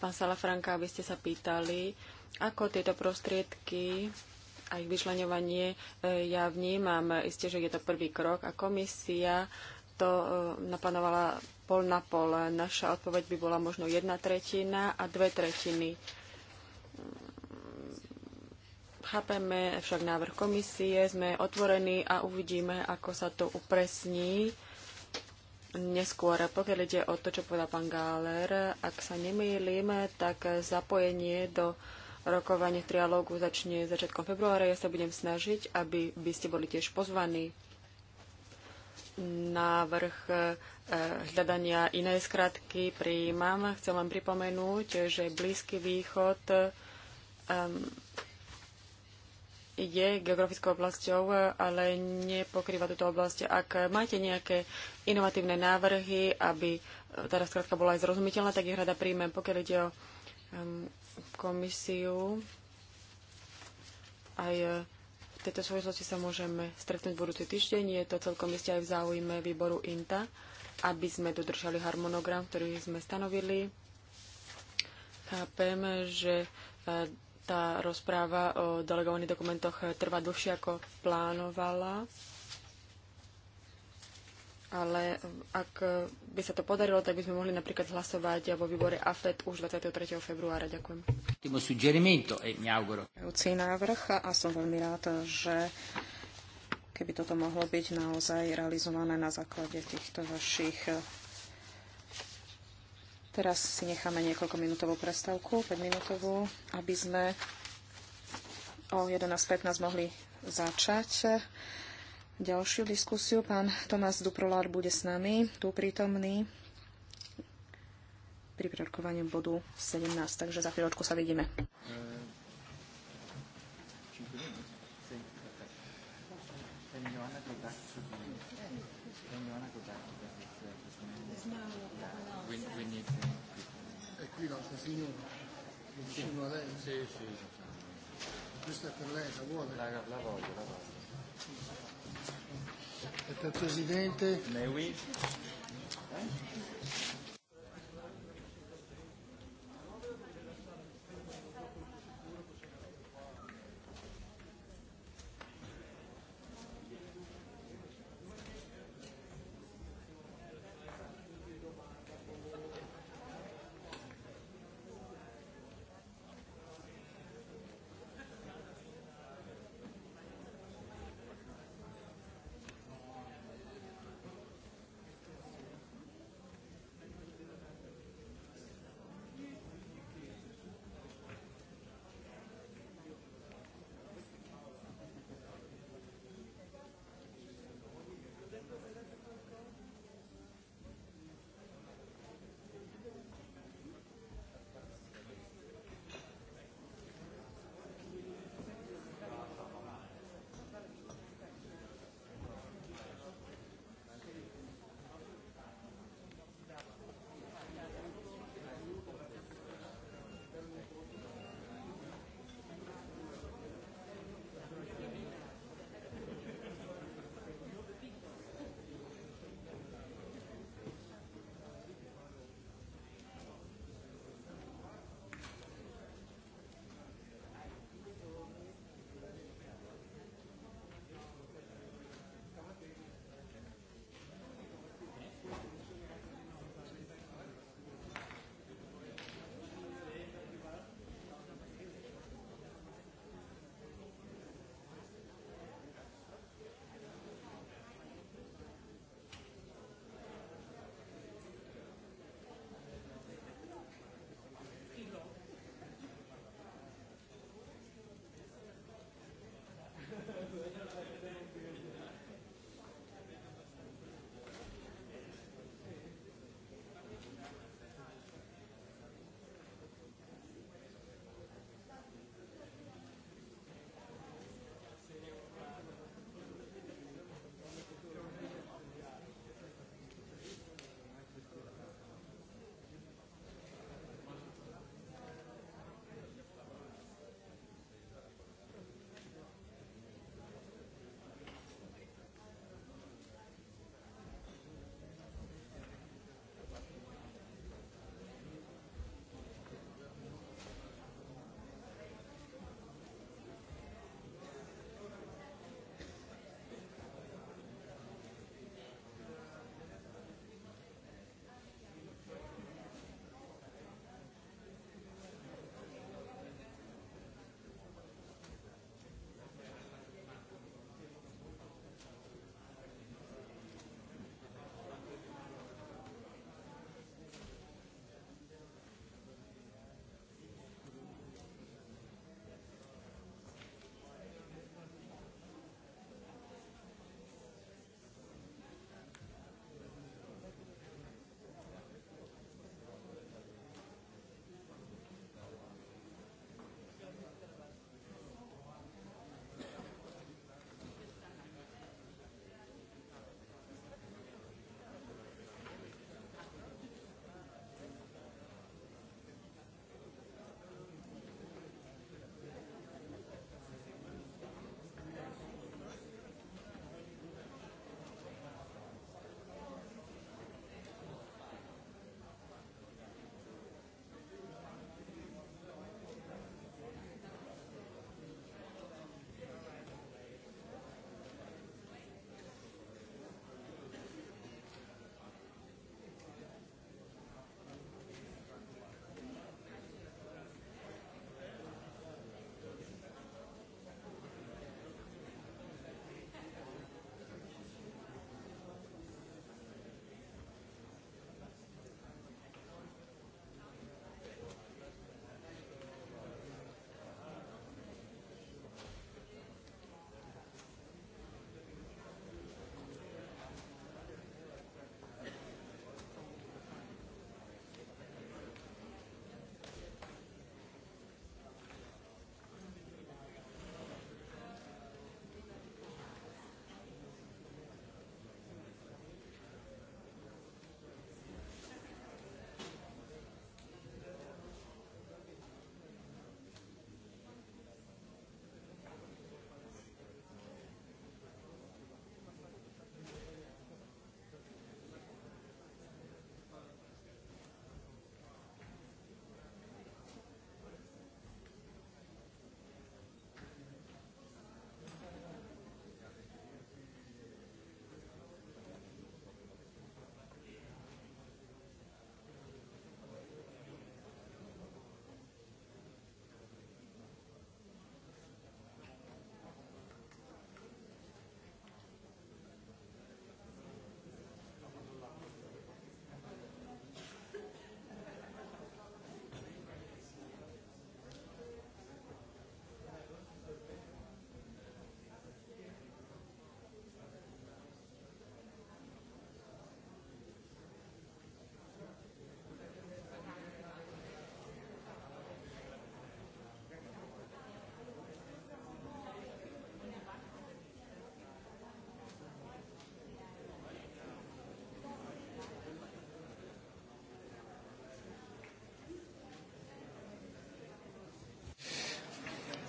Pán Salafranka, aby ste sa pýtali, ako tieto prostriedky a ich vyšľaňovanie e, ja vnímam. E, isté, že je to prvý krok a komisia to e, naplánovala pol na pol. Naša odpoveď by bola možno jedna tretina a dve tretiny. Chápeme však návrh komisie, sme otvorení a uvidíme, ako sa to upresní neskôr. Pokiaľ ide o to, čo povedal pán Gáler, ak sa nemýlim, tak zapojenie do rokovanie v trialógu začne začiatkom februára. Ja sa budem snažiť, aby by ste boli tiež pozvaní návrh e, hľadania inej skratky prijímam. Chcem len pripomenúť, že Blízky východ je geografickou oblasťou, ale nepokrýva túto oblasť. Ak máte nejaké inovatívne návrhy, aby e, tá skratka bola aj zrozumiteľná, tak ich rada príjmem. Pokiaľ ide o komisiu. Aj e, v tejto súvislosti sa môžeme stretnúť v budúci týždeň. Je to celkom isté aj v záujme výboru INTA, aby sme dodržali harmonogram, ktorý sme stanovili. Chápem, že e, tá rozpráva o delegovaných dokumentoch trvá dlhšie, ako plánovala ale eh, ak eh, by sa to podarilo, tak by sme mohli napríklad hlasovať vo výbore AFET už 23. februára. Ďakujem. E návrh a som veľmi rád, že keby toto mohlo byť naozaj realizované na základe týchto vašich eh, Teraz si necháme niekoľko minútovú prestávku, 5 minútovú, aby sme o 11.15 mohli začať ďalšiu diskusiu. Pán Tomás Duprolár bude s nami, tu prítomný, pri prerokovaní bodu 17. Takže za chvíľočku sa vidíme. Questa è per lei, la vuole? La, la voglio, la voglio. Presidente.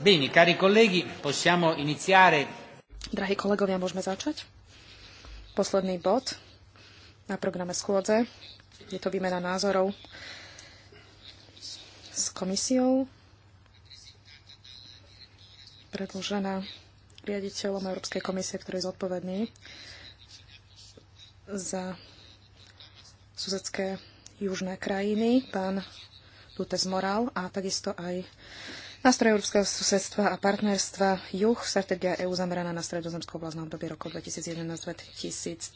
Bene, cari colleghi, possiamo iniziare. Drahí kolegovia, môžeme začať. Posledný bod na programe schôdze. Je to výmena názorov s komisiou Predlžená riaditeľom Európskej komisie, ktorý je zodpovedný za suzecké južné krajiny, pán Lutez Moral a takisto aj Nástroj európskeho susedstva a partnerstva Juh, stratégia EÚ zameraná na stredozemskú oblasť na obdobie rokov 2011-2013.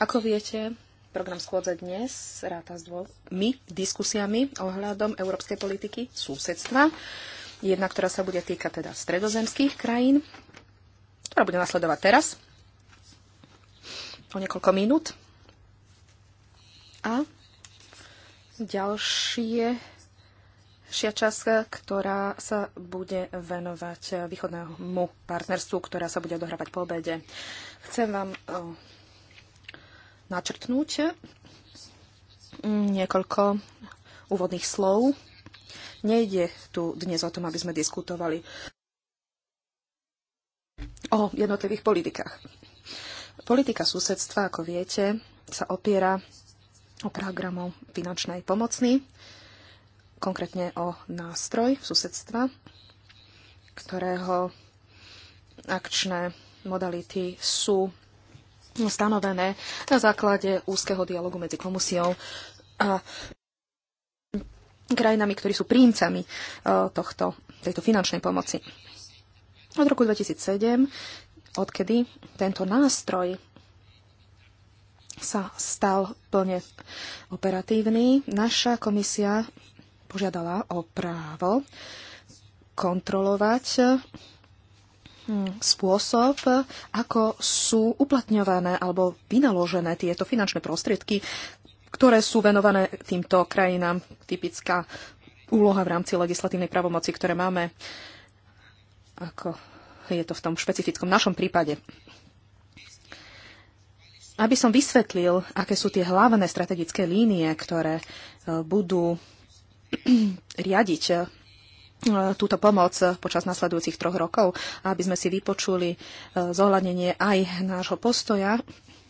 Ako viete, program schôdze dnes ráta s dvomi diskusiami ohľadom európskej politiky susedstva. Jedna, ktorá sa bude týkať teda stredozemských krajín, ktorá bude nasledovať teraz o niekoľko minút. A ďalšie časť, ktorá sa bude venovať východnému partnerstvu, ktorá sa bude odohrávať po obede. Chcem vám eh, načrtnúť niekoľko úvodných slov. Nejde tu dnes o tom, aby sme diskutovali o jednotlivých politikách. Politika susedstva, ako viete, sa opiera o programov finančnej pomocný konkrétne o nástroj susedstva, ktorého akčné modality sú stanovené na základe úzkeho dialogu medzi komisiou a krajinami, ktorí sú príjmcami e, tohto, tejto finančnej pomoci. Od roku 2007, odkedy tento nástroj sa stal plne operatívny, naša komisia požiadala o právo kontrolovať hm, spôsob, ako sú uplatňované alebo vynaložené tieto finančné prostriedky, ktoré sú venované týmto krajinám. Typická úloha v rámci legislatívnej pravomoci, ktoré máme, ako je to v tom špecifickom našom prípade. Aby som vysvetlil, aké sú tie hlavné strategické línie, ktoré e, budú <clears throat> riadiť eh, túto pomoc eh, počas nasledujúcich troch rokov, aby sme si vypočuli eh, zohľadnenie aj nášho postoja,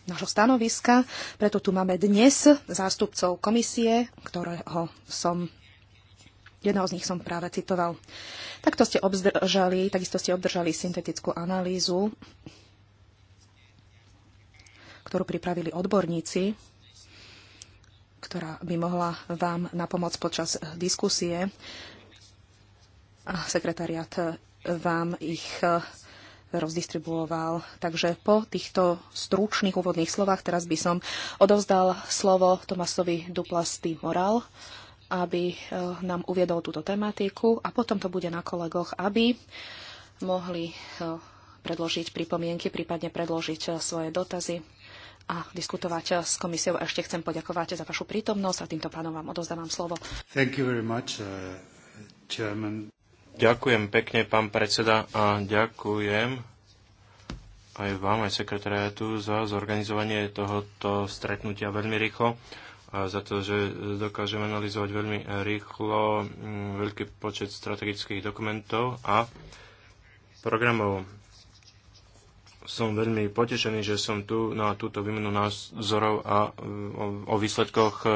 nášho stanoviska. Preto tu máme dnes zástupcov komisie, ktorého som Jedného z nich som práve citoval. Takto ste obdržali, takisto ste obdržali syntetickú analýzu, ktorú pripravili odborníci ktorá by mohla vám na pomoc počas diskusie. A sekretariat vám ich eh, rozdistribuoval. Takže po týchto stručných úvodných slovách teraz by som odovzdal slovo Tomasovi Duplasty Moral, aby eh, nám uviedol túto tematiku a potom to bude na kolegoch, aby mohli eh, predložiť pripomienky, prípadne predložiť svoje dotazy a diskutovať s komisiou. Ešte chcem poďakovať za vašu prítomnosť a týmto pánom vám odozdávam slovo. Much, uh, ďakujem pekne, pán predseda, a ďakujem aj vám, aj sekretariatu za zorganizovanie tohoto stretnutia veľmi rýchlo a za to, že dokážeme analyzovať veľmi rýchlo mm, veľký počet strategických dokumentov a programov som veľmi potešený, že som tu na túto výmenu názorov a o, mm, o výsledkoch e,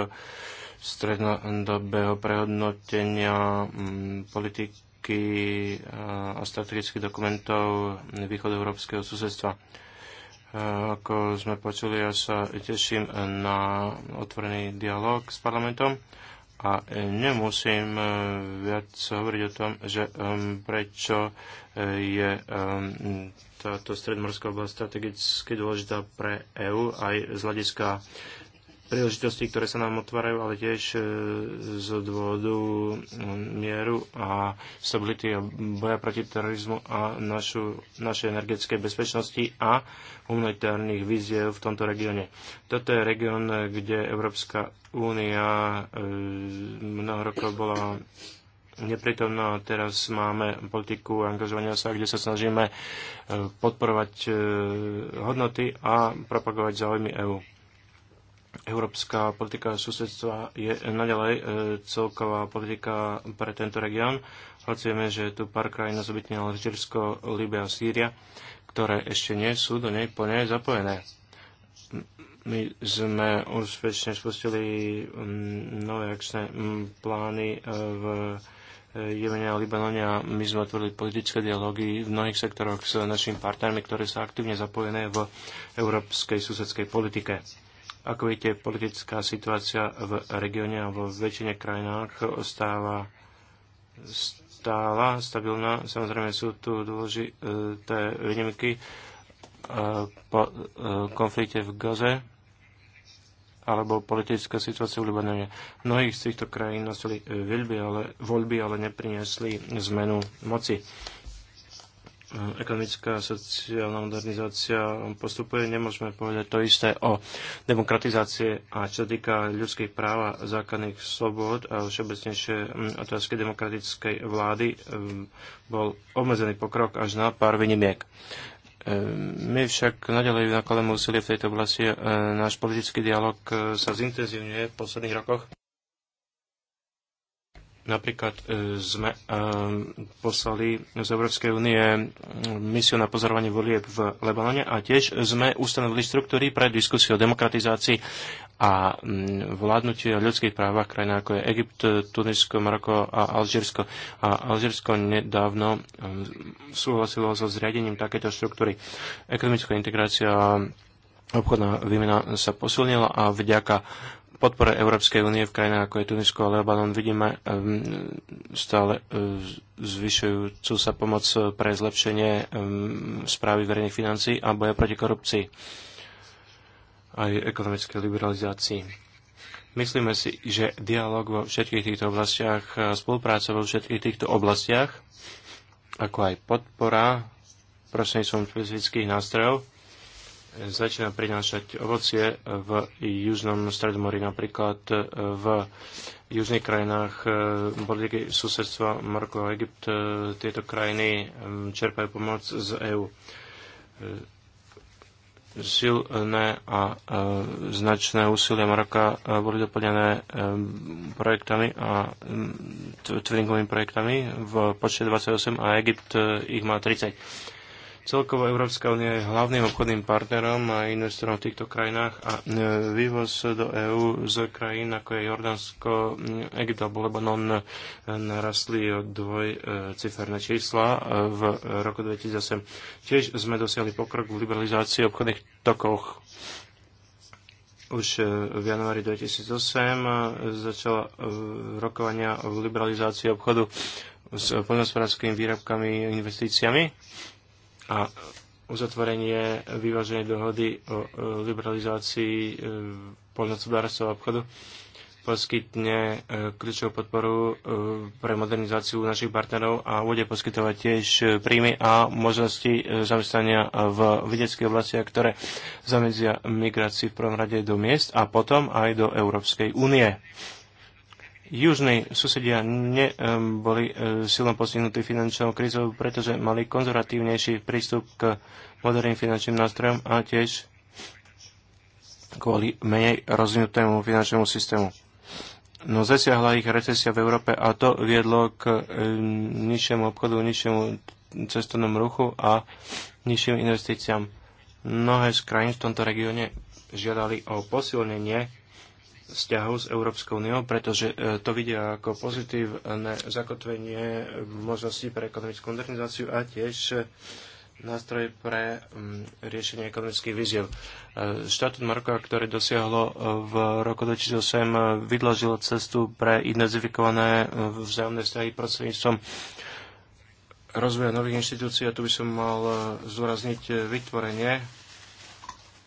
strednodobého prehodnotenia mm, politiky e, a strategických dokumentov východu európskeho susedstva. E, ako sme počuli, ja sa teším na otvorený dialog s parlamentom a nemusím viac hovoriť o tom, že prečo je táto stredmorská oblasť strategicky dôležitá pre EÚ aj z hľadiska príležitostí, ktoré sa nám otvárajú, ale tiež e, z dôvodu mieru a stability a boja proti terorizmu a našu, našej energetickej bezpečnosti a humanitárnych víziev v tomto regióne. Toto je región, kde Európska únia e, mnoho rokov bola no, Teraz máme politiku angažovania sa, kde sa snažíme e, podporovať e, hodnoty a propagovať záujmy EÚ. Európska politika susedstva je naďalej e, celková politika pre tento región. Hoci vieme, že je tu pár krajín, osobitne Alžírsko, Líbia a Sýria, ktoré ešte nie sú do nej plne zapojené my sme úspešne spustili mm, nové akčné mm, plány v Jemene a Libanone a my sme otvorili politické dialógy v mnohých sektoroch s našimi partnermi, ktoré sú aktívne zapojené v európskej susedskej politike. Ako viete, politická situácia v regióne a vo väčšine krajinách ostáva stála, stabilná. Samozrejme sú tu dôležité výnimky eh, po eh, konflikte v Gaze alebo politická situácia v Libanone. Mnohých z týchto krajín nosili e, voľby, ale, voľby, ale nepriniesli zmenu moci. E, ekonomická a sociálna modernizácia postupuje. Nemôžeme povedať to isté o demokratizácie a čo týka ľudských práv a základných slobod a všeobecnejšie otázky demokratickej vlády e, bol obmedzený pokrok až na pár výnimiek. Ehm, my však naďalej nakladáme úsilie v tejto oblasti. Ehm, náš politický dialog ehm, sa zintenzívňuje v posledných rokoch. Napríklad e, sme e, poslali z Európskej únie e, misiu na pozorovanie volieb v Lebanone a tiež sme ustanovili štruktúry pre diskusiu o demokratizácii a mm, vládnutie o ľudských právach krajina ako je Egypt, Tunisko, Maroko a Alžírsko. A Alžírsko nedávno súhlasilo so zriadením takéto štruktúry. Ekonomická integrácia a obchodná výmena sa posilnila a vďaka podpore Európskej únie v krajinách ako je Tunisko a Lebanon vidíme ehm, stále e, zvyšujúcu sa pomoc pre zlepšenie ehm, správy verejných financií a boja proti korupcii aj ekonomickej liberalizácii. Myslíme si, že dialog vo všetkých týchto oblastiach, spolupráca vo všetkých týchto oblastiach, ako aj podpora prostredníctvom špecifických nástrojov, začína prinášať ovocie v južnom stredomorí, napríklad e, v južných krajinách e, politiky susedstva Marko a Egypt. E, tieto krajiny čerpajú pomoc z EÚ. Silné a značné úsilie Maroka boli doplnené projektami a mm, twinningovými projektami v počte 28 a Egypt ich má 30 Celkovo Európska únia je hlavným obchodným partnerom a investorom v týchto krajinách a e, vývoz do EÚ z krajín ako je Jordánsko, Egypt alebo Lebanon e, narastli o dvojciferné čísla e, v roku 2008. Tiež sme dosiahli pokrok v liberalizácii obchodných tokoch už v januári 2008 začala rokovania o liberalizácii obchodu s poľnohospodárskymi výrobkami a investíciami a uzatvorenie vyváženej dohody o e, liberalizácii e, poľnohospodárstva a obchodu poskytne e, kľúčovú podporu pre modernizáciu našich partnerov a bude poskytovať tiež príjmy a možnosti zamestnania v vedeckých oblastiach, ktoré zamedzia migrácii v prvom rade do miest a potom aj do Európskej únie južní susedia neboli e, silno postihnutí finančnou krízou, pretože mali konzervatívnejší prístup k moderným finančným nástrojom a tiež kvôli menej rozvinutému finančnému systému. No zasiahla ich recesia v Európe a to viedlo k e, nižšiemu obchodu, nižšiemu cestovnom ruchu a nižším investíciám. Mnohé z krajín v tomto regióne žiadali o posilnenie vzťahov s Európskou úniou, pretože e, to vidia ako pozitívne zakotvenie možností pre ekonomickú modernizáciu a tiež e, nástroj pre riešenie ekonomických víziev. E, štát Marka, ktoré dosiahlo v roku 2008, vydložilo cestu pre identifikované vzájomné vzťahy prostredníctvom rozvoja nových inštitúcií a tu by som mal zdôrazniť vytvorenie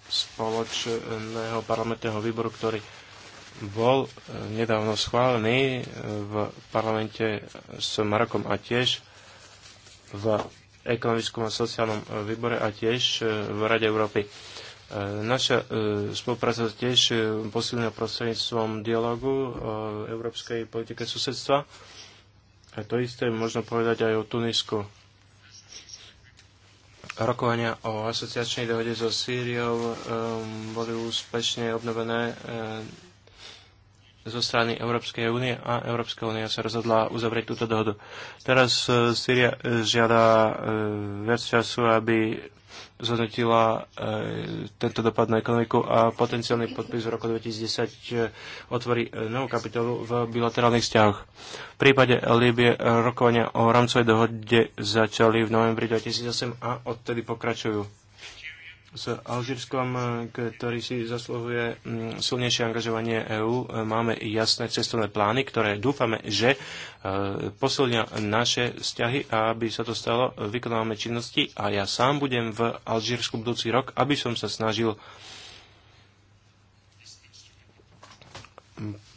spoločného parlamentného výboru, ktorý bol eh, nedávno schválený eh, v parlamente s Marokom a tiež v ekonomickom a sociálnom eh, výbore a tiež v Rade Európy. Naša spolupráca tiež posilňuje prostredníctvom dialogu o európskej politike susedstva. A to isté možno povedať aj o Tunisku. Rokovania o asociačnej dohode so Sýriou um, boli úspešne obnovené um, zo strany Európskej únie a Európska únia sa rozhodla uzavrieť túto dohodu. Teraz e, Syria e, žiada e, viac času, aby zhodnotila tento dopad na ekonomiku a potenciálny podpis v roku 2010 otvorí novú kapitolu v bilaterálnych vzťahoch. V prípade Líbie rokovania o rámcovej dohode začali v novembri 2008 a odtedy pokračujú s Alžírskom, e, ktorý si zaslúhuje mm, silnejšie angažovanie EÚ. E, máme jasné cestovné plány, ktoré dúfame, že e, posilnia naše vzťahy a aby sa to stalo, vykonávame činnosti a ja sám budem v Alžírsku budúci rok, aby som sa snažil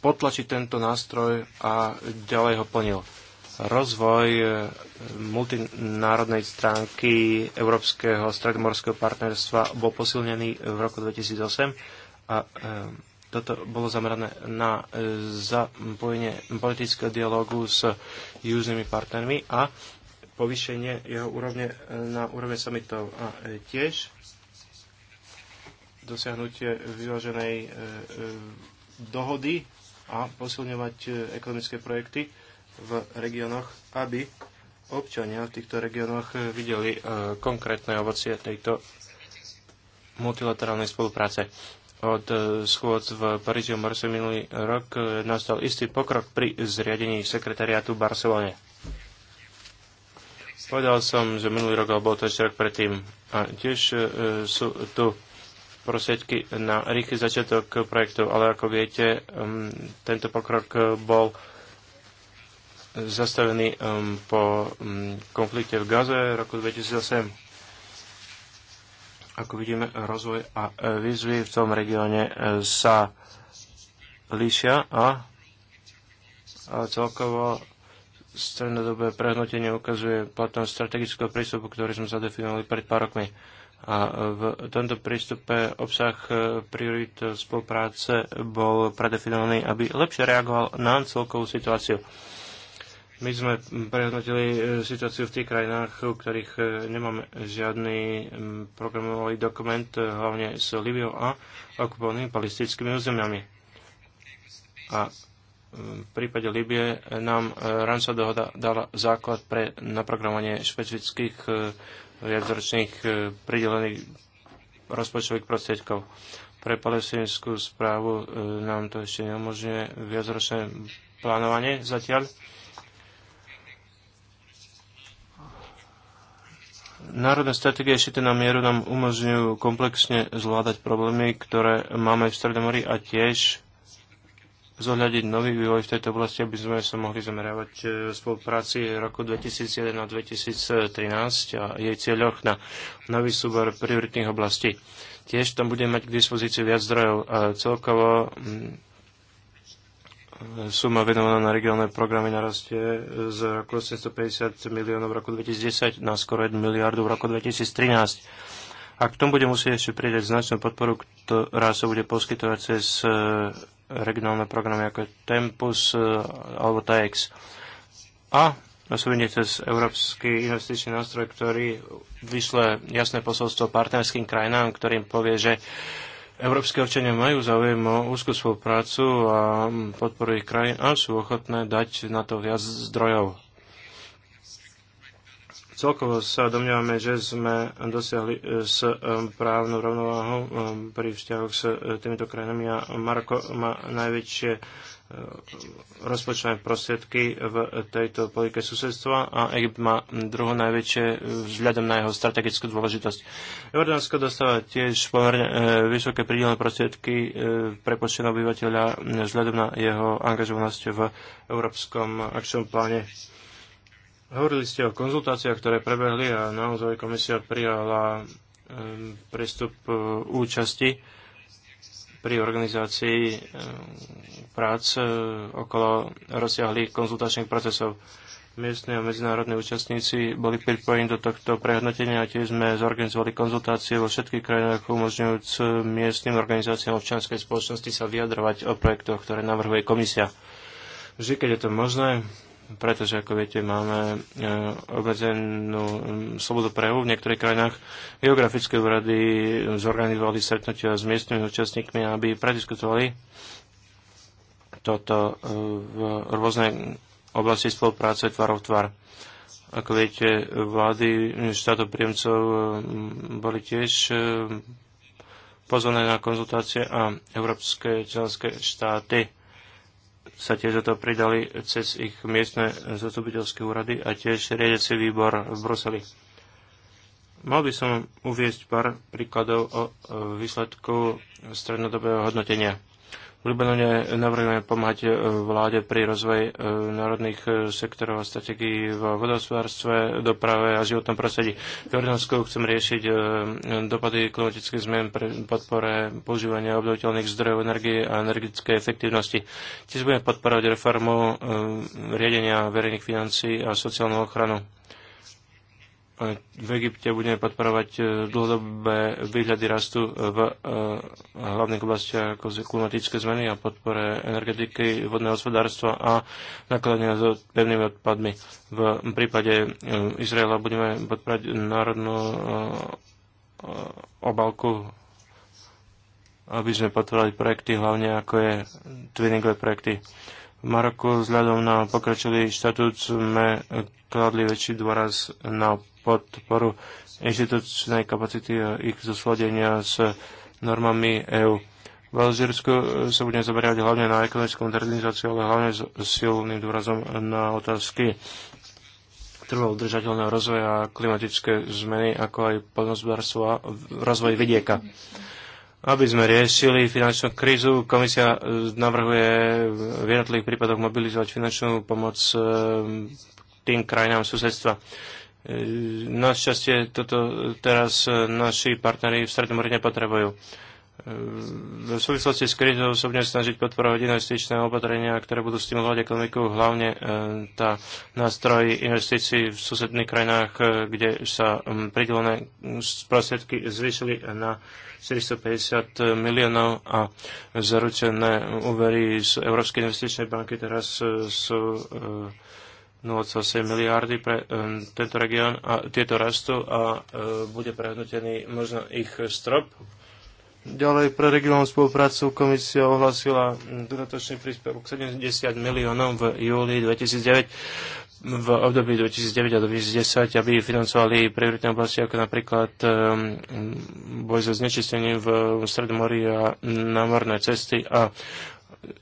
potlačiť tento nástroj a ďalej ho plnil. Rozvoj multinárodnej stránky Európskeho stredomorského partnerstva bol posilnený v roku 2008 a e, toto bolo zamerané na e, zapojenie politického dialogu s južnými partnermi a povýšenie jeho úrovne e, na úroveň samitov a tiež dosiahnutie vyváženej dohody a posilňovať ekonomické projekty v regiónoch, aby občania v týchto regiónoch eh, videli eh, konkrétne ovocie tejto multilaterálnej spolupráce. Od eh, schôd v Paríži v marse minulý rok nastal istý pokrok pri zriadení sekretariátu v Barcelone. Povedal som, že minulý rok, alebo to ešte rok predtým. A tiež e, sú tu prosiedky na rýchly začiatok projektu, ale ako viete, mm, tento pokrok bol e, zastavený um, po um, konflikte v Gaze roku 2008 ako vidíme, rozvoj a e, výzvy v tom regióne e, sa líšia a, a celkovo strednodobé prehnotenie ukazuje potom strategického prístupu, ktorý sme zadefinovali pred pár rokmi. A e, v tomto prístupe obsah priorit spolupráce bol predefinovaný, aby lepšie reagoval na celkovú situáciu. My sme prehodnotili e, situáciu v tých krajinách, u ktorých e, nemáme žiadny programový dokument, e, hlavne s Libiou a okupovanými palestinskými územiami. A v prípade Libie nám ransa dohoda dala základ pre naprogramovanie špecifických viacročných pridelených rozpočtových prostriedkov. Pre palestinskú správu nám to ešte neumožňuje viacročné plánovanie zatiaľ. národné stratégie šité na mieru nám umožňujú komplexne zvládať problémy, ktoré máme v Stredomorí a tiež zohľadiť nový vývoj v tejto oblasti, aby sme sa mohli zameriavať e, v spolupráci roku 2001 a 2013 a jej cieľoch na nový súbor prioritných oblastí. Tiež tam budeme mať k dispozícii viac zdrojov. A e, celkovo suma venovaná na regionálne programy narastie z roku 750 miliónov v roku 2010 na skoro 1 miliardu v roku 2013. A k tomu bude musieť ešte pridať značnú podporu, ktorá sa bude poskytovať cez e, regionálne programy ako Tempus e, alebo TAEX. A osobne cez Európsky investičný nástroj, ktorý vyšle jasné posolstvo partnerským krajinám, ktorým povie, že Európske občania majú záujem o úzkú spoluprácu a podporu ich krajín a sú ochotné dať na to viac zdrojov. Celkovo sa domňujeme, že sme dosiahli e, s e, právnou rovnováhou e, pri vzťahoch s týmito krajinami a Marko má najväčšie E, rozpočtové prostriedky v tejto politike susedstva a Egypt má druhú najväčšie vzhľadom na jeho strategickú dôležitosť. Jordánsko dostáva tiež pomerne e, vysoké prídelné prostriedky e, pre počtené obyvateľa vzhľadom na jeho angažovanosť v Európskom akčnom pláne. Hovorili ste o konzultáciách, ktoré prebehli a naozaj komisia prijala prístup účasti pri organizácii eh, prác eh, okolo rozsiahlých konzultačných procesov. Miestni a medzinárodní účastníci boli pripojení do tohto prehodnotenia a tiež sme zorganizovali konzultácie vo všetkých krajinách, umožňujúc eh, miestnym organizáciám občianskej spoločnosti sa vyjadrovať o projektoch, ktoré navrhuje komisia. Vždy, keď je to možné, pretože ako viete, máme e, obmedzenú slobodu prejavu. V niektorých krajinách geografické úrady zorganizovali stretnutia s miestnymi účastníkmi, aby prediskutovali toto e, v rôznej oblasti spolupráce tvarov tvar. Ako viete, vlády štátov príjemcov e, boli tiež pozvané na konzultácie a európske členské štáty sa tiež o to pridali cez ich miestne zastupiteľské úrady a tiež riadiaci výbor v Bruseli. Mal by som uviezť pár príkladov o e, výsledku strednodobého hodnotenia. V Libanone navrhujeme pomáhať e, vláde pri rozvoji e, národných e, sektorov a strategií v vodospodárstve, doprave a životnom prostredí. V Jordánsku chcem riešiť dopady klimatických zmien pre podpore používania obnoviteľných zdrojov energie a energetickej efektivnosti. Tiež budeme podporovať reformu riadenia verejných financií a sociálnu ochranu v Egypte budeme podporovať e, dlhodobé výhľady rastu v e, hlavných oblastiach ako klimatické zmeny a podpore energetiky, vodného hospodárstva a nakladania s pevnými odpadmi. V prípade e, Izraela budeme podporovať národnú obalku aby sme podporovali projekty, hlavne ako je twinningové projekty. V Maroku vzhľadom na pokračový štatút sme kladli väčší dôraz na podporu inštitúčnej kapacity a ich zosladenia s normami EÚ. V Alžírsku sa budeme zaberať hlavne na ekonomickú modernizáciu, ale hlavne s silným dôrazom na otázky trvalo udržateľného rozvoja a klimatické zmeny, ako aj podnosbárstvo a rozvoj vidieka. Aby sme riešili finančnú krízu, komisia navrhuje v jednotlivých prípadoch mobilizovať finančnú pomoc eh, tým krajinám susedstva. E, našťastie toto teraz naši partneri v Strednom Rine potrebujú. E, v súvislosti s krízou sa budeme snažiť podporovať investičné opatrenia, ktoré budú stimulovať ekonomiku, hlavne e, tá nástroj investícií v susedných krajinách, kde sa pridelené prostriedky zvýšili na 450 miliónov a zaručené úvery z Európskej investičnej banky teraz sú 0,7 miliardy pre um, tento región a tieto rastú a uh, bude prehodnotený možno ich strop. Ďalej pre regionálnu spoluprácu komisia ohlasila dodatočný príspevok 70 miliónov v júli 2009 v období 2009 a 2010, aby financovali prioritné oblasti ako napríklad um, boj so znečistením v Stredomorí a námorné cesty a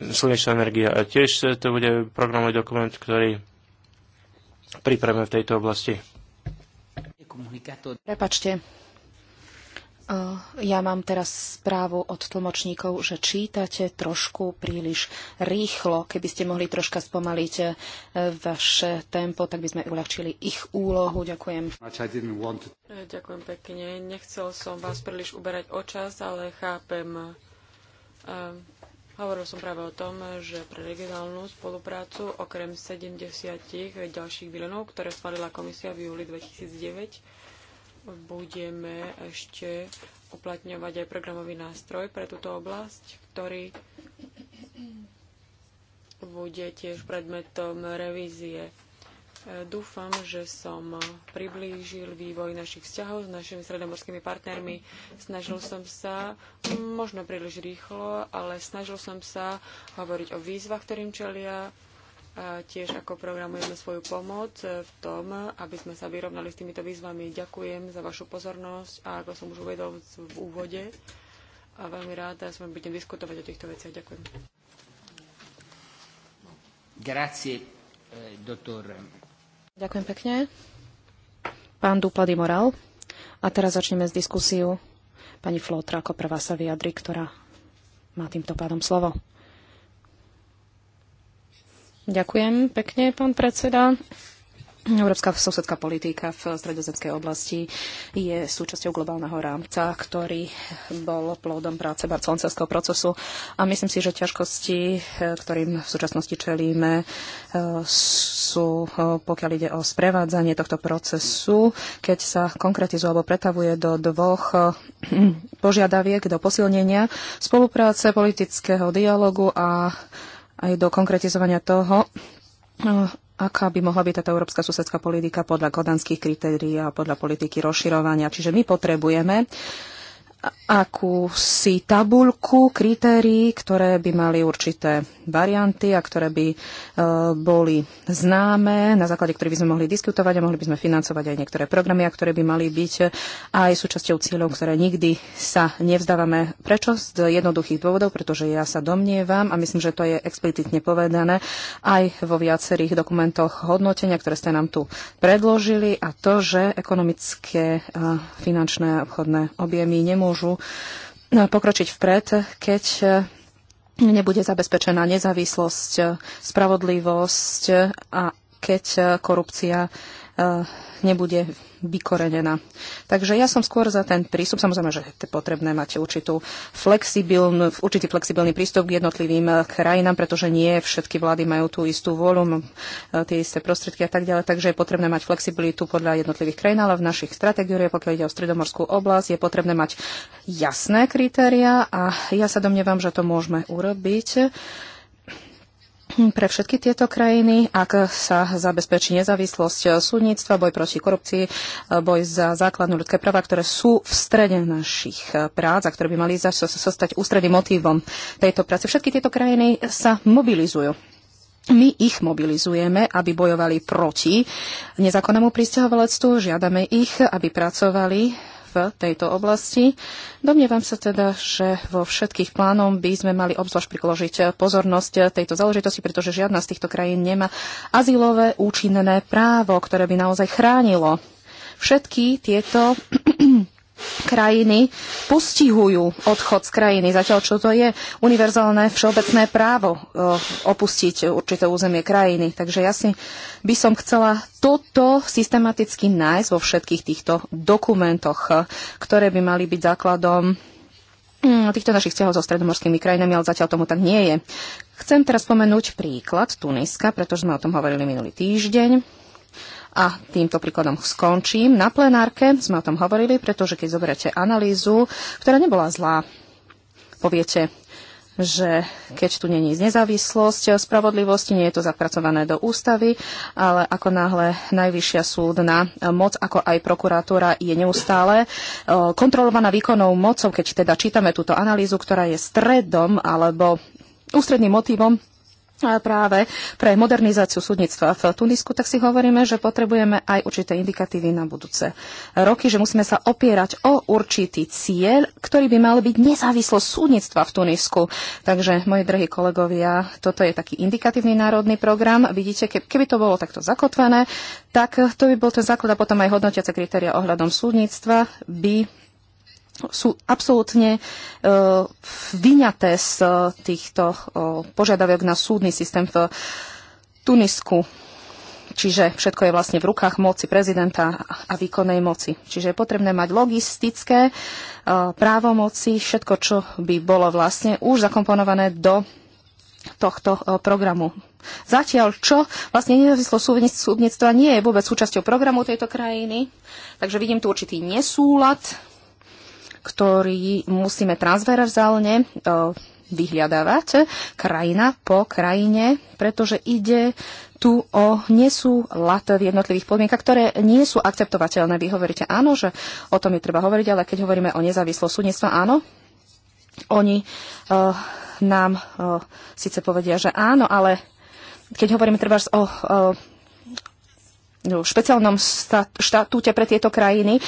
slnečná energia. A tiež to bude programový dokument, ktorý príprave v tejto oblasti. Prepačte, ja mám teraz správu od tlmočníkov, že čítate trošku príliš rýchlo. Keby ste mohli troška spomaliť e, vaše tempo, tak by sme uľahčili ich úlohu. Ďakujem. E, ďakujem pekne. Nechcel som vás príliš uberať o čas, ale chápem e, Hovoril som práve o tom, že pre regionálnu spoluprácu okrem 70 ďalších bilionov, ktoré schválila komisia v júli 2009, budeme ešte uplatňovať aj programový nástroj pre túto oblasť, ktorý bude tiež predmetom revízie Dúfam, že som priblížil vývoj našich vzťahov s našimi stredomorskými partnermi. Snažil som sa, možno príliš rýchlo, ale snažil som sa hovoriť o výzvach, ktorým čelia, a tiež ako programujeme svoju pomoc v tom, aby sme sa vyrovnali s týmito výzvami. Ďakujem za vašu pozornosť a ako som už uvedol v úvode, a veľmi ráda s vami budem diskutovať o týchto veciach. Ďakujem. Grazie, eh, dottor Ďakujem pekne. Pán Duplady Moral. A teraz začneme s diskusiu. Pani Flotra ako prvá sa vyjadri, ktorá má týmto pádom slovo. Ďakujem pekne, pán predseda. Európska susedská politika v stredozemskej oblasti je súčasťou globálneho rámca, ktorý bol plodom práce barcelonského procesu a myslím si, že ťažkosti, eh, ktorým v súčasnosti čelíme, eh, sú, eh, pokiaľ ide o sprevádzanie tohto procesu, keď sa konkretizuje alebo pretavuje do dvoch <clears throat> požiadaviek, do posilnenia spolupráce, politického dialogu a aj do konkretizovania toho, aká by mohla byť táto európska susedská politika podľa kodanských kritérií a podľa politiky rozširovania. Čiže my potrebujeme akúsi tabulku kritérií, ktoré by mali určité varianty a ktoré by e, boli známe, na základe ktorých by sme mohli diskutovať a mohli by sme financovať aj niektoré programy, a ktoré by mali byť aj súčasťou cieľov, ktoré nikdy sa nevzdávame. Prečo? Z jednoduchých dôvodov, pretože ja sa domnievam a myslím, že to je explicitne povedané aj vo viacerých dokumentoch hodnotenia, ktoré ste nám tu predložili a to, že ekonomické, e, finančné a obchodné objemy nemôžu nemôžu no, pokročiť vpred, keď eh, nebude zabezpečená nezávislosť, spravodlivosť eh, a keď eh, korupcia Eh, nebude vykorenená. Takže ja som skôr za ten prístup, samozrejme, že je potrebné mať určitú určitý flexibilný prístup k jednotlivým eh, krajinám, pretože nie všetky vlády majú tú istú vôľu, eh, tie isté prostriedky a tak ďalej, takže je potrebné mať flexibilitu podľa jednotlivých krajín, ale v našich stratégiách, pokiaľ ide o stredomorskú oblasť, je potrebné mať jasné kritéria a ja sa domnievam, že to môžeme urobiť pre všetky tieto krajiny, ak sa zabezpečí nezávislosť eh, súdnictva, boj proti korupcii, eh, boj za základné ľudské práva, ktoré sú v strede našich eh, prác a ktoré by mali sa stať ústredným motívom tejto práce. Všetky tieto krajiny sa mobilizujú. My ich mobilizujeme, aby bojovali proti nezákonnému pristahovalectvu, žiadame ich, aby pracovali v tejto oblasti. Domnievam sa teda, že vo všetkých plánom by sme mali obzvlášť prikložiť pozornosť tejto záležitosti, pretože žiadna z týchto krajín nemá azylové účinné právo, ktoré by naozaj chránilo všetky tieto krajiny postihujú odchod z krajiny, zatiaľ čo to je univerzálne všeobecné právo e, opustiť určité územie krajiny. Takže ja si by som chcela toto systematicky nájsť vo všetkých týchto dokumentoch, ktoré by mali byť základom mm, týchto našich vzťahov so stredomorskými krajinami, ale zatiaľ tomu tak nie je. Chcem teraz spomenúť príklad Tuniska, pretože sme o tom hovorili minulý týždeň a týmto príkladom skončím. Na plenárke sme o tom hovorili, pretože keď zoberiete analýzu, ktorá nebola zlá, poviete, že keď tu není nezávislosť spravodlivosti, nie je to zapracované do ústavy, ale ako náhle najvyššia súdna moc, ako aj prokuratúra je neustále e, kontrolovaná výkonnou mocou, keď teda čítame túto analýzu, ktorá je stredom alebo ústredným motivom práve pre modernizáciu súdnictva v Tunisku, tak si hovoríme, že potrebujeme aj určité indikatívy na budúce roky, že musíme sa opierať o určitý cieľ, ktorý by mal byť nezávislosť súdnictva v Tunisku. Takže, moji drahí kolegovia, toto je taký indikatívny národný program. Vidíte, keby to bolo takto zakotvené, tak to by bol ten základ a potom aj hodnotiace kritéria ohľadom súdnictva by sú absolútne e, vyňaté z e, týchto e, požiadavok na súdny systém v Tunisku. Čiže všetko je vlastne v rukách moci prezidenta a výkonnej moci. Čiže je potrebné mať logistické právomoci, všetko, čo by bolo vlastne už zakomponované do tohto programu. Zatiaľ čo vlastne nezávislo súdnictva nie je vôbec súčasťou programu tejto krajiny, takže vidím tu určitý nesúlad ktorý musíme transverzálne e, vyhľadávať e, krajina po krajine, pretože ide tu o nesúlad v jednotlivých podmienkach, ktoré nie sú akceptovateľné. Vy hovoríte áno, že o tom je treba hovoriť, ale keď hovoríme o nezávislosť súdnictva, áno, oni uh, nám uh, síce povedia, že áno, ale keď hovoríme treba o uh, špeciálnom štatúte pre tieto krajiny,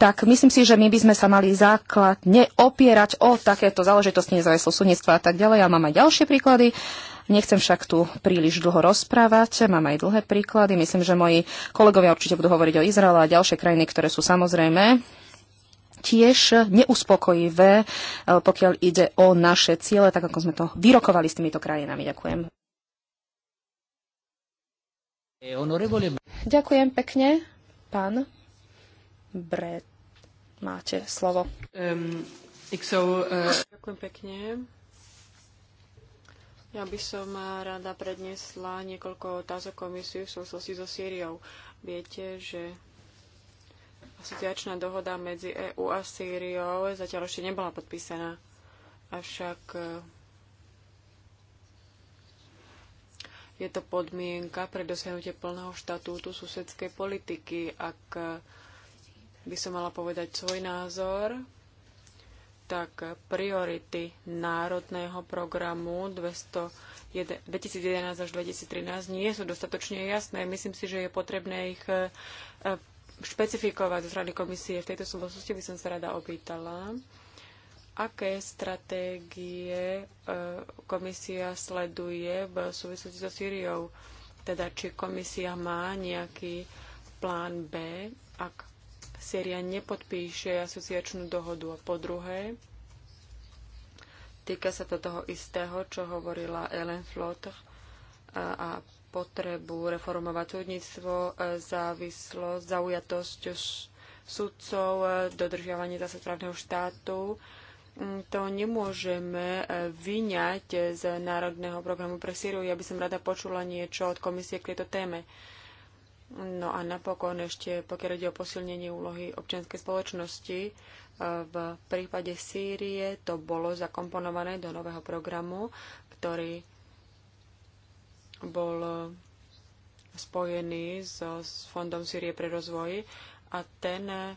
tak myslím si, že my by sme sa mali základne opierať o takéto záležitosti nezávislého súdnictva a tak ďalej. Ja mám aj ďalšie príklady. Nechcem však tu príliš dlho rozprávať, mám aj dlhé príklady. Myslím, že moji kolegovia určite budú hovoriť o Izraele a ďalšie krajiny, ktoré sú samozrejme tiež neuspokojivé, eh, pokiaľ ide o naše ciele, tak ako sme to vyrokovali s týmito krajinami. Ďakujem. Ďakujem pekne, pán Bret. Máte slovo. Ehm, eh, Ďakujem pekne. Ja by som eh, rada predniesla niekoľko otázok komisiu v súvislosti so Sýriou. Viete, že asociačná dohoda medzi EU a Sýriou zatiaľ ešte nebola podpísaná. Avšak eh, Je to podmienka pre dosiahnutie plného štatútu susedskej politiky. Ak by som mala povedať svoj názor, tak priority národného programu 2011 až 2013 nie sú dostatočne jasné. Myslím si, že je potrebné ich e, špecifikovať zo strany komisie. V tejto súvislosti by som sa rada opýtala, aké stratégie e, komisia sleduje v súvislosti so Sýriou. Teda, či komisia má nejaký plán B, ak Sýria nepodpíše asociačnú dohodu. A po druhé, týka sa to toho istého, čo hovorila Ellen Flotter a, e, a potrebu reformovať súdnictvo, e, závislosť, zaujatosť sudcov, dodržiavanie zase právneho štátu to nemôžeme e, vyňať z Národného programu pre Syriu. Ja by som rada počula niečo od komisie k tejto téme. No a napokon ešte, pokiaľ ide o posilnenie úlohy občianskej spoločnosti, e, v prípade Sýrie to bolo zakomponované do nového programu, ktorý bol e, spojený so, s Fondom Sýrie pre rozvoj a ten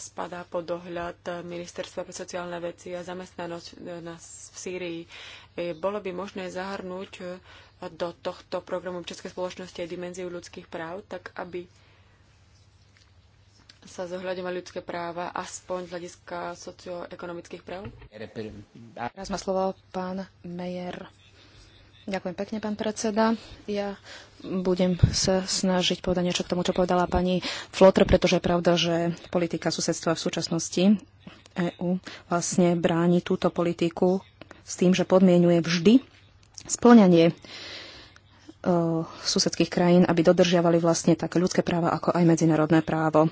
spadá pod dohľad Ministerstva pre sociálne veci a zamestnanosť v Sýrii. E, bolo by možné zahrnúť e, do tohto programu Českej spoločnosti aj dimenziu ľudských práv, tak aby sa zohľadňovali ľudské práva aspoň z hľadiska socioekonomických práv? Raz má slovo pán Mejer. Ďakujem pekne, pán predseda. Ja budem sa snažiť povedať niečo k tomu, čo povedala pani Flotr, pretože je pravda, že politika susedstva v súčasnosti EÚ vlastne bráni túto politiku s tým, že podmienuje vždy splňanie e, susedských krajín, aby dodržiavali vlastne tak ľudské práva, ako aj medzinárodné právo. E,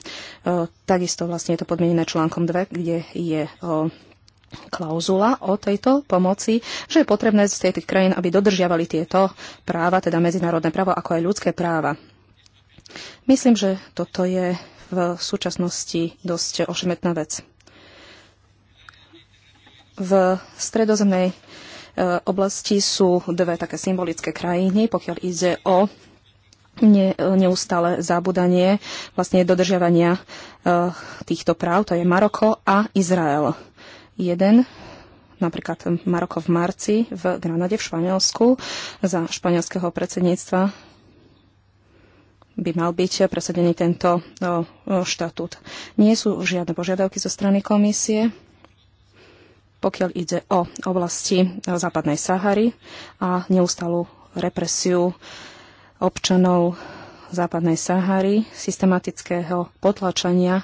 takisto vlastne je to podmienené článkom 2, kde je o, e, klauzula o tejto pomoci, že je potrebné z tých krajín, aby dodržiavali tieto práva, teda medzinárodné právo, ako aj ľudské práva. Myslím, že toto je v súčasnosti dosť ošmetná vec. V stredozemnej e, oblasti sú dve také symbolické krajiny, pokiaľ ide o ne, neustále zabudanie vlastne dodržiavania e, týchto práv, to je Maroko a Izrael jeden napríklad Maroko v marci v Granade v Španielsku za španielského predsedníctva by mal byť presadený tento štatút. Nie sú žiadne požiadavky zo strany komisie, pokiaľ ide o oblasti západnej Sahary a neustalú represiu občanov západnej Sahary, systematického potlačania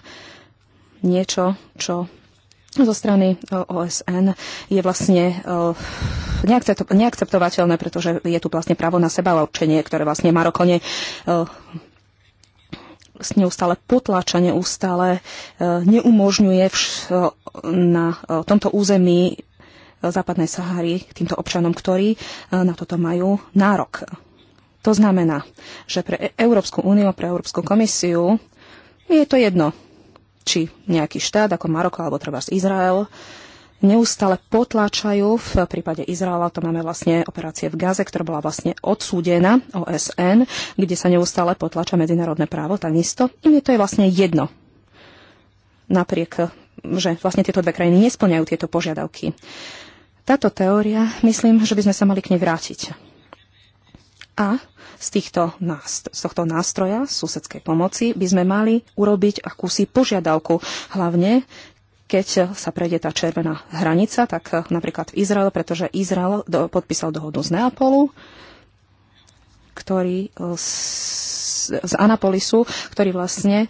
niečo, čo zo strany e, OSN je vlastne e, neakceptovateľné, pretože je tu vlastne právo na seba občenie, ktoré vlastne Maroko ne, s e, neustále potláča, neustále neumožňuje na tomto území západnej Sahary týmto občanom, ktorí na toto majú nárok. To znamená, že pre Európsku úniu, pre Európsku komisiu je to jedno, či nejaký štát ako Maroko alebo treba z Izrael neustále potláčajú. V prípade Izraela to máme vlastne operácie v Gaze, ktorá bola vlastne odsúdená OSN, kde sa neustále potláča medzinárodné právo, takisto. Im je to je vlastne jedno. Napriek, že vlastne tieto dve krajiny nesplňajú tieto požiadavky. Táto teória, myslím, že by sme sa mali k nej vrátiť. A z, týchto z tohto nástroja susedskej pomoci by sme mali urobiť akúsi požiadavku, hlavne keď sa prejde tá červená hranica, tak napríklad v Izrael, pretože Izrael do, podpísal dohodu z Neapolu, ktorý z, e, z Anapolisu, ktorý vlastne e,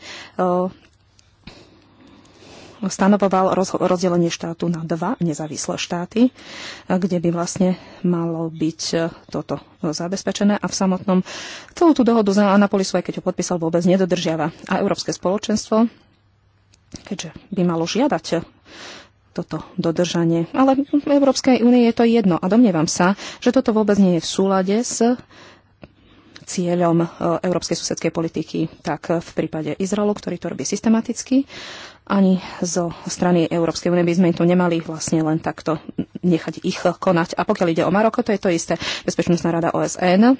stanovoval rozdelenie štátu na dva nezávislé štáty, kde by vlastne malo byť e, toto zabezpečené a v samotnom celú tú dohodu za Anapolisu, aj keď ho podpísal, vôbec nedodržiava. A Európske spoločenstvo, keďže by malo žiadať e, toto dodržanie. Ale v Európskej únie je to jedno a domnievam sa, že toto vôbec nie je v súlade s cieľom e, európskej susedskej politiky, tak v prípade Izraelu, ktorý to robí systematicky, ani zo strany Európskej únie by sme tu nemali vlastne len takto nechať ich konať. A pokiaľ ide o Maroko, to je to isté. Bezpečnostná rada OSN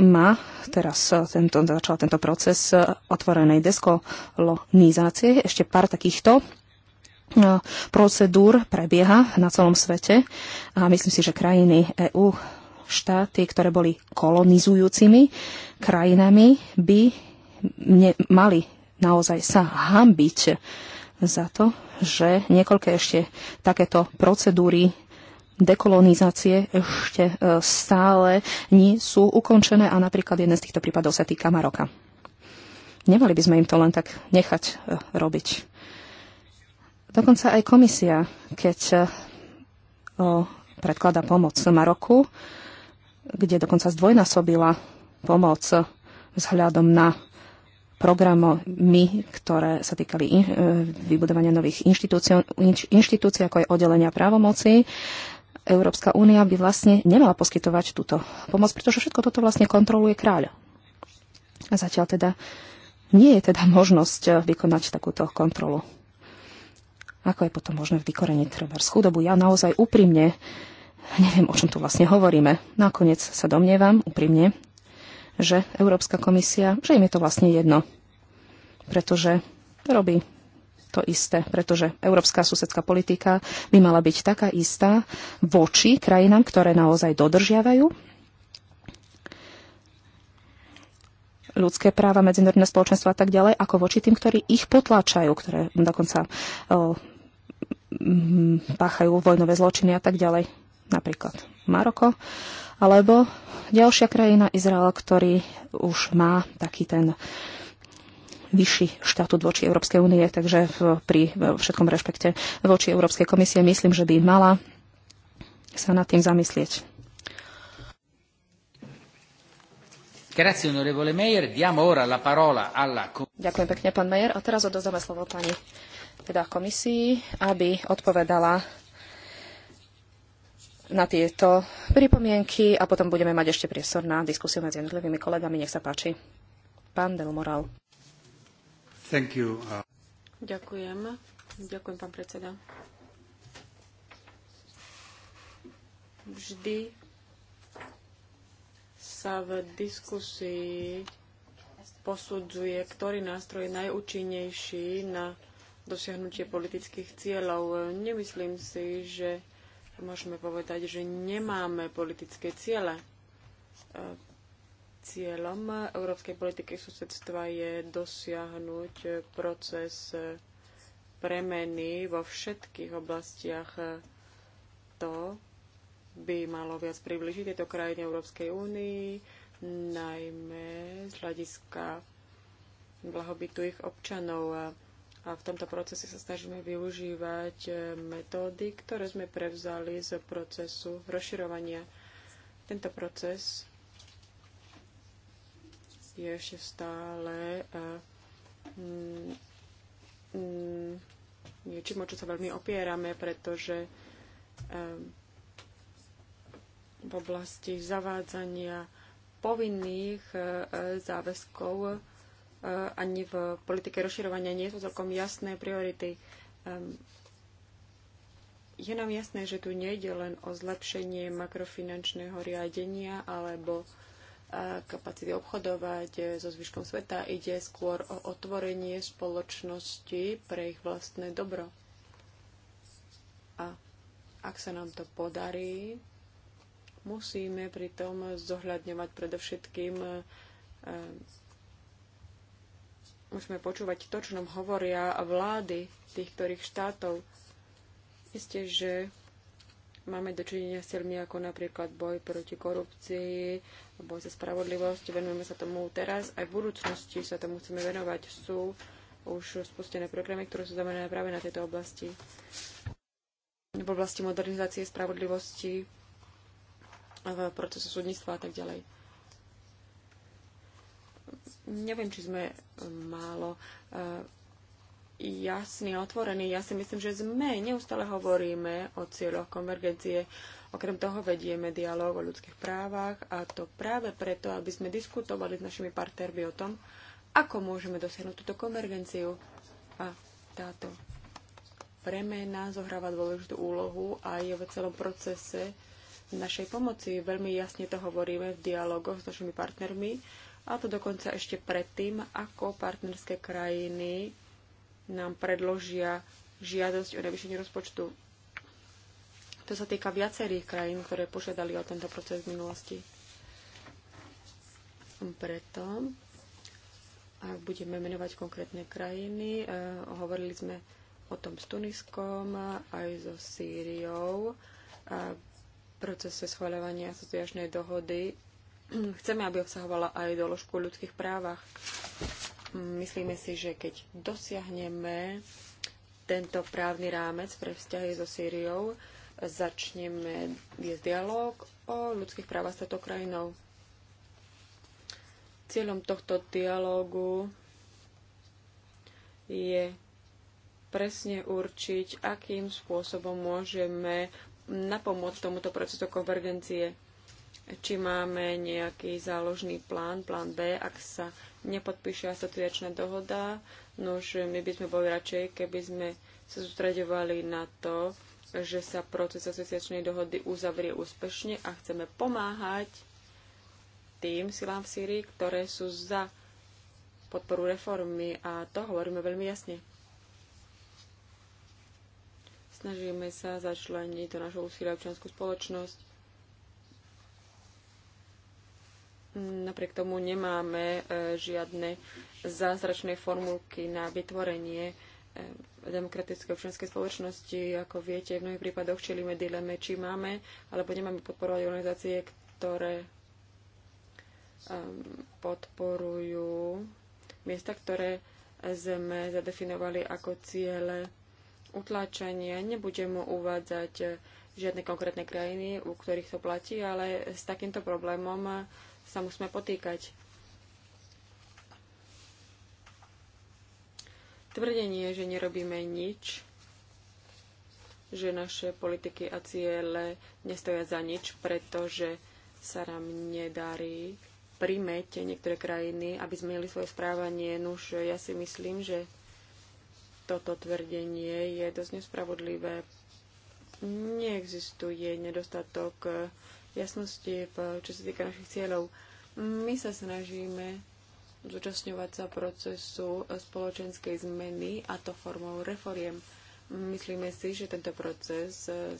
má teraz e, tento, začal tento proces e, otvorenej deskolonizácie. Ešte pár takýchto procedúr prebieha na celom svete a myslím si, že krajiny EÚ štáty, ktoré boli kolonizujúcimi krajinami, by ne, mali naozaj sa hambiť za to, že niekoľké ešte takéto procedúry dekolonizácie ešte e, stále nie sú ukončené a napríklad jeden z týchto prípadov sa týka Maroka. Nemali by sme im to len tak nechať e, robiť. Dokonca aj komisia, keď e, predklada pomoc Maroku, kde dokonca zdvojnásobila pomoc vzhľadom na programy, ktoré sa týkali in, e, vybudovania nových inštitúcií, inš, inštitúcií, ako je oddelenia právomoci. Európska únia by vlastne nemala poskytovať túto pomoc, pretože všetko toto vlastne kontroluje kráľ. A zatiaľ teda nie je teda možnosť vykonať takúto kontrolu. Ako je potom možné vykoreniť treba z chudobu? Ja naozaj úprimne uh, neviem, o čom tu vlastne hovoríme. Nakoniec sa domnievam úprimne, že Európska komisia, že im je to vlastne jedno, pretože robí to isté, pretože európska susedská politika by mala byť taká istá voči krajinám, ktoré naozaj dodržiavajú ľudské práva, medzinárodné spoločenstvo a tak ďalej, ako voči tým, ktorí ich potláčajú, ktoré dokonca eh, páchajú vojnové zločiny a tak ďalej napríklad Maroko, alebo ďalšia krajina Izrael, ktorý už má taký ten vyšší štatút voči Európskej únie, takže v, pri v všetkom rešpekte voči Európskej komisie myslím, že by mala sa nad tým zamyslieť. Ďakujem pekne, pán Meyer. A teraz odozdáme slovo pani teda komisii, aby odpovedala na tieto pripomienky a potom budeme mať ešte priestor na diskusiu medzi jednotlivými kolegami. Nech sa páči. Pán Delmoral. Thank you. Ďakujem. Ďakujem, pán predseda. Vždy sa v diskusii posudzuje, ktorý nástroj je najúčinnejší na dosiahnutie politických cieľov. Nemyslím si, že Môžeme povedať, že nemáme politické ciele. E, cieľom európskej politiky susedstva je dosiahnuť proces premeny vo všetkých oblastiach. To by malo viac približiť tieto krajiny Európskej únii, najmä z hľadiska blahobytu ich občanov. A v tomto procese sa snažíme využívať e, metódy, ktoré sme prevzali z procesu rozširovania. Tento proces je ešte stále e, mm, mm, niečím, o čo sa veľmi opierame, pretože e, v oblasti zavádzania povinných záväzkov Eh, ani v politike rozširovania nie sú celkom jasné priority. Ehm, je nám jasné, že tu nejde len o zlepšenie makrofinančného riadenia alebo eh, kapacity obchodovať eh, so zvyškom sveta. Ide skôr o otvorenie spoločnosti pre ich vlastné dobro. A ak sa nám to podarí, musíme pritom zohľadňovať predovšetkým Musíme počúvať to, čo nám hovoria vlády tých ktorých štátov. Isté, že máme dočinenia s cieľmi ako napríklad boj proti korupcii, boj za spravodlivosť. Venujeme sa tomu teraz. Aj v budúcnosti sa tomu chceme venovať. Sú už spustené programy, ktoré sú zamerané práve na tieto oblasti. V oblasti modernizácie spravodlivosti, v procesu súdnictva a tak ďalej neviem, či sme eh, málo eh, jasný a otvorený. Ja si myslím, že sme, neustále hovoríme o cieľoch konvergencie. Okrem toho vedieme dialog o ľudských právach a to práve preto, aby sme diskutovali s našimi partnermi o tom, ako môžeme dosiahnuť túto konvergenciu. A táto premena zohráva dôležitú úlohu a je v celom procese našej pomoci. Veľmi jasne to hovoríme v dialogoch s našimi partnermi a to dokonca ešte predtým, ako partnerské krajiny nám predložia žiadosť o navýšenie rozpočtu. To sa týka viacerých krajín, ktoré požiadali o tento proces v minulosti. Preto, ak budeme menovať konkrétne krajiny, eh, hovorili sme o tom s Tuniskom, aj so Sýriou. v procese schváľovania asociačnej dohody <clears throat> Chceme, aby obsahovala aj doložku o ľudských právach. Myslíme si, že keď dosiahneme tento právny rámec pre vzťahy so Sýriou, začneme viesť dialog o ľudských právach s touto krajinou. Cieľom tohto dialógu je presne určiť, akým spôsobom môžeme napomôcť tomuto procesu konvergencie či máme nejaký záložný plán, plán B, ak sa nepodpíše asociačná dohoda. No už my by sme boli radšej, keby sme sa sústredovali na to, že sa proces asociačnej dohody uzavrie úspešne a chceme pomáhať tým silám v Syrii, ktoré sú za podporu reformy a to hovoríme veľmi jasne. Snažíme sa začleniť do našho úsilia občianskú spoločnosť, Napriek tomu nemáme e, žiadne zázračné formulky na vytvorenie e, demokratické občianskej spoločnosti. Ako viete, v mnohých prípadoch čelíme dileme, či máme alebo nemáme podporovať organizácie, ktoré podporujú miesta, ktoré sme zadefinovali ako ciele utláčania. Nebudem uvádzať e, žiadne konkrétne krajiny, u ktorých to platí, ale s takýmto problémom sa musíme potýkať. Tvrdenie, že nerobíme nič, že naše politiky a ciele nestoja za nič, pretože sa nám nedarí primeť niektoré krajiny, aby zmenili svoje správanie. Nuž, ja si myslím, že toto tvrdenie je dosť nespravodlivé. Neexistuje nedostatok jasnosti, čo sa týka našich cieľov. My sa snažíme zúčastňovať sa procesu spoločenskej zmeny a to formou reforiem. Myslíme si, že tento proces e,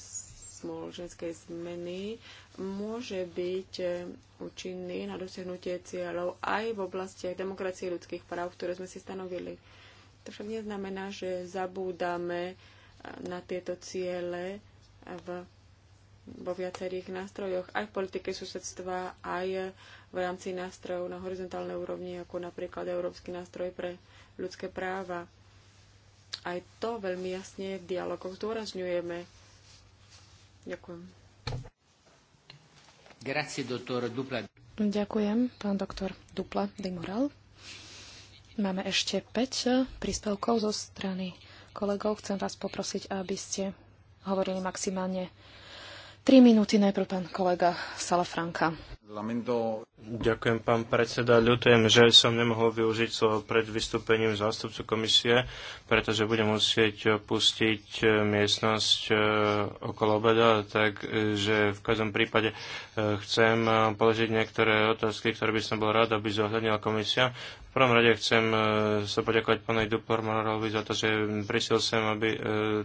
spoločenskej zmeny môže byť e, účinný na dosiahnutie cieľov aj v oblastiach demokracie ľudských práv, ktoré sme si stanovili. To však neznamená, že zabúdame e, na tieto ciele v vo viacerých nástrojoch, aj v politike susedstva, aj v rámci nástrojov na horizontálnej úrovni, ako napríklad Európsky nástroj pre ľudské práva. Aj to veľmi jasne v dialogoch zdôrazňujeme. Ďakujem. Grazie, doktor Dupla. Ďakujem, pán doktor Dupla Moral. Máme ešte 5 príspevkov zo strany kolegov. Chcem vás poprosiť, aby ste hovorili maximálne Tri minúty najprv pán kolega Salafranka. Ďakujem, pán predseda. Ľutujem, že som nemohol využiť slovo pred vystúpením zástupcu komisie, pretože budem musieť opustiť eh, miestnosť eh, okolo obeda, takže eh, v každom prípade chcem položiť niektoré otázky, ktoré by som bol rád, aby zohľadnila komisia. V prvom rade chcem sa poďakovať pánovi Dupormarovi za to, že prišiel sem, aby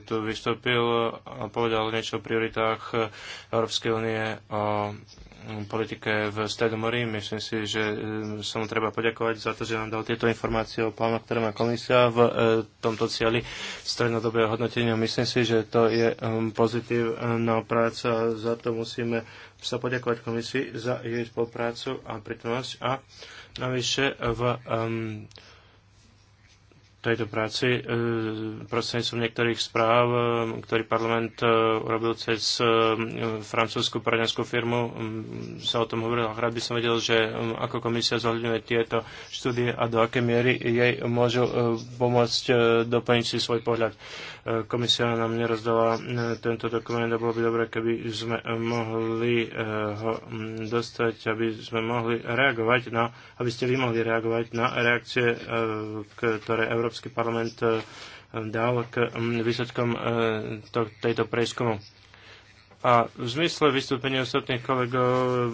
tu vystúpil a povedal niečo o prioritách Európskej únie o Mm, politike v Stredomorí. Myslím si, že mm, sa mu treba poďakovať za to, že nám dal tieto informácie o plánoch, ktoré má komisia v e, tomto cieli strednodobého hodnotenia. Myslím si, že to je mm, pozitívna práca a za to musíme sa poďakovať komisii za jej spoluprácu a prítomnosť. A navyše v um, tejto práci e, prostredníctvom niektorých správ, e, ktorý parlament e, urobil cez francúzsku poradenskú firmu. Sa o tom hovoril. Rád by som vedel, že ako komisia zohľadňuje tieto štúdie a do aké miery jej môžu pomôcť doplniť si svoj pohľad. Komisia nám nerozdala e, tento dokument a bolo by dobré, keby sme mohli e, ho dostať, aby sme mohli reagovať na, aby ste vy mohli reagovať na reakcie, e, ktoré Európsky parlament dal k výsledkom tejto preskumu. A v zmysle vystúpenia ostatných kolegov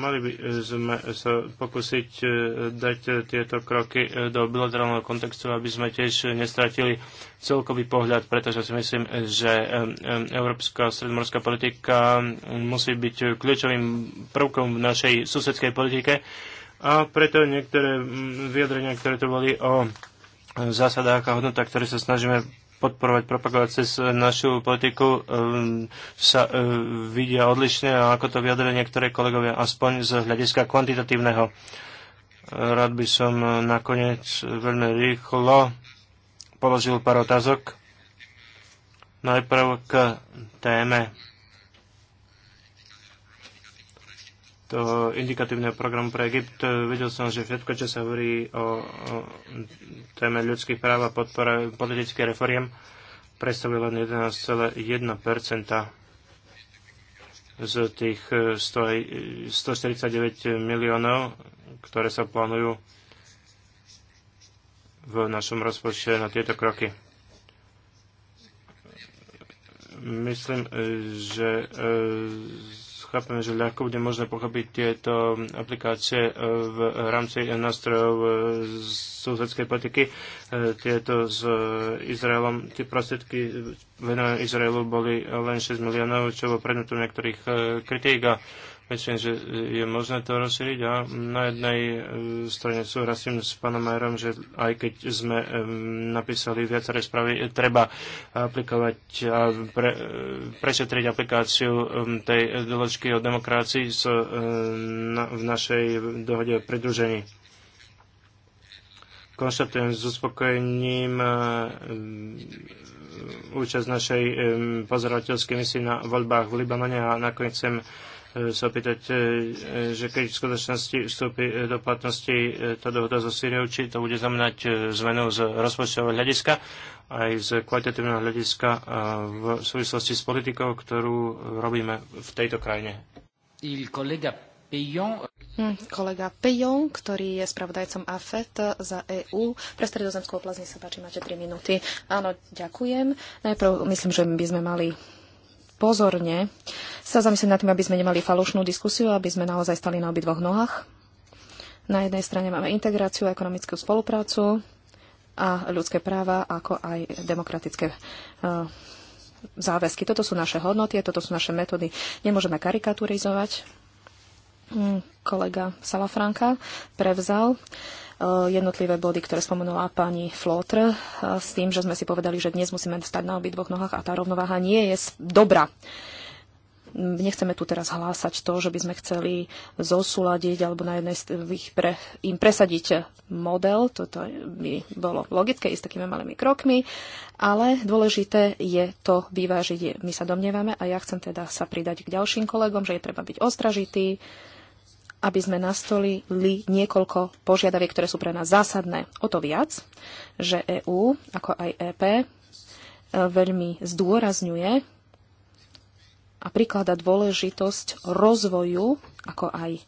mali by sme sa pokúsiť e, dať e, tieto kroky e, do bilaterálneho kontextu, aby sme tiež nestratili celkový pohľad, pretože si myslím, že európska stredomorská politika musí byť kľúčovým prvkom v našej susedskej politike. A preto niektoré vyjadrenia, ktoré tu boli o zásadách a hodnotách, ktoré sa snažíme podporovať, propagovať cez našu politiku, sa vidia odlišne ako to vyjadrili niektoré kolegovia, aspoň z hľadiska kvantitatívneho. Rád by som nakoniec veľmi rýchlo položil pár otázok. Najprv k téme toho indikatívneho programu pre Egypt videl som, že všetko, čo sa hovorí o, o téme ľudských práv a podpora politických reforiem, predstavuje len 11,1% z tých 100, e, 149 miliónov, ktoré sa plánujú v našom rozpočte na tieto kroky. Myslím, e, že e, chápeme, že ľahko bude možné pochopiť tieto aplikácie e, v rámci nástrojov e, susedskej politiky. E, tieto s Izraelom, tie prostriedky venované Izraelu boli len 6 miliónov, čo bolo predmetom niektorých kritík a Myslím, že je možné to rozšíriť a na jednej e, strane súhlasím s pánom Majerom, že aj keď sme e, napísali viaceré správy, e, treba aplikovať a pre, prešetriť aplikáciu tej doložky o demokracii v našej dohode o pridružení konštatujem s uspokojením účasť našej pozorovateľskej misie na voľbách v Libanone a nakoniec chcem sa pýtať, e, e, že keď v skutočnosti vstúpi e, do platnosti tá dohoda so Syriou, či to bude znamenať zmenu z rozpočtového hľadiska aj z kvalitatívneho hľadiska v súvislosti s politikou, ktorú robíme v tejto krajine. Il hm, kolega Pejon. Kolega ktorý je spravodajcom AFET za EU, Pre stredozemskú oblasť sa páči, máte 3 minúty. Áno, ďakujem. Najprv myslím, že by sme mali pozorne sa zamyslieť nad tým, aby sme nemali falošnú diskusiu, aby sme naozaj stali na obidvoch nohách. Na jednej strane máme integráciu, ekonomickú spoluprácu a ľudské práva, ako aj demokratické uh, záväzky. Toto sú naše hodnoty, toto sú naše metódy. Nemôžeme karikaturizovať. Hm, kolega Salafranka prevzal uh, Eh, jednotlivé body, ktoré spomenula pani Flotr, eh, s tým, že sme si povedali, že dnes musíme stať na dvoch nohách a tá rovnováha nie je dobrá mm, nechceme tu teraz hlásať to, že by sme chceli zosúľadiť alebo na jednej pre, im presadiť model, toto by bolo logické ísť takými malými krokmi, ale dôležité je to vyvážiť. My sa domnievame a ja chcem teda sa pridať k ďalším kolegom, že je treba byť ostražitý, aby sme nastolili niekoľko požiadaviek, ktoré sú pre nás zásadné. O to viac, že EÚ, ako aj EP, e, veľmi zdôrazňuje a priklada dôležitosť rozvoju, ako aj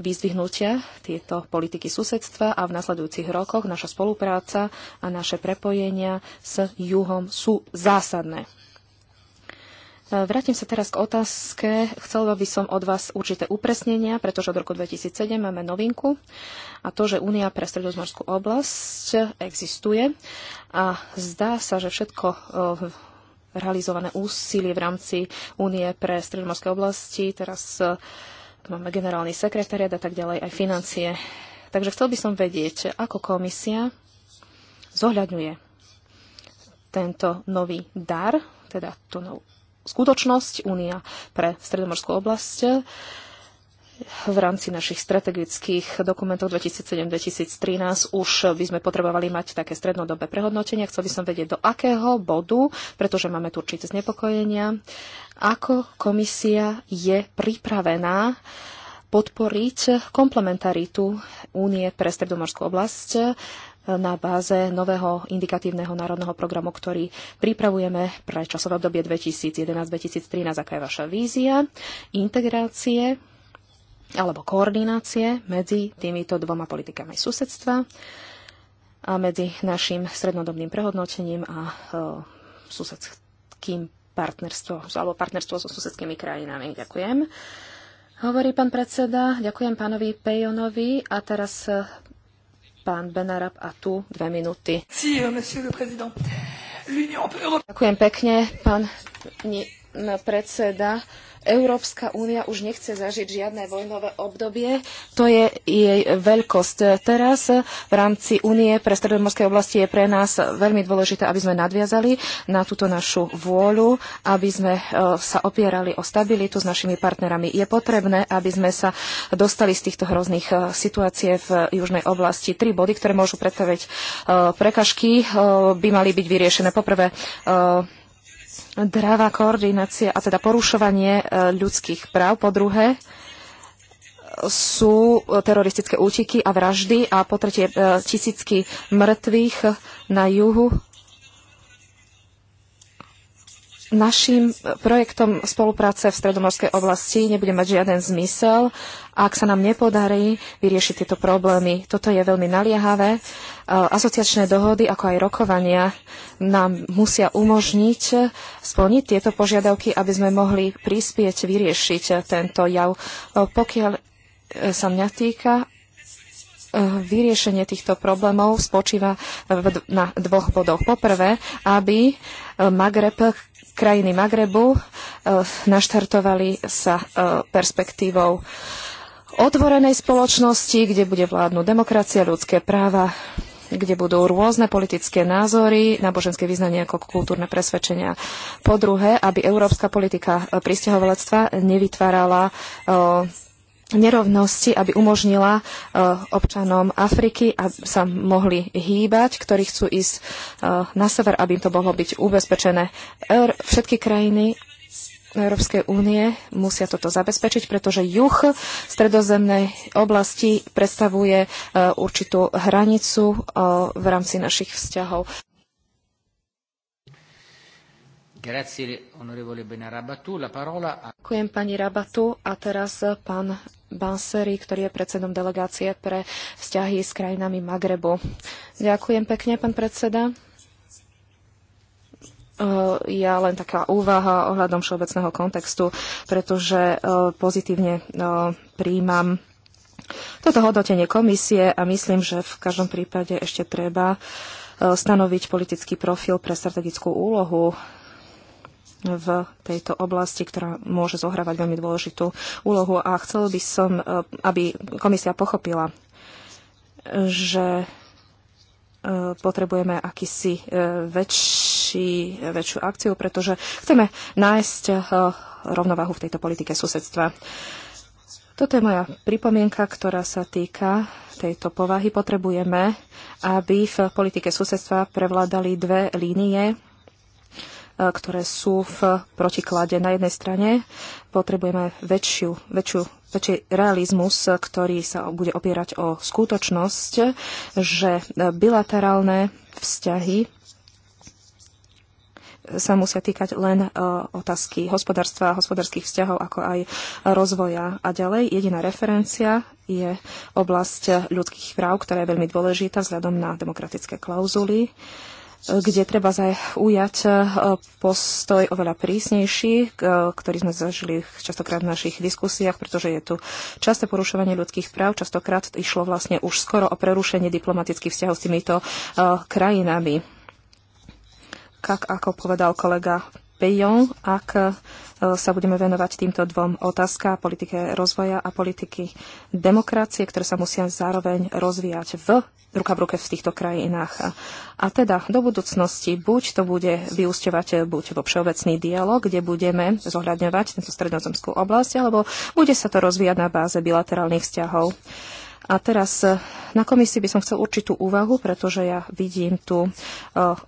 vyzvihnutia tieto politiky susedstva a v nasledujúcich rokoch naša spolupráca a naše prepojenia s juhom sú zásadné. E, vrátim sa teraz k otázke. Chcela by som od vás určité upresnenia, pretože od roku 2007 máme novinku a to, že Únia pre stredozmorskú oblasť existuje a zdá sa, že všetko e, realizované úsilie v rámci Únie pre stredomorské oblasti, teraz e, máme generálny sekretariat a tak ďalej, aj financie. Takže chcel by som vedieť, ako komisia zohľadňuje tento nový dar, teda tú novú skutočnosť. Únia pre stredomorskú oblasť v rámci našich strategických dokumentov 2007-2013 už by sme potrebovali mať také strednodobé prehodnotenia, Chcel by som vedieť, do akého bodu, pretože máme tu určité znepokojenia, ako komisia je pripravená podporiť komplementaritu Únie pre stredomorskú oblasť na báze nového indikatívneho národného programu, ktorý pripravujeme pre časové obdobie 2011-2013. Aká je vaša vízia integrácie alebo koordinácie medzi týmito dvoma politikami susedstva a medzi našim strednodobným prehodnotením a e, susedským partnerstvom alebo partnerstvom so susedskými krajinami. Ďakujem. Hovorí pán predseda, ďakujem pánovi Pejonovi a teraz e, Pán Benarab a tu dve minúty. Euh, Ďakujem pekne, pán predseda. Európska únia už nechce zažiť žiadne vojnové obdobie. To je jej veľkosť. Teraz v rámci únie pre stredomorské oblasti je pre nás veľmi dôležité, aby sme nadviazali na túto našu vôľu, aby sme e, sa opierali o stabilitu s našimi partnerami. Je potrebné, aby sme sa dostali z týchto hrozných e, situácií v južnej oblasti. Tri body, ktoré môžu predstaviť e, prekažky, by mali byť vyriešené. Poprvé, dravá koordinácia a teda porušovanie e, ľudských práv. Po druhé, sú teroristické útiky a vraždy a po tretie e, tisícky mŕtvych na juhu našim projektom spolupráce v stredomorskej oblasti nebude mať žiaden zmysel, ak sa nám nepodarí vyriešiť tieto problémy. Toto je veľmi naliehavé. E, asociačné dohody, ako aj rokovania, nám musia umožniť splniť tieto požiadavky, aby sme mohli prispieť vyriešiť tento jav. E, pokiaľ e, sa mňa týka, vyriešenie týchto problémov spočíva na dvoch bodoch. Poprvé, aby Magreb krajiny Magrebu e, naštartovali sa e, perspektívou otvorenej spoločnosti, kde bude vládnuť demokracia, ľudské práva, kde budú rôzne politické názory, náboženské vyznania ako kultúrne presvedčenia. Po druhé, aby európska politika e, pristahovalectva nevytvárala nerovnosti, aby umožnila e, občanom Afriky, aby sa mohli hýbať, ktorí chcú ísť e, na sever, aby im to mohlo byť ubezpečené. Všetky krajiny Európskej únie musia toto zabezpečiť, pretože juh stredozemnej oblasti predstavuje e, určitú hranicu v rámci našich vzťahov. Ďakujem pani Rabatu a teraz eh, pán Banseri, ktorý je predsedom delegácie pre vzťahy s krajinami Magrebu. Ďakujem pekne, pán predseda. Eh, ja len taká úvaha ohľadom všeobecného kontextu, pretože eh, pozitívne príjmam toto hodnotenie komisie a myslím, že v každom prípade ešte treba stanoviť politický profil pre strategickú úlohu v tejto oblasti, ktorá môže zohrávať veľmi dôležitú úlohu. A chcel by som, e, aby komisia pochopila, že e, potrebujeme akýsi e, väčší, väčšiu akciu, pretože chceme nájsť rovnováhu v tejto politike susedstva. Toto je moja pripomienka, ktorá sa týka tejto povahy. Potrebujeme, aby v politike susedstva prevládali dve línie, E, ktoré sú v protiklade. Na jednej strane potrebujeme väčšiu, väčšiu, väčší realizmus, ktorý sa bude opierať o skutočnosť, že e, bilaterálne vzťahy sa musia týkať len e, otázky hospodárstva a hospodárskych vzťahov, ako aj rozvoja. A ďalej jediná referencia je oblasť ľudských práv, ktorá je veľmi dôležitá vzhľadom na demokratické klauzuly. Uh, kde treba ujať e, postoj oveľa prísnejší, e, ktorý sme zažili častokrát v našich diskusiách, pretože je tu časté porušovanie ľudských práv. Častokrát išlo vlastne už skoro o prerušenie diplomatických vzťahov s týmito e, krajinami. tak ako povedal kolega Peillon, ak e, sa budeme venovať týmto dvom otázkám, politike rozvoja a politiky demokracie, ktoré sa musia zároveň rozvíjať v ruka v ruke v týchto krajinách. A teda do budúcnosti buď to bude vyústevať e, buď vo všeobecný dialog, kde budeme zohľadňovať tento strednozemskú oblasť, alebo bude sa to rozvíjať na báze bilaterálnych vzťahov. A teraz e, na komisii by som chcel určitú úvahu, pretože ja vidím tu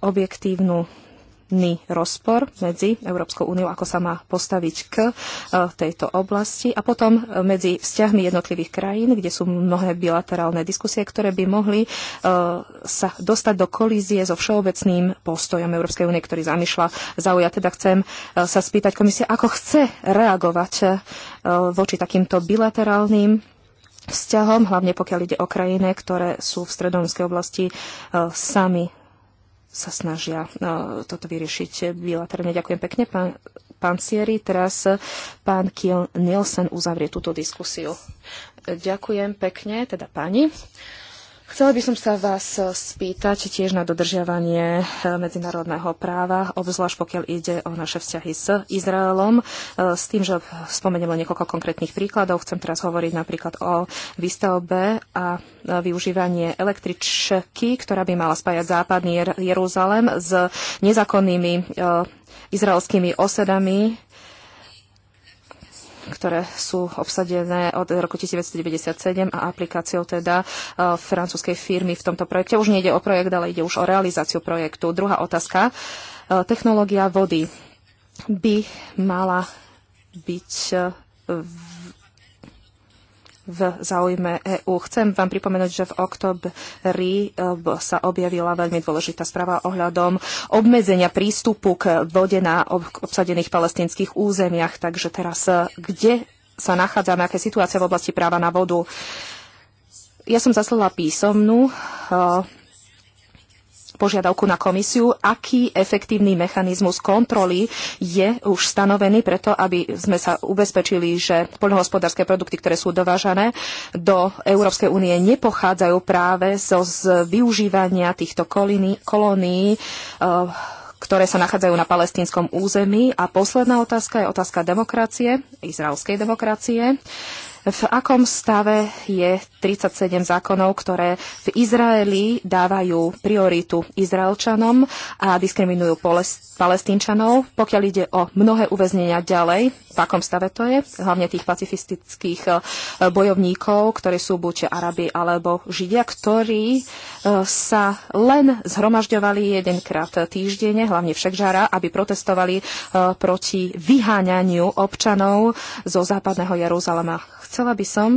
objektívnu žiadny rozpor medzi Európskou úniou, ako sa má postaviť k e, tejto oblasti a potom e, medzi vzťahmi jednotlivých krajín, kde sú mnohé bilaterálne diskusie, ktoré by mohli e, sa dostať do kolízie so všeobecným postojom Európskej únie, ktorý zamýšľa zaujať. Teda chcem sa spýtať komisie, ako chce reagovať voči takýmto bilaterálnym vzťahom, hlavne pokiaľ ide o krajiny, ktoré sú v stredomorskej oblasti sami sa snažia e, toto vyriešiť bilaterálne. Ďakujem pekne, pán, pán Sieri. Teraz e, pán Kiel Nielsen uzavrie túto diskusiu. E, ďakujem pekne, teda pani. Chcela by som sa vás eh, spýtať tiež na dodržiavanie eh, medzinárodného práva, obzvlášť pokiaľ ide o naše vzťahy s Izraelom. Eh, s tým, že spomeniem len niekoľko konkrétnych príkladov, chcem teraz hovoriť napríklad o výstavbe a využívanie električky, ktorá by mala spájať západný Jeruzalem s nezákonnými izraelskými osadami ktoré sú obsadené od roku 1997 a aplikáciou teda e, francúzskej firmy v tomto projekte. Už nejde o projekt, ale ide už o realizáciu projektu. Druhá otázka. E, technológia vody by mala byť e, v záujme EÚ. Chcem vám pripomenúť, že v oktobri eh, sa objavila veľmi dôležitá správa ohľadom obmedzenia prístupu k vode na obsadených palestinských územiach. Takže teraz, eh, kde sa nachádzame, aké situácie v oblasti práva na vodu? Ja som zaslala písomnú eh, požiadavku na komisiu, aký efektívny mechanizmus kontroly je už stanovený preto, aby sme sa ubezpečili, že poľnohospodárske produkty, ktoré sú dovážané do Európskej únie, nepochádzajú práve zo z využívania týchto kolónií eh, ktoré sa nachádzajú na palestínskom území. A posledná otázka je otázka demokracie, izraelskej demokracie v akom stave je 37 zákonov, ktoré v Izraeli dávajú prioritu Izraelčanom a diskriminujú palestínčanov, pokiaľ ide o mnohé uväznenia ďalej, v akom stave to je, hlavne tých pacifistických eh, bojovníkov, ktorí sú buď Arabi alebo Židia, ktorí sa len zhromažďovali jedenkrát týždenne, hlavne však žara, aby protestovali e, proti vyháňaniu občanov zo západného Jeruzalema. Chcela by som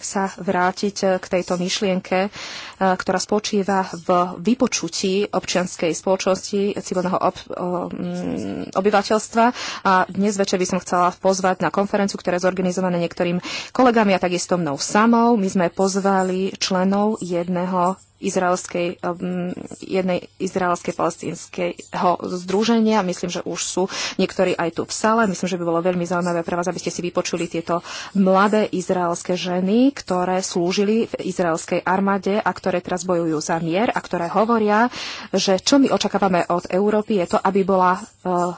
sa vrátiť k tejto myšlienke Eh, ktorá spočíva v vypočutí občianskej spoločnosti, civilného ob, mm, obyvateľstva. A dnes večer by som chcela pozvať na konferenciu, ktorá je zorganizovaná niektorým kolegami a takisto mnou samou. My sme pozvali členov jedného izraelskej, eh, mm, jednej izraelskej palestínskeho združenia. Myslím, že už sú niektorí aj tu v sale. Myslím, že by bolo veľmi zaujímavé pre vás, aby ste si vypočuli tieto mladé izraelské ženy, ktoré slúžili v izraelskej armáde a ktoré ktoré teraz bojujú za mier a ktoré hovoria, že čo my očakávame od Európy je to, aby bola eh,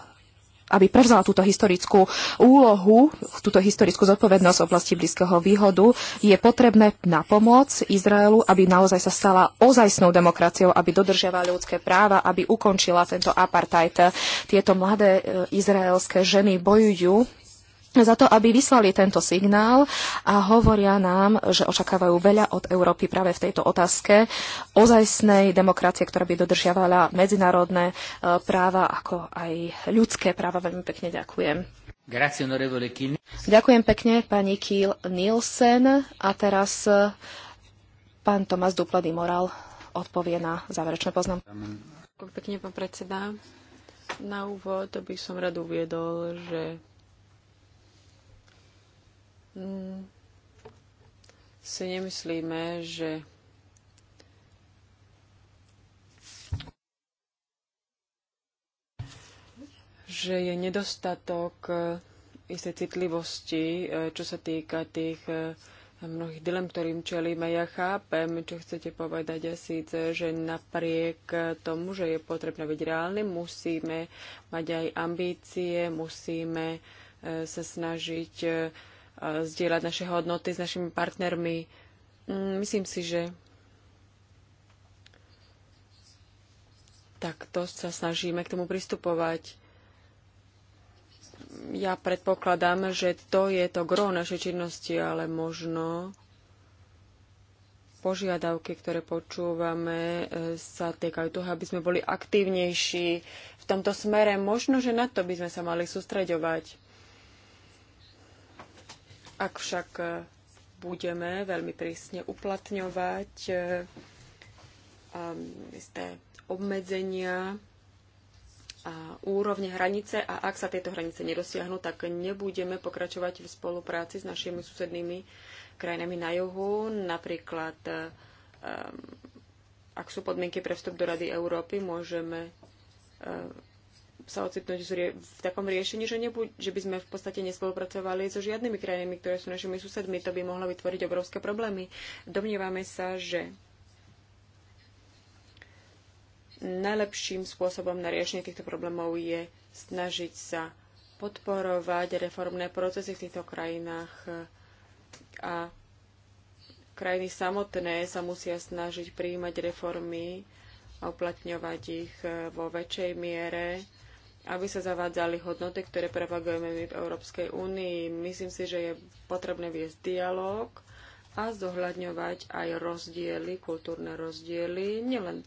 aby prevzala túto historickú úlohu, túto historickú zodpovednosť v oblasti Blízkeho výhodu, je potrebné na pomoc Izraelu, aby naozaj sa stala ozajstnou demokraciou, aby dodržiavala ľudské práva, aby ukončila tento apartheid. Tieto mladé eh, izraelské ženy bojujú za to, aby vyslali tento signál a hovoria nám, že očakávajú veľa od Európy práve v tejto otázke ozajstnej demokracie, ktorá by dodržiavala medzinárodné e, práva, ako aj ľudské práva. Veľmi pekne ďakujem. ďakujem pekne pani Kiel Nielsen a teraz e, pán Tomás Duplady Moral odpovie na záverečné poznámky. Ďakujem pekne, pán predseda. Na úvod by som rád uviedol, že Mm. si nemyslíme, že že je nedostatok e, istej citlivosti, e, čo sa týka tých e, mnohých dilem, ktorým čelíme. Ja chápem, čo chcete povedať a síce, že napriek tomu, že je potrebné byť reálny, musíme mať aj ambície, musíme sa snažiť zdieľať naše hodnoty s našimi partnermi. Mm, myslím si, že takto sa snažíme k tomu pristupovať. Ja predpokladám, že to je to gro našej činnosti, ale možno požiadavky, ktoré počúvame, e, sa týkajú toho, aby sme boli aktívnejší v tomto smere. Možno, že na to by sme sa mali sústreďovať. Ak však e, budeme veľmi prísne uplatňovať e, isté obmedzenia a úrovne hranice a ak sa tieto hranice nedosiahnu, tak nebudeme pokračovať v spolupráci s našimi susednými krajinami na juhu. Napríklad, e, ak sú podmienky pre vstup do Rady Európy, môžeme sa ocitnúť v takom riešení, že, nebu- že by sme v podstate nespolupracovali so žiadnymi krajinami, ktoré sú našimi susedmi. To by mohlo vytvoriť obrovské problémy. Domnievame sa, že najlepším spôsobom na riešenie týchto problémov je snažiť sa podporovať reformné procesy v týchto krajinách eh, a krajiny samotné sa musia snažiť prijímať reformy a uplatňovať ich eh, vo väčšej miere aby sa zavádzali hodnoty, ktoré propagujeme my v Európskej únii. Myslím si, že je potrebné viesť dialog a zohľadňovať aj rozdiely, kultúrne rozdiely, nielen um,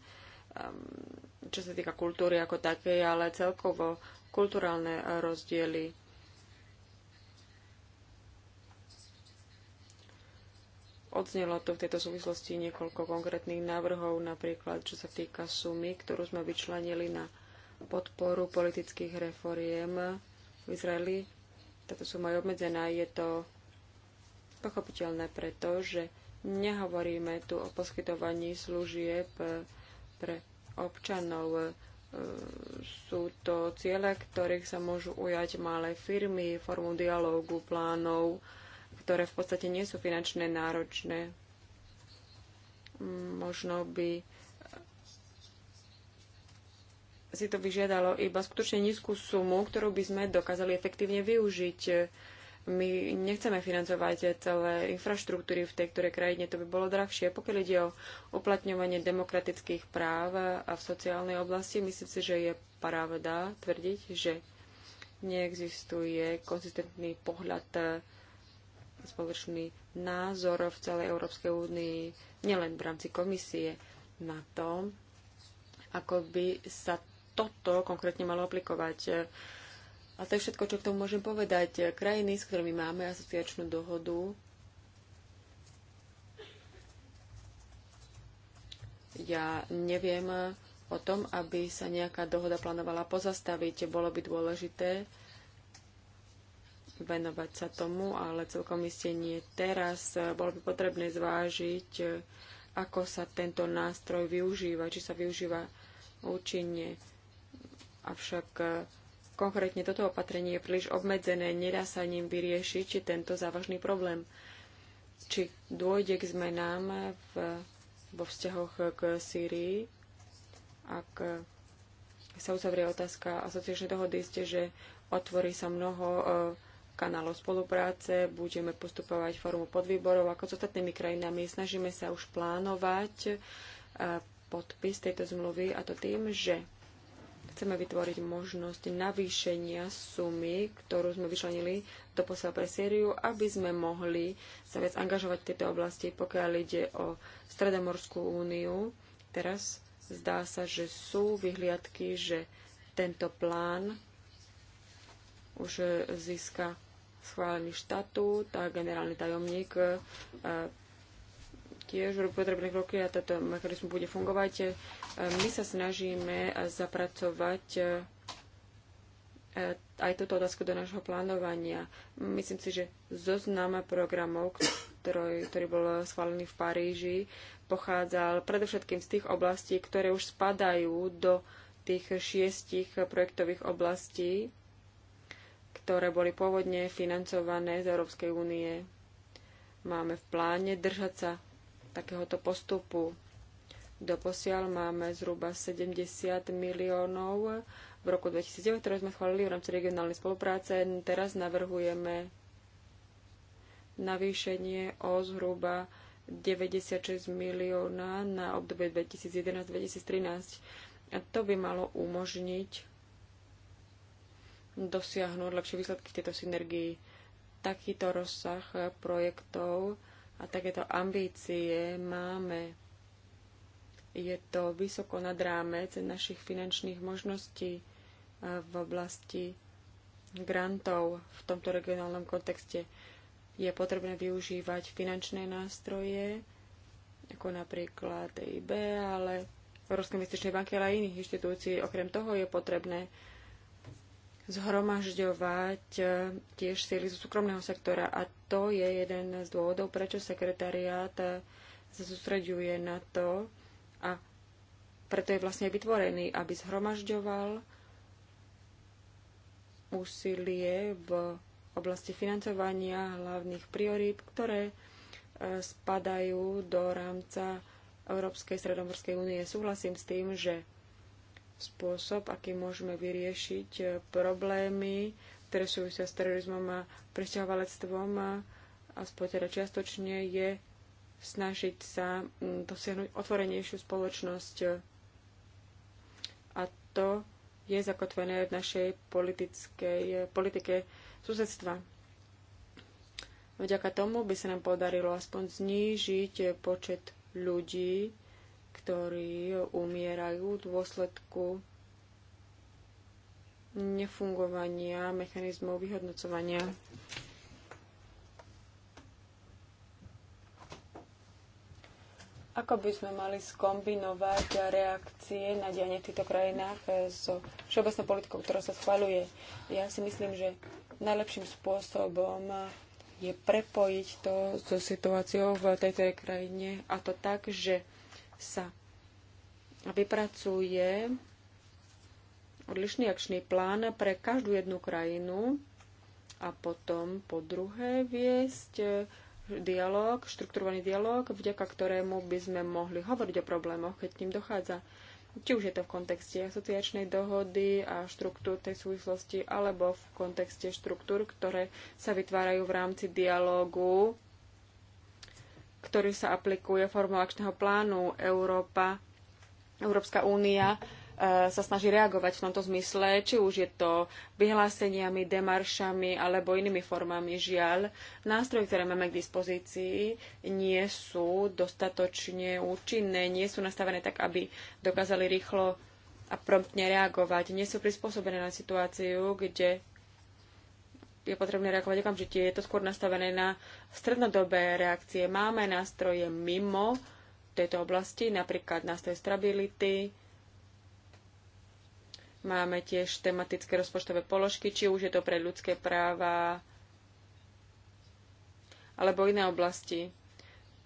čo sa týka kultúry ako takej, ale celkovo kulturálne rozdiely. Odznelo to v tejto súvislosti niekoľko konkrétnych návrhov, napríklad čo sa týka sumy, ktorú sme vyčlenili na podporu politických reforiem v Izraeli. Táto suma je obmedzená. Je to pochopiteľné, pretože nehovoríme tu o poskytovaní služieb eh, pre občanov. Eh, sú to ciele, ktorých sa môžu ujať malé firmy, formu dialógu, plánov, ktoré v podstate nie sú finančne náročné. Možno by si to vyžiadalo iba skutočne nízku sumu, ktorú by sme dokázali efektívne využiť. My nechceme financovať celé infraštruktúry v tej ktorej krajine, to by bolo drahšie. Pokiaľ ide o uplatňovanie demokratických práv a v sociálnej oblasti, myslím si, že je pravda tvrdiť, že neexistuje konzistentný pohľad spoločný názor v celej Európskej únii, nielen v rámci komisie, na tom, ako by sa toto konkrétne malo aplikovať. A to je všetko, čo k tomu môžem povedať. Krajiny, s ktorými máme asociačnú dohodu, ja neviem o tom, aby sa nejaká dohoda plánovala pozastaviť. Bolo by dôležité venovať sa tomu, ale celkom iste nie teraz. Bolo by potrebné zvážiť, ako sa tento nástroj využíva, či sa využíva účinne Avšak e, konkrétne toto opatrenie je príliš obmedzené, nedá sa ním vyriešiť tento závažný problém. Či dôjde k zmenám v, vo vzťahoch k Sýrii, ak e, sa uzavrie otázka asociačnej dohody, ste, že otvorí sa mnoho e, kanálov spolupráce, budeme postupovať formu podvýborov ako s ostatnými krajinami. Snažíme sa už plánovať podpis tejto zmluvy a to tým, že chceme vytvoriť možnosť navýšenia sumy, ktorú sme vyčlenili do posiaľ pre Sýriu, aby sme mohli sa viac angažovať v tejto oblasti, pokiaľ ide o Stredomorskú úniu. Teraz zdá sa, že sú vyhliadky, že tento plán už získa schválený štatút a generálny tajomník eh, tiež robí potrebné roky a tento mechanizmus bude fungovať. E, my sa snažíme zapracovať e, e, aj túto otázku do nášho plánovania. Myslím si, že zoznam programov, ktorý, ktorý bol schválený v Paríži, pochádzal predovšetkým z tých oblastí, ktoré už spadajú do tých šiestich projektových oblastí, ktoré boli pôvodne financované z Európskej únie. Máme v pláne držať sa takéhoto postupu. Doposiaľ máme zhruba 70 miliónov v roku 2009, ktoré sme schválili v rámci regionálnej spolupráce. Teraz navrhujeme navýšenie o zhruba 96 milióna na obdobie 2011-2013. A to by malo umožniť dosiahnuť lepšie výsledky v tejto synergii. Takýto rozsah projektov a takéto ambície máme. Je to vysoko nad rámec našich finančných možností eh, v oblasti grantov v tomto regionálnom kontexte. Je potrebné využívať finančné nástroje, ako napríklad EIB, ale Európskej investičnej banky, ale aj iných inštitúcií. Okrem toho je potrebné zhromažďovať e, tiež síly zo súkromného sektora. A to je jeden z dôvodov, prečo sekretariát e, sa sústreďuje na to a preto je vlastne vytvorený, aby zhromažďoval úsilie v oblasti financovania hlavných priorít, ktoré e, spadajú do rámca Európskej stredomorskej únie. Súhlasím s tým, že spôsob, aký môžeme vyriešiť eh, problémy, ktoré súvisia s terorizmom a presťahovalectvom, aspoň teda čiastočne, je snažiť sa mm, dosiahnuť otvorenejšiu spoločnosť. A to je zakotvené v našej politickej, eh, politike susedstva. Vďaka tomu by sa nám podarilo aspoň znížiť počet ľudí, ktorí umierajú v dôsledku nefungovania mechanizmov vyhodnocovania. Ako by sme mali skombinovať reakcie na dianie v týchto krajinách eh, so všeobecnou politikou, ktorá sa schvaľuje? Ja si myslím, že najlepším spôsobom eh, je prepojiť to so situáciou v tejto krajine a to tak, že sa vypracuje odlišný akčný plán pre každú jednu krajinu a potom po druhé viesť dialog, štrukturovaný dialog, vďaka ktorému by sme mohli hovoriť o problémoch, keď k ním dochádza. Či už je to v kontexte asociačnej dohody a štruktúr tej súvislosti, alebo v kontexte štruktúr, ktoré sa vytvárajú v rámci dialógu ktorý sa aplikuje formou akčného plánu Európa, Európska únia e, sa snaží reagovať v tomto zmysle, či už je to vyhláseniami, demaršami alebo inými formami. Žiaľ, nástroje, ktoré máme k dispozícii, nie sú dostatočne účinné, nie sú nastavené tak, aby dokázali rýchlo a promptne reagovať. Nie sú prispôsobené na situáciu, kde je potrebné reagovať okamžite. Je to skôr nastavené na strednodobé reakcie. Máme nástroje mimo tejto oblasti, napríklad nástroj stability, Máme tiež tematické rozpočtové položky, či už je to pre ľudské práva alebo iné oblasti.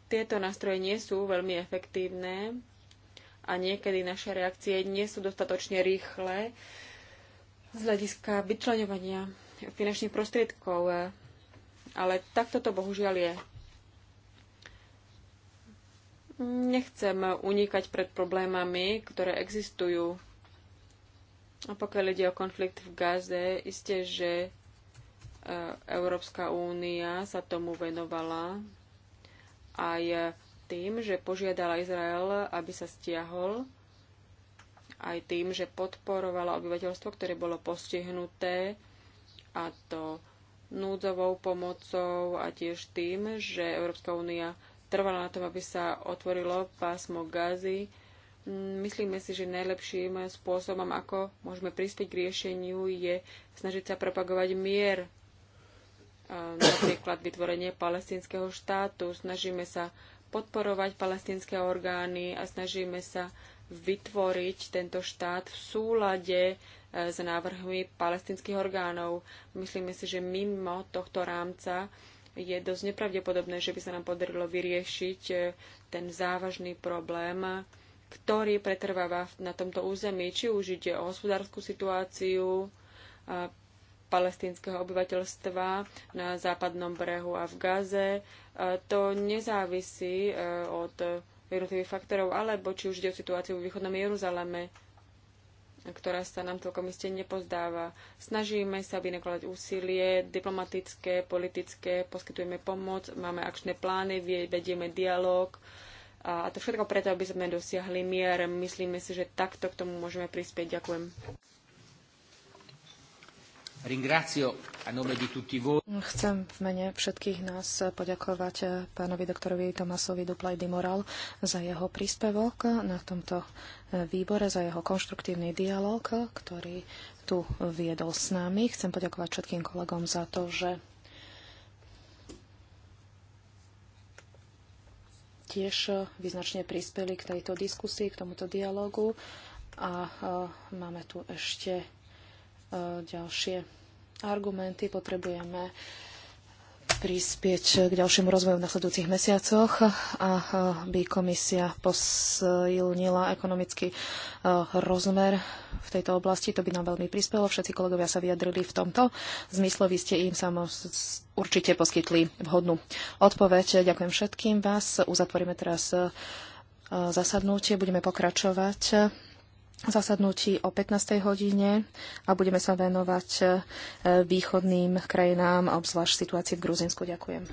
Tieto nástroje nie sú veľmi efektívne a niekedy naše reakcie nie sú dostatočne rýchle z hľadiska vyčlenovania finančných prostriedkov. E, ale takto to bohužiaľ je. Nechcem unikať pred problémami, ktoré existujú. A pokiaľ ide o konflikt v Gaze, isté, že e, Európska únia sa tomu venovala aj tým, že požiadala Izrael, aby sa stiahol, aj tým, že podporovala obyvateľstvo, ktoré bolo postihnuté a to núdzovou pomocou a tiež tým, že Európska únia trvala na tom, aby sa otvorilo pásmo Gazy. Myslíme si, že najlepším spôsobom, ako môžeme prispieť k riešeniu, je snažiť sa propagovať mier. Napríklad vytvorenie palestinského štátu. Snažíme sa podporovať palestinské orgány a snažíme sa vytvoriť tento štát v súlade s návrhmi palestinských orgánov. Myslíme si, že mimo tohto rámca je dosť nepravdepodobné, že by sa nám podarilo vyriešiť e, ten závažný problém, ktorý pretrváva na tomto území, či už ide o hospodárskú situáciu e, palestinského obyvateľstva na západnom brehu a v Gaze. E, to nezávisí od jednotlivých faktorov, alebo či už ide o situáciu v východnom Jeruzaleme ktorá sa nám celkom iste nepozdáva. Snažíme sa vynakladať úsilie, diplomatické, politické, poskytujeme pomoc, máme akčné plány, vedieme dialog a to všetko preto, aby sme dosiahli mier. Myslíme si, že takto k tomu môžeme prispieť. Ďakujem. Chcem v mene všetkých nás poďakovať eh, pánovi doktorovi Tomasovi Duplaj Moral za jeho príspevok na tomto eh, výbore, za jeho konštruktívny dialog, ktorý tu viedol s nami. Chcem poďakovať všetkým kolegom za to, že tiež eh, význačne prispeli k tejto diskusii, k tomuto dialogu. A máme tu ešte ďalšie argumenty. Potrebujeme prispieť k ďalšiemu rozvoju v nasledujúcich mesiacoch aby komisia posilnila ekonomický e, rozmer v tejto oblasti. To by nám veľmi prispelo. Všetci kolegovia sa vyjadrili v tomto zmysle. Vy ste im určite poskytli vhodnú odpoveď. Ďakujem všetkým vás. Uzatvoríme teraz e, zasadnutie. Budeme pokračovať zasadnutí o 15. hodine a budeme sa venovať e, východným krajinám a obzvlášť situácii v Gruzinsku. Ďakujem.